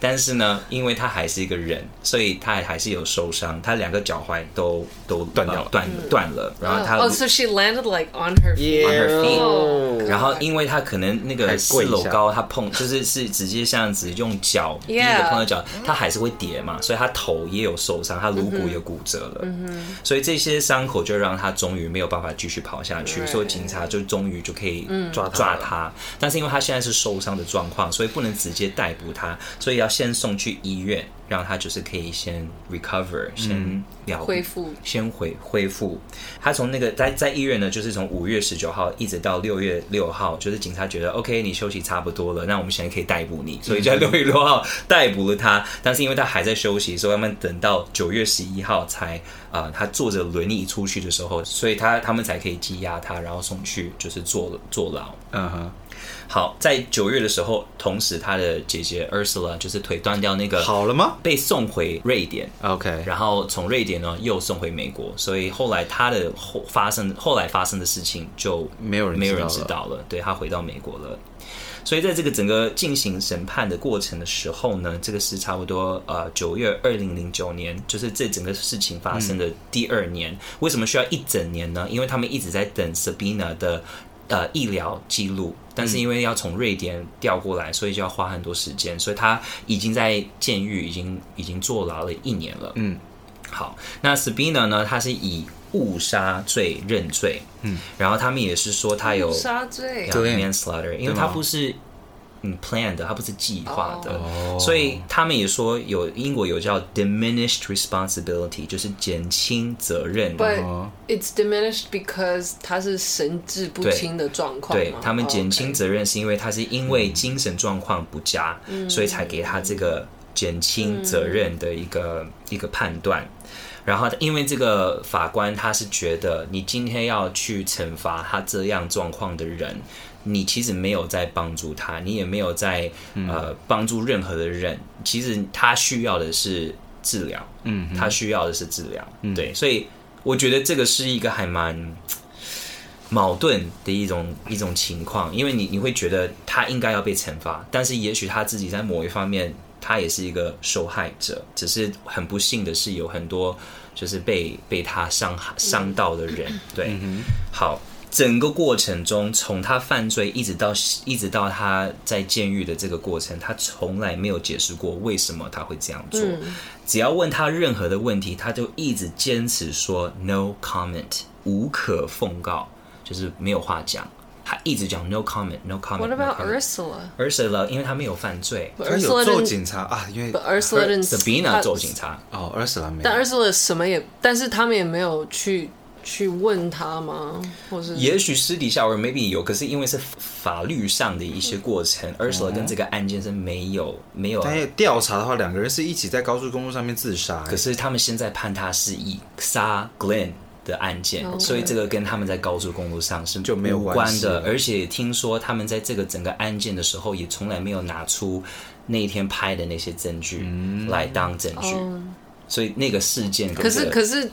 但是呢，因為他還是一個人，所以他還是有受傷。他兩個腳踝都都斷掉了，斷斷了，了。然後他哦，所以、oh, so、she landed like on her on her feet。Yeah. 然後，因為他可能那個四樓高，他碰就是是直接這樣子用腳，Yeah, 碰到腳，他還是會跌嘛，所以他頭也有受傷，他顱骨也骨折了。Mm-hmm. 所以這些傷口就讓他終於沒有辦法繼續跑下去，Right. 所以警察就終於就可以抓、mm-hmm. 抓他。但是因為他現在是受傷的狀況，所以不能直接逮捕他，所以要。先送去醫院，讓他就是可以先 recover，先療、嗯、恢復，先回恢復。他從那個在在醫院呢，就是從五月十九號一直到六月六號，就是警察覺得 OK，你休息差不多了，那我們現在可以逮捕你，所以在六月六號逮捕了他。但是因為他還在休息，所以他們等到九月十一號才啊、呃，他坐着輪椅出去的時候，所以他他們才可以羈押他，然後送去就是坐坐牢。嗯哼、uh-huh. 好，在九月的時候，同時他的姐姐 Ursula 就是腿斷掉那個好了嗎？被送回瑞典，OK，然後從瑞典呢又送回美國，所以後來他的後發生後來發生的事情就沒有人沒有人知道了。對，他回到美國了，所以在這個整個進行審判的過程的時候呢，這個是差不多呃九月二零零九年，就是這整個事情發生的第二年。嗯。為什麼需要一整年呢？因為他們一直在等 Sabina 的。呃，uh, 醫療記錄，但是因為要從瑞典調過來，嗯、所以就要花很多時間，所以他已經在監獄，已經已經坐牢了一年了。嗯，好，那 Sabina 呢？他是以誤殺罪認罪。嗯，然後他們也是說他有誤殺罪，啊，man 對 manslaughter，因為他不是。嗯，planned，他不是計劃的，oh, 所以他們也說有英國有叫 diminished responsibility，就是減輕責任。對 it's diminished because 他是神志不清的狀況，對他們減輕責任是因為他是因為精神狀況不佳，Okay. 嗯、所以才給他這個減輕責任的一個、嗯、一個判斷。然後因為這個法官他是覺得你今天要去懲罰他這樣狀況的人。你其實沒有在幫助他，你也沒有在呃幫助任何的人。嗯、其實他需要的是治療，嗯哼，他需要的是治療。嗯、對，所以我覺得這個是一個還蠻矛盾的一種一種情況，因為你你會覺得他應該要被懲罰，但是也許他自己在某一方面，他也是一個受害者。只是很不幸的是，有很多就是被被他傷害傷到的人。嗯、對，嗯、哼好。整個過程中，從他犯罪一直到一直到他在監獄的這個過程，他從來沒有解釋過為什麼他會這樣做。只要問他任何的問題，他就一直堅持說 “no comment”，無可奉告，就是沒有話講。他一直講 “no comment, no comment”。What about no comment? Ursula？Ursula，Urs 因為他沒有犯罪，Ursula 有做警察 and, 啊，因為 Sabina 做警察哦，oh，Ursula 沒有。但 Ursula 什麼也，但是他們也沒有去。去問他嗎？或者也許私底下，我也 maybe 有，可是因為是法律上的一些過程、Ursula、嗯、跟這個案件是沒有沒有。但調查的話，兩個人是一起在高速公路上面自殺、欸，可是他們現在判他是以殺 Glen 的案件，okay，所以這個跟他們在高速公路上是就沒有關的。而且聽說他們在這個整個案件的時候，也從來沒有拿出那一天拍的那些證據來當證據，嗯、所以那個事件、就是、可是可是。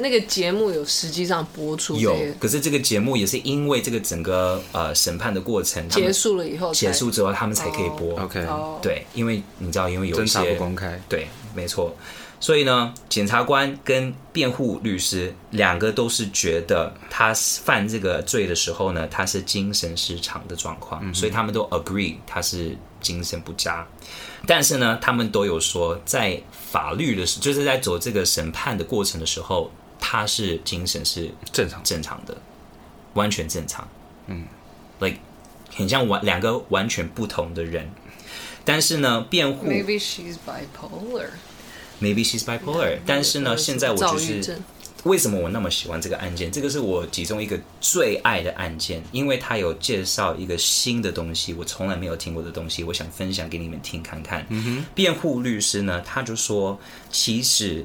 那個節目有實際上播出，有。可是這個節目也是因為這個整個呃審判的過程結束了以後，結束之後他們才可以播。Oh, OK，對，因為你知道，因為有一些偵查不公開，對，沒錯。所以呢，檢察官跟辯護律師兩、嗯、個都是覺得他犯這個罪的時候呢，他是精神失常的狀況，嗯嗯，所以他們都 agree 他是精神不佳。但是呢，他們都有說，在法律的，就是在走這個審判的過程的時候。他是精神是正常正常的，完全正常，嗯，對，like, 很像完兩個完全不同的人，但是呢，辯護 Maybe she's bipolar，Maybe she's bipolar，但是呢，現在我就是為什麼我那麼喜歡這個案件，這個是我其中一個最愛的案件，因為他有介紹一個新的東西，我從來沒有聽過的東西，我想分享給你們聽看看。辯護、mm hmm. 律師呢，他就說，其實。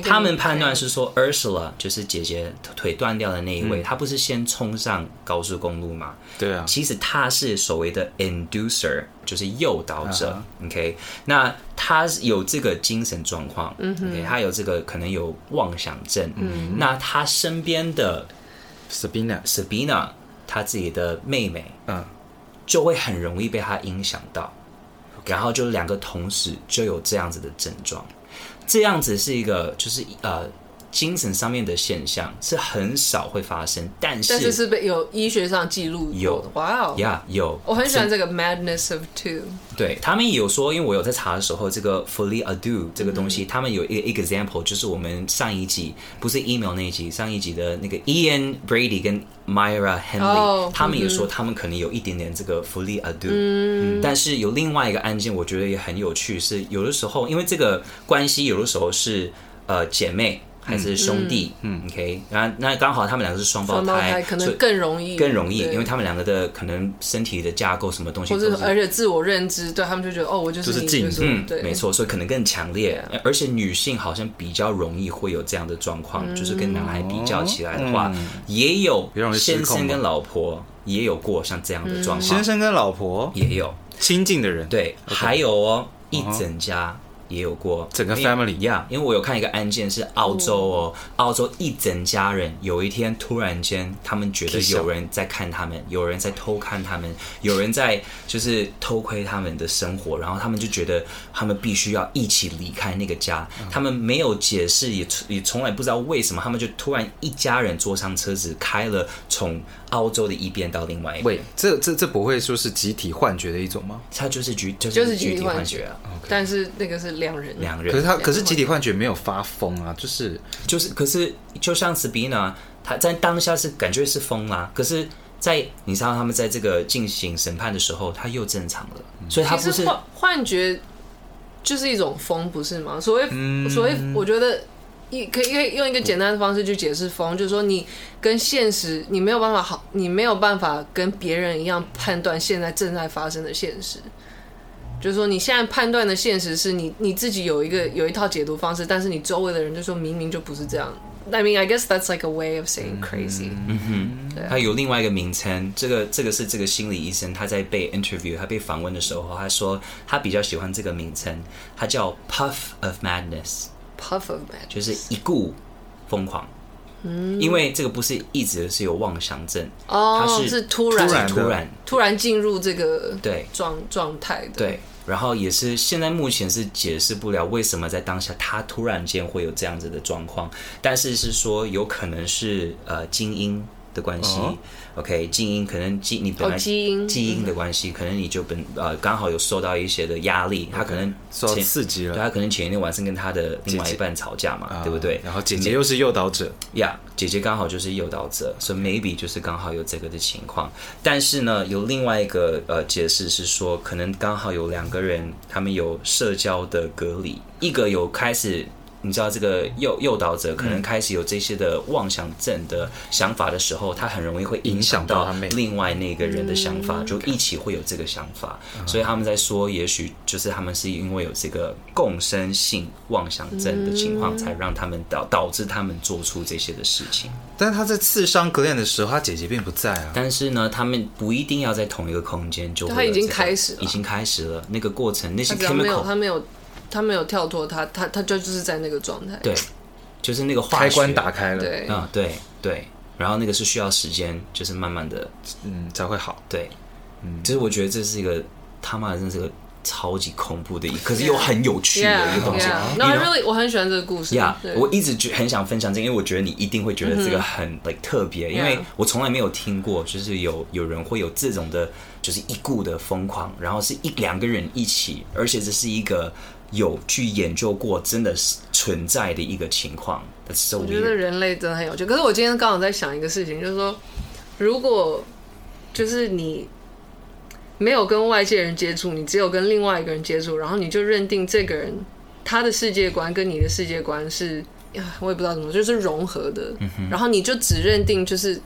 他們判斷是說，Ursula 就是姐姐腿斷掉的那一位，嗯、她不是先衝上高速公路嘛？對啊。其實她是所謂的 inducer，就是誘導者。Uh huh. OK，那她有這個精神狀況，嗯、okay? uh huh. 她有這個可能有妄想症。嗯、uh huh. 那她身邊的 Sabina，Sabina，她自己的妹妹，嗯、uh huh. 就會很容易被她影響到，然後就兩個同時就有這樣子的症狀。這樣子是一個，就是呃。精神上面的現象是很少會發生，但是但是是被有醫學上記錄有哇哦，呀有，我很喜歡這個 madness of two，對他們有說，因為我有在查的時候，這個 fully ado 這個東西，嗯、他們有一個 example 就是我們上一集不是 email 那一集，上一集的那個 Ian Brady 跟 Myra Henley，、哦、他們也說他們可能有一點點這個 fully ado，、嗯嗯、但是有另外一個案件，我覺得也很有趣，是有的時候因為這個關係，有的時候是呃姐妹。還是兄弟，嗯，OK，那那剛好他們兩個是雙胞胎，可能更容易更容易，因為他們兩個的可能身體的架構什麼東西，而且自我認知，對他們就覺得哦，我就是近女，嗯，對，沒錯，所以可能更強烈，而且女性好像比較容易會有這樣的狀況，就是跟男孩比較起來的話，也有先生跟老婆也有過像這樣的狀況，先生跟老婆也有親近的人，對，還有哦，一整家。也有過整個 family 一樣，因為我有看一個案件是澳洲哦，澳洲一整家人有一天突然間，他們覺得有人在看他們，有人在偷看他們，有人在就是偷窺他們的生活，然後他們就覺得他們必須要一起離開那個家。他們沒有解釋，也也從來不知道為什麼，他們就突然一家人坐上車子，開了從澳洲的一邊到另外一邊。這這這不會說是集體幻覺的一種嗎？他就是集就是就是集體幻覺啊。但是那個是。兩人，兩人。可是他，人可是集體幻覺沒有發瘋啊，就是，就是，可是就像斯比娜他在當下是感覺是瘋了，啊，可是在，在你知道他們在這個進行審判的時候，他又正常了，所以他不是幻幻覺，就是一種瘋，不是嗎？所以，嗯、所以我覺得你可以用一個簡單的方式去解釋瘋，我 就是說你跟現實你沒有辦法好，你沒有辦法跟別人一樣判斷現在正在發生的現實。就是說，你現在判斷的現實是你你自己有一個有一套解讀方式，但是你周圍的人就說明明就不是這樣。I mean, I guess that's like a way of saying crazy. 嗯。嗯對他有另外一個名稱。這個這個是這個心理醫生他在被 interview，他被訪問的時候，他說他比較喜歡這個名稱，他叫 puff of madness，puff of madness，, of madness 就是一股瘋狂。嗯，因為這個不是一直是有妄想症哦，他是突然是突然突然,對突然進入這個對狀狀態對。然後也是現在目前是解釋不了為什麼在當下他突然間會有這樣子的狀況，但是是說有可能是呃精英。的關係、Oh，OK，基因可能基你本來基因基因的關係，可能你就本呃剛好有受到一些的壓力，他 Okay, 可能受刺激了，他可能前一天晚上跟他的另外一半吵架嘛，姐姐對不對？然後姐姐又是誘導者呀，姐姐剛好就是誘導者，所以、yeah, Okay. so、maybe 就是剛好有這個的情況。但是呢，有另外一個呃解釋是說，可能剛好有兩個人，他們有社交的隔離，一個有開始。你知道這個誘誘導者可能開始有這些的妄想症的想法的時候，他很容易會影響到另外那個人的想法，就一起會有這個想法。所以他們在說，也許就是他們是因為有這個共生性妄想症的情況，才讓他們導導致他們做出這些的事情。但他在刺傷格林的時候，他姐姐並不在啊。但是呢，他們不一定要在同一個空間，就他已經開始了，已經開始了那個過程，那些 chemical 他沒有。他沒有跳脫，他他他就就是在那個狀態，對，就是那個開關打開了，對嗯，對對，然後那個是需要時間，就是慢慢的，嗯，才會好，對，嗯，其實我覺得這是一個他媽真是個超級恐怖的， 可是又很有趣的一個東西，yeah, yeah. 然後，really，我很喜歡這個故事，呀 Yeah, 對，我一直覺很想分享這個，因為我覺得你一定會覺得這個很、mm hmm. like, 特別，因為我從來沒有聽過，就是有有人會有這種的，就是一顧的瘋狂，然後是一兩個人一起，而且這是一個。有去研究過，真的是存在的一個情況。我覺得人類真的很有趣。可是我今天剛好在想一個事情，就是說，如果就是你沒有跟外界人接觸，你只有跟另外一個人接觸，然後你就認定這個人他的世界觀跟你的世界觀是，我也不知道怎麼，就是融合的。嗯哼。然後你就只認定就是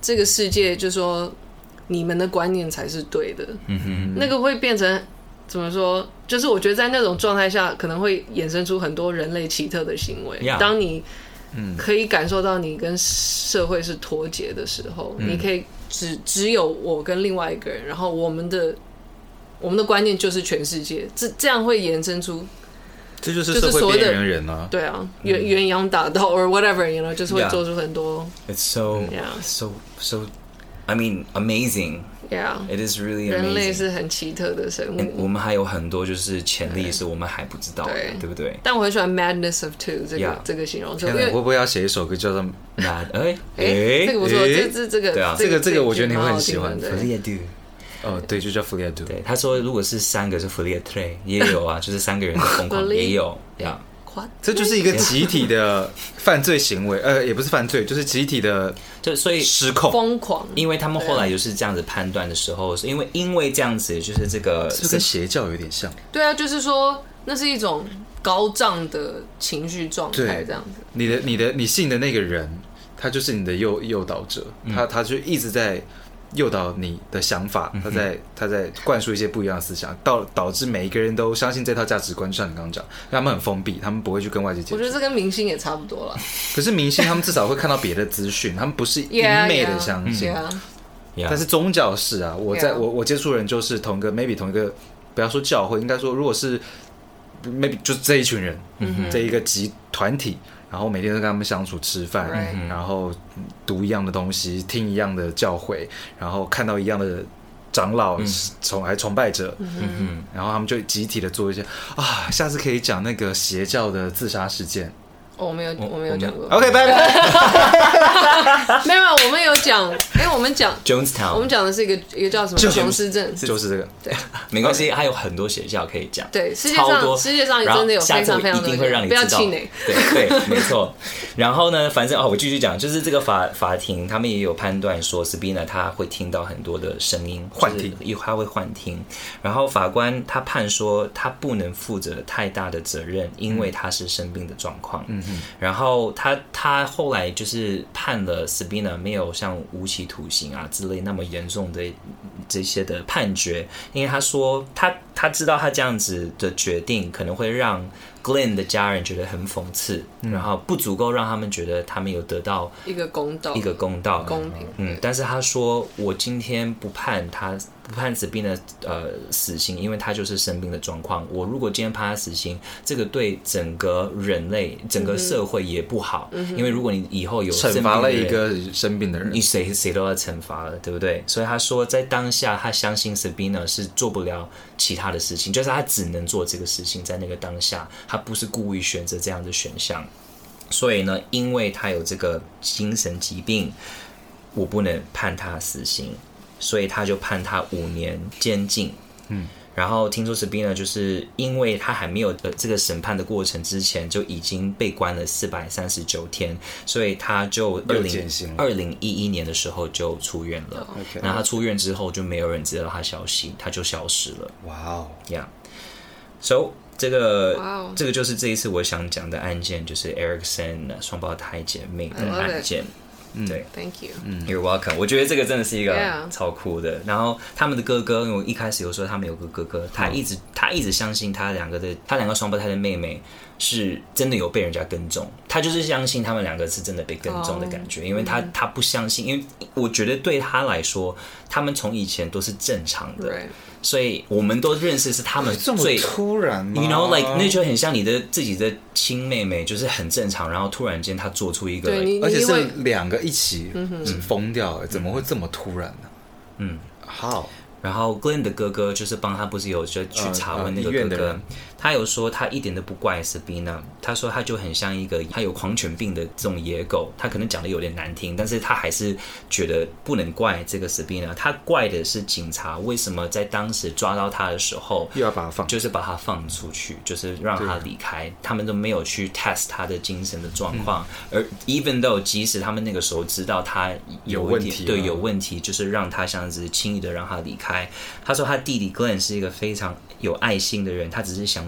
這個世界，就是說你們的觀念才是對的。嗯哼嗯哼。那個會變成。怎麼說？就是我覺得在那種狀態下，可能會衍生出很多人類奇特的行為。Yeah. 當你可以感受到你跟社會是脫節的時候，mm. 你可以只只有我跟另外一個人，然後我們的我們的觀念就是全世界，這這樣會衍生出，這就是所謂的，社會邊緣人啊，對啊，鴛鴦大盜 or whatever，然後 you know, 就是會做出很多。Yeah. It's so yeah, so so, I mean amazing. Yeah，it is really amazing. 人類是很奇特的生物。我們還有很多就是潛力，是我們還不知道的，對不對？但我很喜歡 Madness of Two 這個這個形容詞。會不會要寫一首歌叫做 Mad？哎哎，這個不錯，這這這個這個這個，我覺得你會很喜歡。Folie à deux，哦，對，就叫 Folie à deux。對，他說如果是三個是 Folie à trois，也有啊，就是三個人的瘋狂也有，Yeah。這就是一個集體的犯罪行為，呃，也不是犯罪，就是集體的，就所以失控、瘋狂，因為他們後來就是這樣子判斷的時候，是因為因為這樣子，就是這個是跟邪教有點像，對啊，就是說那是一種高漲的情緒狀態，這樣子，你的你的你信的那個人，他就是你的誘誘導者，嗯、他他就一直在。誘導你的想法，他在他在灌輸一些不一樣的思想，導導致每一個人都相信這套價值觀。像你剛剛講，他們很封閉，他們不會去跟外界接觸。我覺得這跟明星也差不多了。可是明星他們至少會看到別的資訊， 他們不是一昧的相信。但是宗教是啊，我在我我接觸人就是同一個，maybe 同一個，不要說教會，應該說如果是 maybe 就這一群人，mm hmm. 這一個集團體。然後每天都跟他們相處吃飯，Right. 然後讀一樣的東西，聽一樣的教誨，然後看到一樣的長老崇還崇拜者，Right. 然後他們就集體的做一些啊，下次可以講那個邪教的自殺事件。我沒有，我沒有講過。OK，拜拜。沒有，我們有講，誒，我們講。Jones Town。我們講的是一個一個叫什麼？瓊斯鎮。就是這個。對，沒關係，還有很多學校可以講。對，世界上世界上真的有非常非常。下次一定會讓你知道。對對，沒錯。然後呢，反正哦，我繼續講，就是這個法法庭，他們也有判斷說 Sabina 他會聽到很多的聲音，幻聽，一會他會幻聽。然後法官他判說，他不能負責太大的責任，因為他是生病的狀況。嗯。嗯、然後他他後來就是判了 Sabina 沒有像無期徒刑啊之類那麼嚴重的這些的判決，因為他說他他知道他這樣子的決定可能會讓 Glenn 的家人覺得很諷刺，嗯、然後不足夠讓他們覺得他們有得到一個公道，一個公道，公平。嗯，但是他說我今天不判他。不判 Sabina 呃，死刑，因為他就是生病的狀況。我如果今天判他死刑，這個對整個人類、整個社會也不好。Mm hmm. 因為如果你以後有懲罰了一個生病的人，你誰誰都要懲罰了，對不對？所以他說，在當下，他相信 Sabina 是做不了其他的事情，就是他只能做這個事情。在那個當下，他不是故意選擇這樣的選項。所以呢，因為他有這個精神疾病，我不能判他死刑。所以他就判他五年監禁。嗯，然後聽說 Sabina 就是因為他還沒有這個審判的過程之前就已經被關了四百三十九天，所以他就二零二零一一年的時候就出院了。Oh, OK，okay. 然後他出院之後就沒有人知道他消息，他就消失了。哇哦 Wow.，Yeah，so, 這個 Wow. 這個就是這一次我想講的案件，就是 Eriksson 雙胞胎姐妹的案件。嗯，對，Thank you，嗯，You're welcome。我覺得這個真的是一個超酷的。Yeah. 然後他們的哥哥，因為我一開始有說他們有個哥哥，他一直、嗯、他一直相信他兩個的，他兩個雙胞胎的妹妹是真的有被人家跟蹤，他就是相信他們兩個是真的被跟蹤的感覺，Oh, 因為他、嗯、他不相信，因為我覺得對他來說，他們從以前都是正常的。Right. 所以我們都認識是他們最這麼突然，you know like 那就很像你的自己的親妹妹，就是很正常。然後突然間她做出一個，而且是兩個一起瘋、嗯、掉了，嗯、怎麼會這麼突然呢、啊？嗯，好。How? 然後 Glenn 的哥哥就是幫他，不是有就去查問那個哥哥。呃呃他有說，他一點都不怪 Sabina。他說，他就很像一個他有狂犬病的這種野狗。他可能講的有點難聽，但是他還是覺得不能怪這個 Sabina。他怪的是警察為什麼在當時抓到他的時候，又要把他放，就是把他放出去，嗯、就是讓他離開。對他們都沒有去 test 他的精神的狀況。嗯、而 even though 即使他們那個時候知道他有問題，對有問題，啊，問題就是讓他這樣子輕易的讓他離開。他說，他弟弟 Glen 是一個非常有愛心的人，他只是想。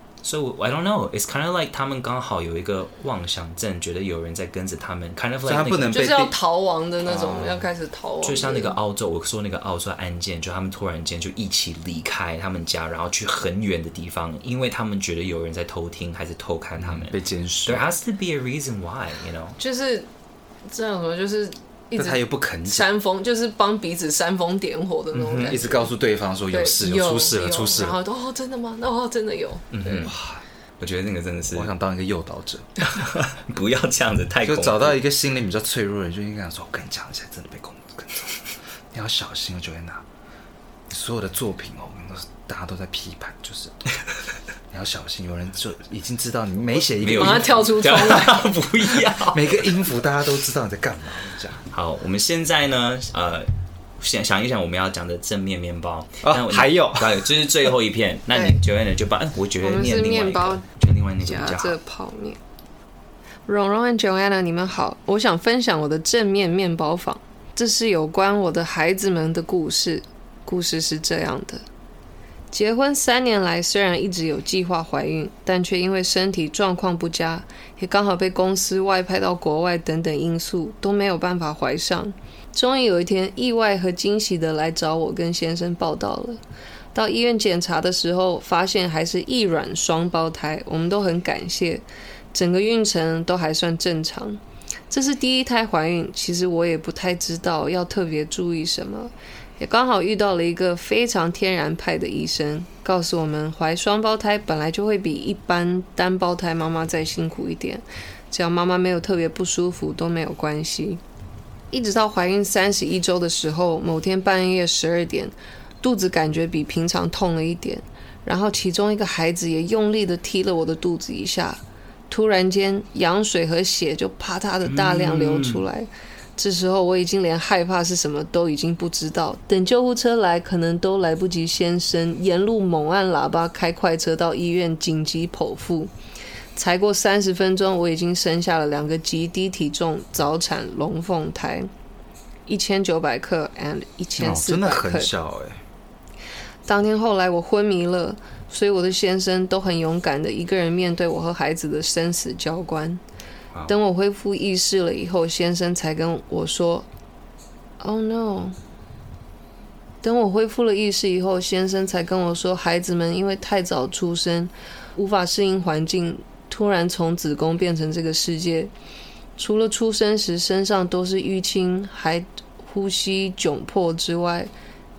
So I don't know. It's kind of like 他們剛好有一個妄想症，覺得有人在跟着他們。Kind of like 他們不能就是要逃亡的那種，哦、要開始逃亡。就像那個澳洲，我說那個澳洲案件，就他們突然間就一起離開他們家，然後去很遠的地方，因為他們覺得有人在偷聽還是偷看他們。嗯、被監視。There has to be a reason why, you know. 就是，這樣說就是。但他又不肯煽風，就是幫彼此煽風點火的那種感覺、嗯、一直告訴對方說有事，對有，有出事了，有出事了。然後說、哦、真的嗎？那哦，真的有。嗯哼。對哇，我覺得那個真的是，我想當一個誘導者， 不要這樣子太。就找到一個心靈比較脆弱的，人，就應該說，我跟你講一下，真的被恐怖 你要小心我 Joanna。所有的作品哦，我們都是大家都在批判，就是你要小心，有人就已經知道你每寫一個，馬上跳出去來，不一樣，每個音符大家都知道你在幹嘛。這樣好，我們現在呢，呃，想想一想我們要講的正面麵包，還有還有，這是最後一片。那你 Joanna 就把，我覺得是麵包，就另外那個這泡麵。蓉蓉 and Joanna，你們好，我想分享我的正面麵包房，這是有關我的孩子們的故事。故事是這樣的：結婚三年來，雖然一直有計劃懷孕，但卻因為身體狀況不佳，也剛好被公司外派到國外等等因素，都沒有辦法懷上。終於有一天，意外和驚喜的來找我跟先生報到了。到醫院檢查的時候，發現還是異卵雙胞胎，我們都很感謝。整個孕程都還算正常，這是第一胎懷孕，其實我也不太知道要特別注意什麼。也剛好遇到了一個非常天然派的醫生，告訴我們懷雙胞胎本來就會比一般單胞胎媽媽再辛苦一點，只要媽媽沒有特別不舒服都沒有關係。一直到懷孕三十一周的時候，某天半夜十二點，肚子感覺比平常痛了一點，然後其中一個孩子也用力的踢了我的肚子一下，突然間羊水和血就啪嗒的大量流出來。Mm hmm. 這時候我已經連害怕是什麼都已經不知道，等救護車來可能都來不及。先生沿路猛按喇叭開快車到醫院緊急剖腹，才過三十分鐘，我已經生下了兩個極低體重早產龍鳳胎，一千九百克 and 一千四百克，oh, 真的很小欸。當天後來我昏迷了，所以我的先生都很勇敢的一個人面對我和孩子的生死交關。等我恢復意識了以後，先生才跟我說：“Oh no！” 等我恢復了意識以後，先生才跟我說，孩子們因為太早出生，無法適應環境，突然從子宮變成這個世界，除了出生時身上都是淤青，還呼吸窘迫之外，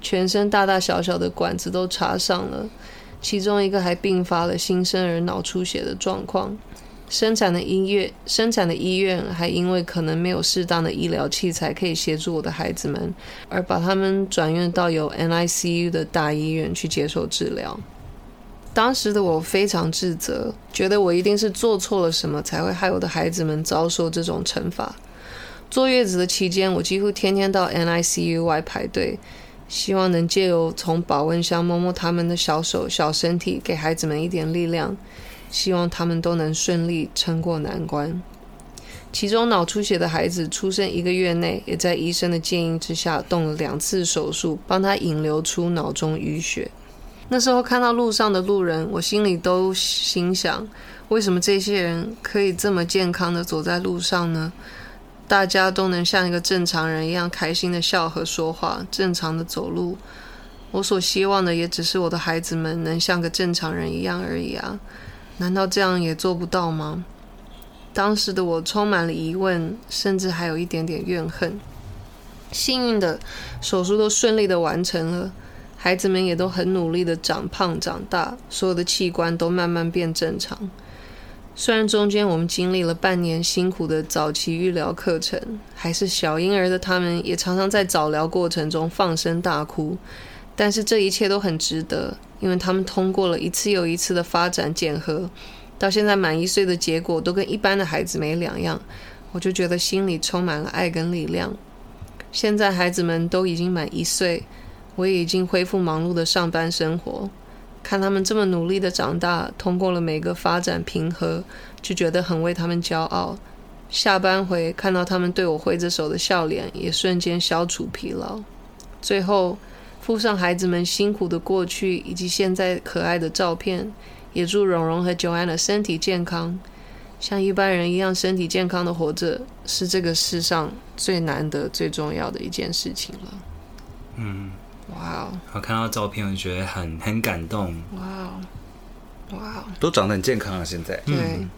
全身大大小小的管子都插上了，其中一個還併發了新生兒腦出血的狀況。生產的醫院，生產的醫院還因為可能沒有適當的醫療器材可以協助我的孩子們，而把他們轉院到有 NICU 的大醫院去接受治療。當時的我非常自責，覺得我一定是做錯了什麼，才會害我的孩子們遭受這種懲罰。坐月子的期間，我幾乎天天到 NICU 外排隊，希望能借由從保溫箱摸摸他們的小手、小身體，給孩子們一點力量。希望他們都能順利撐過難關。其中腦出血的孩子出生一個月內，也在醫生的建議之下動了兩次手術，幫他引流出腦中淤血。那時候看到路上的路人，我心裡都心想：為什麼這些人可以這麼健康的走在路上呢？大家都能像一個正常人一樣開心的笑和說話，正常的走路。我所希望的也只是我的孩子們能像個正常人一樣而已啊。難道這樣也做不到嗎？當時的我充滿了疑問，甚至還有一點點怨恨。幸運的，手術都順利的完成了，孩子們也都很努力的長胖長大，所有的器官都慢慢變正常。雖然中間我們經歷了半年辛苦的早期療育課程，還是小嬰兒的他們也常常在早療過程中放聲大哭。但是這一切都很值得，因為他們通過了一次又一次的發展檢核，到現在滿一歲的結果都跟一般的孩子沒兩樣，我就覺得心裡充滿了愛跟力量。現在孩子們都已經滿一歲，我也已經恢復忙碌的上班生活，看他們這麼努力的長大，通過了每個發展檢核，就覺得很為他們驕傲。下班回，看到他們對我揮着手的笑臉，也瞬間消除疲勞。最後。附上孩子們辛苦的過去以及現在可愛的照片，也祝蓉蓉和 Joanna 身體健康，像一般人一樣身體健康的活着，是這個世上最難得、最重要的一件事情了。嗯，哇哦！我看到照片，我覺得很很感動。哇哦！哇哦！都長得很健康啊，現在。對。嗯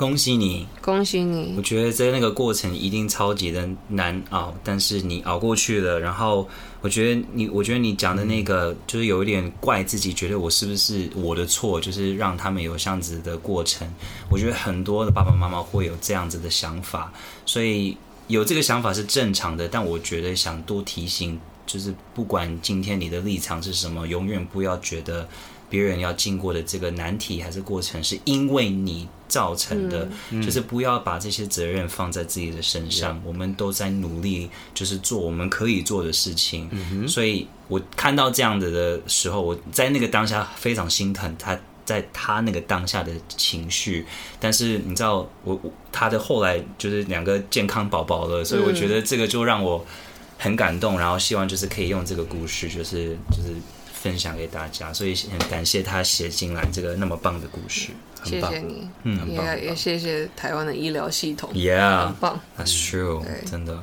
恭喜你，恭喜你！我覺得在那個過程一定超級的難熬，哦，但是你熬過去了。然後我覺得你，我覺得你講的那個、嗯、就是有一點怪自己，覺得我是不是我的錯，就是讓他們有這樣子的過程。我覺得很多的爸爸媽媽會有這樣子的想法，所以有這個想法是正常的。但我覺得想多提醒，就是不管今天你的立場是什麼，永遠不要覺得別人要經過的這個難題還是過程，是因為你。造成的，嗯、就是不要把這些責任放在自己的身上。嗯、我們都在努力，就是做我們可以做的事情。嗯、哼所以，我看到這樣的的時候，我在那個當下非常心疼他在他那個當下的情緒。但是，你知道我，我他的後來就是兩個健康寶寶了，所以我覺得這個就讓我很感動。然後，希望就是可以用這個故事，就是就是分享給大家。所以，很感謝他寫進來這個那麼棒的故事。嗯謝謝你，嗯，也很棒，也謝謝台灣的醫療系統，Yeah，嗯，很棒，yeah，That's true，對，真的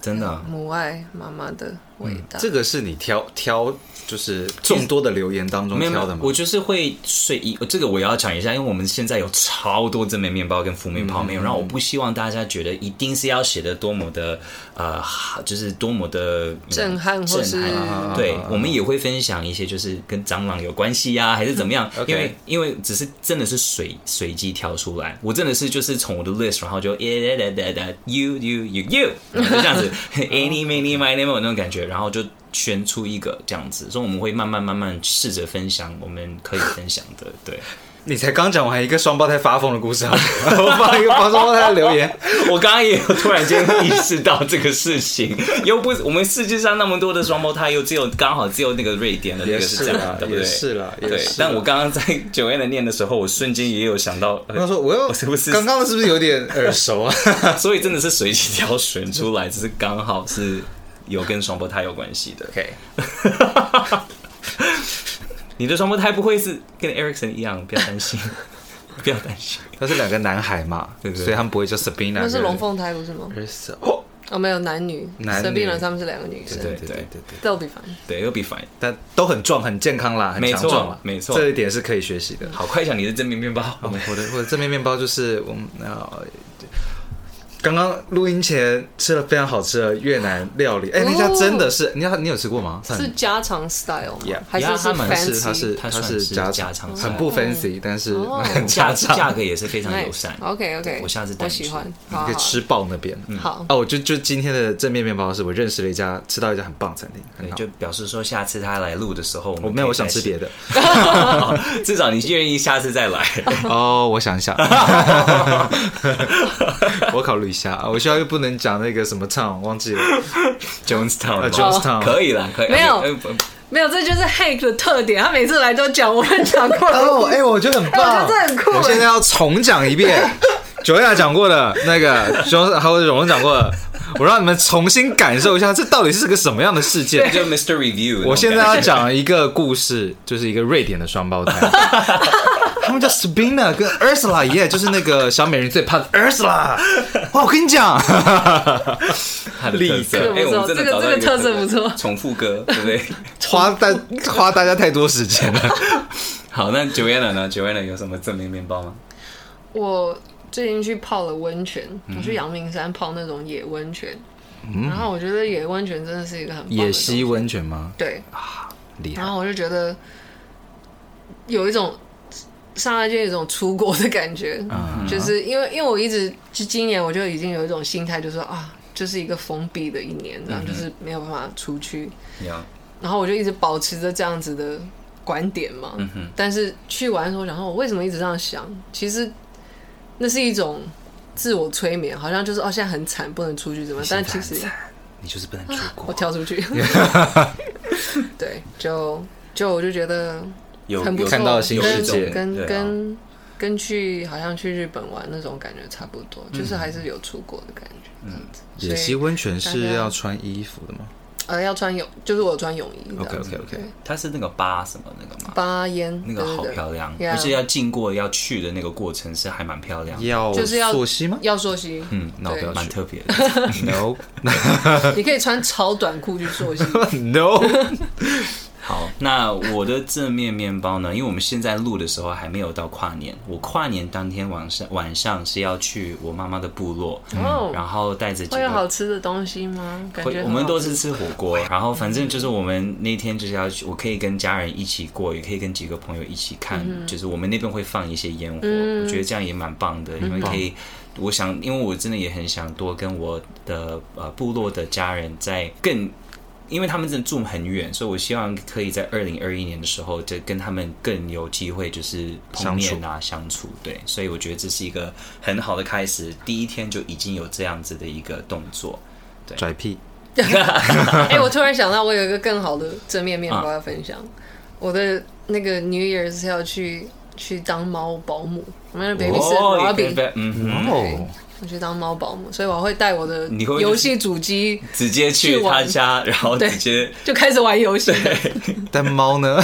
真的母愛，媽媽的味道，嗯。這個是你挑挑，就是眾多的留言當中挑的嗎？ 我就是會睡一，這個我要講一下，因為我們現在有超多正面面包跟負面泡麵，嗯，然後我不希望大家覺得一定是要寫的多麼的。呃，uh, 就是多麼的 you know, 震,撼或震撼，震撼、啊。對，啊、我們也會分享一些，就是跟蟑螂有關係呀、啊，還是怎麼樣？Okay. 因為，因為只是真的是隨隨機跳出來，我真的是就是從我的 list，然後就 you you you you 這樣子 ，any many my name 有、no, 那種感覺，然後就選出一個這樣子，所以我們會慢慢慢慢試着分享我們可以分享的， 對。你才剛講完一個雙胞胎發瘋的故事啊！ 我放一個雙胞胎的留言，我剛剛也有突然間意識到這個事情。 又不，我們世界上那麼多的雙胞胎，又只有剛好只有那個瑞典的那個是這樣，對不對？是了，是啦對。但我剛剛在 Joanna 的念的時候，我瞬間也有想到，他說、啊：“我,說我又我是不是剛剛是不是有點耳熟啊？” 所以真的是隨機挑選出來，只是剛好是有跟雙胞胎有關係的。OK。 你的雙胞胎不會是跟 Eriksson 一樣，不要擔心，不要擔心，他是兩個男孩嘛，對不對？所以他們不會叫 Sabina。那是龍鳳胎不是嗎？哦，沒有男女，Sabina 他們是兩個女生，對對對對都 be fine 對，都 be fine 但都很壯，很健康啦，很強壯沒錯，這一點是可以學習的。好，快講你的正面面包，我的我的正面面包就是我們那。剛剛錄音前吃了非常好吃的越南料理，哎，那家真的是你有你有吃過嗎？是家常 style 嗎？還是很 fancy？它是它是家常，很不 fancy，但是很家常，價格也是非常友善。OK OK，我下次帶你去吃爆那邊。好哦，我就就今天的正面面包是我認識了一家吃到一家很棒餐廳，就表示說下次他來錄的時候，我沒有我想吃別的，至少你願意下次再來哦。我想一想，我考慮。一下、啊，我現在又不能講那個什麼 town，忘記了。 Jones Town，Jones Town 可以了，可以沒有，欸，沒有，這就是 Hank 的特點，他每次來都講我們講過的。哎， 欸，我覺得很棒。欸，我覺得很酷。我現在要重講一遍 ，Joanna 講過的那個，Jones 還有我們講過的。我讓你們重新感受一下，這到底是個什麼樣的世界？Mr. Review。我現在要講一個故事，就是一個瑞典的雙胞胎， 他們叫 Sabina 跟 Ursula，耶、yeah,，就是那個小美人最怕的 Ursula。哇，我跟你講，厲害，哎 子，欸、我們真的找到一個這個、這個特色不錯，重複歌，對不對？花大花大家太多時間了。好，那 Joanna 呢？Joanna 有什麼證明面麵包嗎？我。最近去泡了溫泉，我、嗯、去陽明山泡那種野溫泉，嗯、然後我覺得野溫泉真的是一個很西野溪溫泉嗎？對，啊、厲害，然後我就覺得有一種上來就有一種出國的感覺，嗯、哼就是因為因為我一直就今年我就已經有一種心態，就是說啊，就是一個封閉的一年這樣，然後、嗯、哼就是沒有辦法出去，嗯、哼然後我就一直保持着這樣子的觀點嘛，嗯、哼但是去玩的時候，想說我為什麼一直這樣想？其實。那是一種自我催眠，好像就是哦，現在很慘，不能出去怎麼？但其實你，你就是不能出國，啊、我跳出去。 對，就就我就覺得不有，有看到新世界，跟對跟跟去好像去日本玩那種感覺差不多，嗯、就是還是有出國的感覺。野溪溫泉是要穿衣服的嗎？呃、啊，要穿泳，就是我穿泳衣。OK OK OK，它是那個八什麼那個嘛？煙燕那個好漂亮，不是的要經過要去的那個過程是還蠻漂亮的。要嗎就是要溯溪嗎？要溯溪，嗯，那我不要對特 No，你可以穿超短褲去溯溪。 no。 好，那我的正面麵包呢？因為我們現在錄的時候還沒有到跨年，我跨年當天晚上晚上是要去我媽媽的部落，嗯、然後帶着幾個會有好吃的東西嗎？感覺我們都是吃火鍋，然後反正就是我們那天就是要去，我可以跟家人一起過，也可以跟幾個朋友一起看，嗯、就是我們那邊會放一些煙火，嗯、我覺得這樣也蠻棒的，嗯、因為可以，我想，因為我真的也很想多跟我的呃部落的家人在更。因為他們真的住很遠，所以我希望可以在二零二一年的時候，就跟他們更有機會就是碰面，啊，相處啊，相處對，所以我覺得這是一個很好的開始。第一天就已經有這樣子的一個動作，對。屁！哎， 欸，我突然想到，我有一個更好的正面面包要分享。啊，我的那個 New Year's 要去去當貓保姆，我們的 Baby 生日禮我去當貓保姆，所以我會帶我的遊戲主機直接去他家，然後直接就開始玩遊戲。但貓呢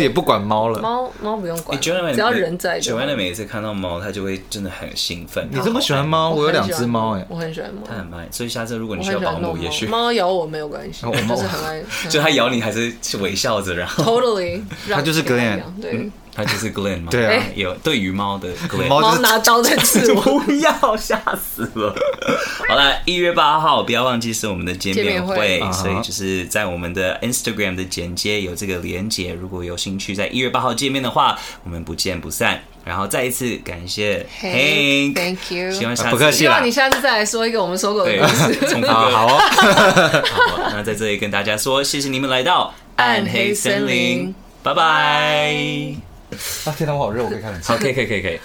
也不管貓了，貓貓不用管。只要人在，就好了。每一次看到貓，它就會真的很興奮。你這麼喜歡貓，我有兩隻貓哎，我很喜歡貓，它很愛。所以下次如果你需要保姆，也許。貓咬我沒有關係，就是很愛，就它咬你還是微笑着，然後 totally，它就是格言。對。他就是 Glen 嗎？對啊、欸，有對於貓的。Glenn，貓拿刀在吃， 不要嚇嚇死了 好啦。好了，一月八號不要忘記，是我們的見面會，面會。所以就是在我們的 Instagram 的簡介有這個連接，如果有興趣在一月八號見面的話，我們不見不散。然後再一次感謝 Hank Thank you，希望下次不客氣，希望你下次再來說一個我們說過的故事。好啊，好， 好，那在這裡跟大家說，謝謝你們來到暗黑森林，拜拜。 啊，這哪，我好熱，我可以看看。好，可以，可以，可以，可以。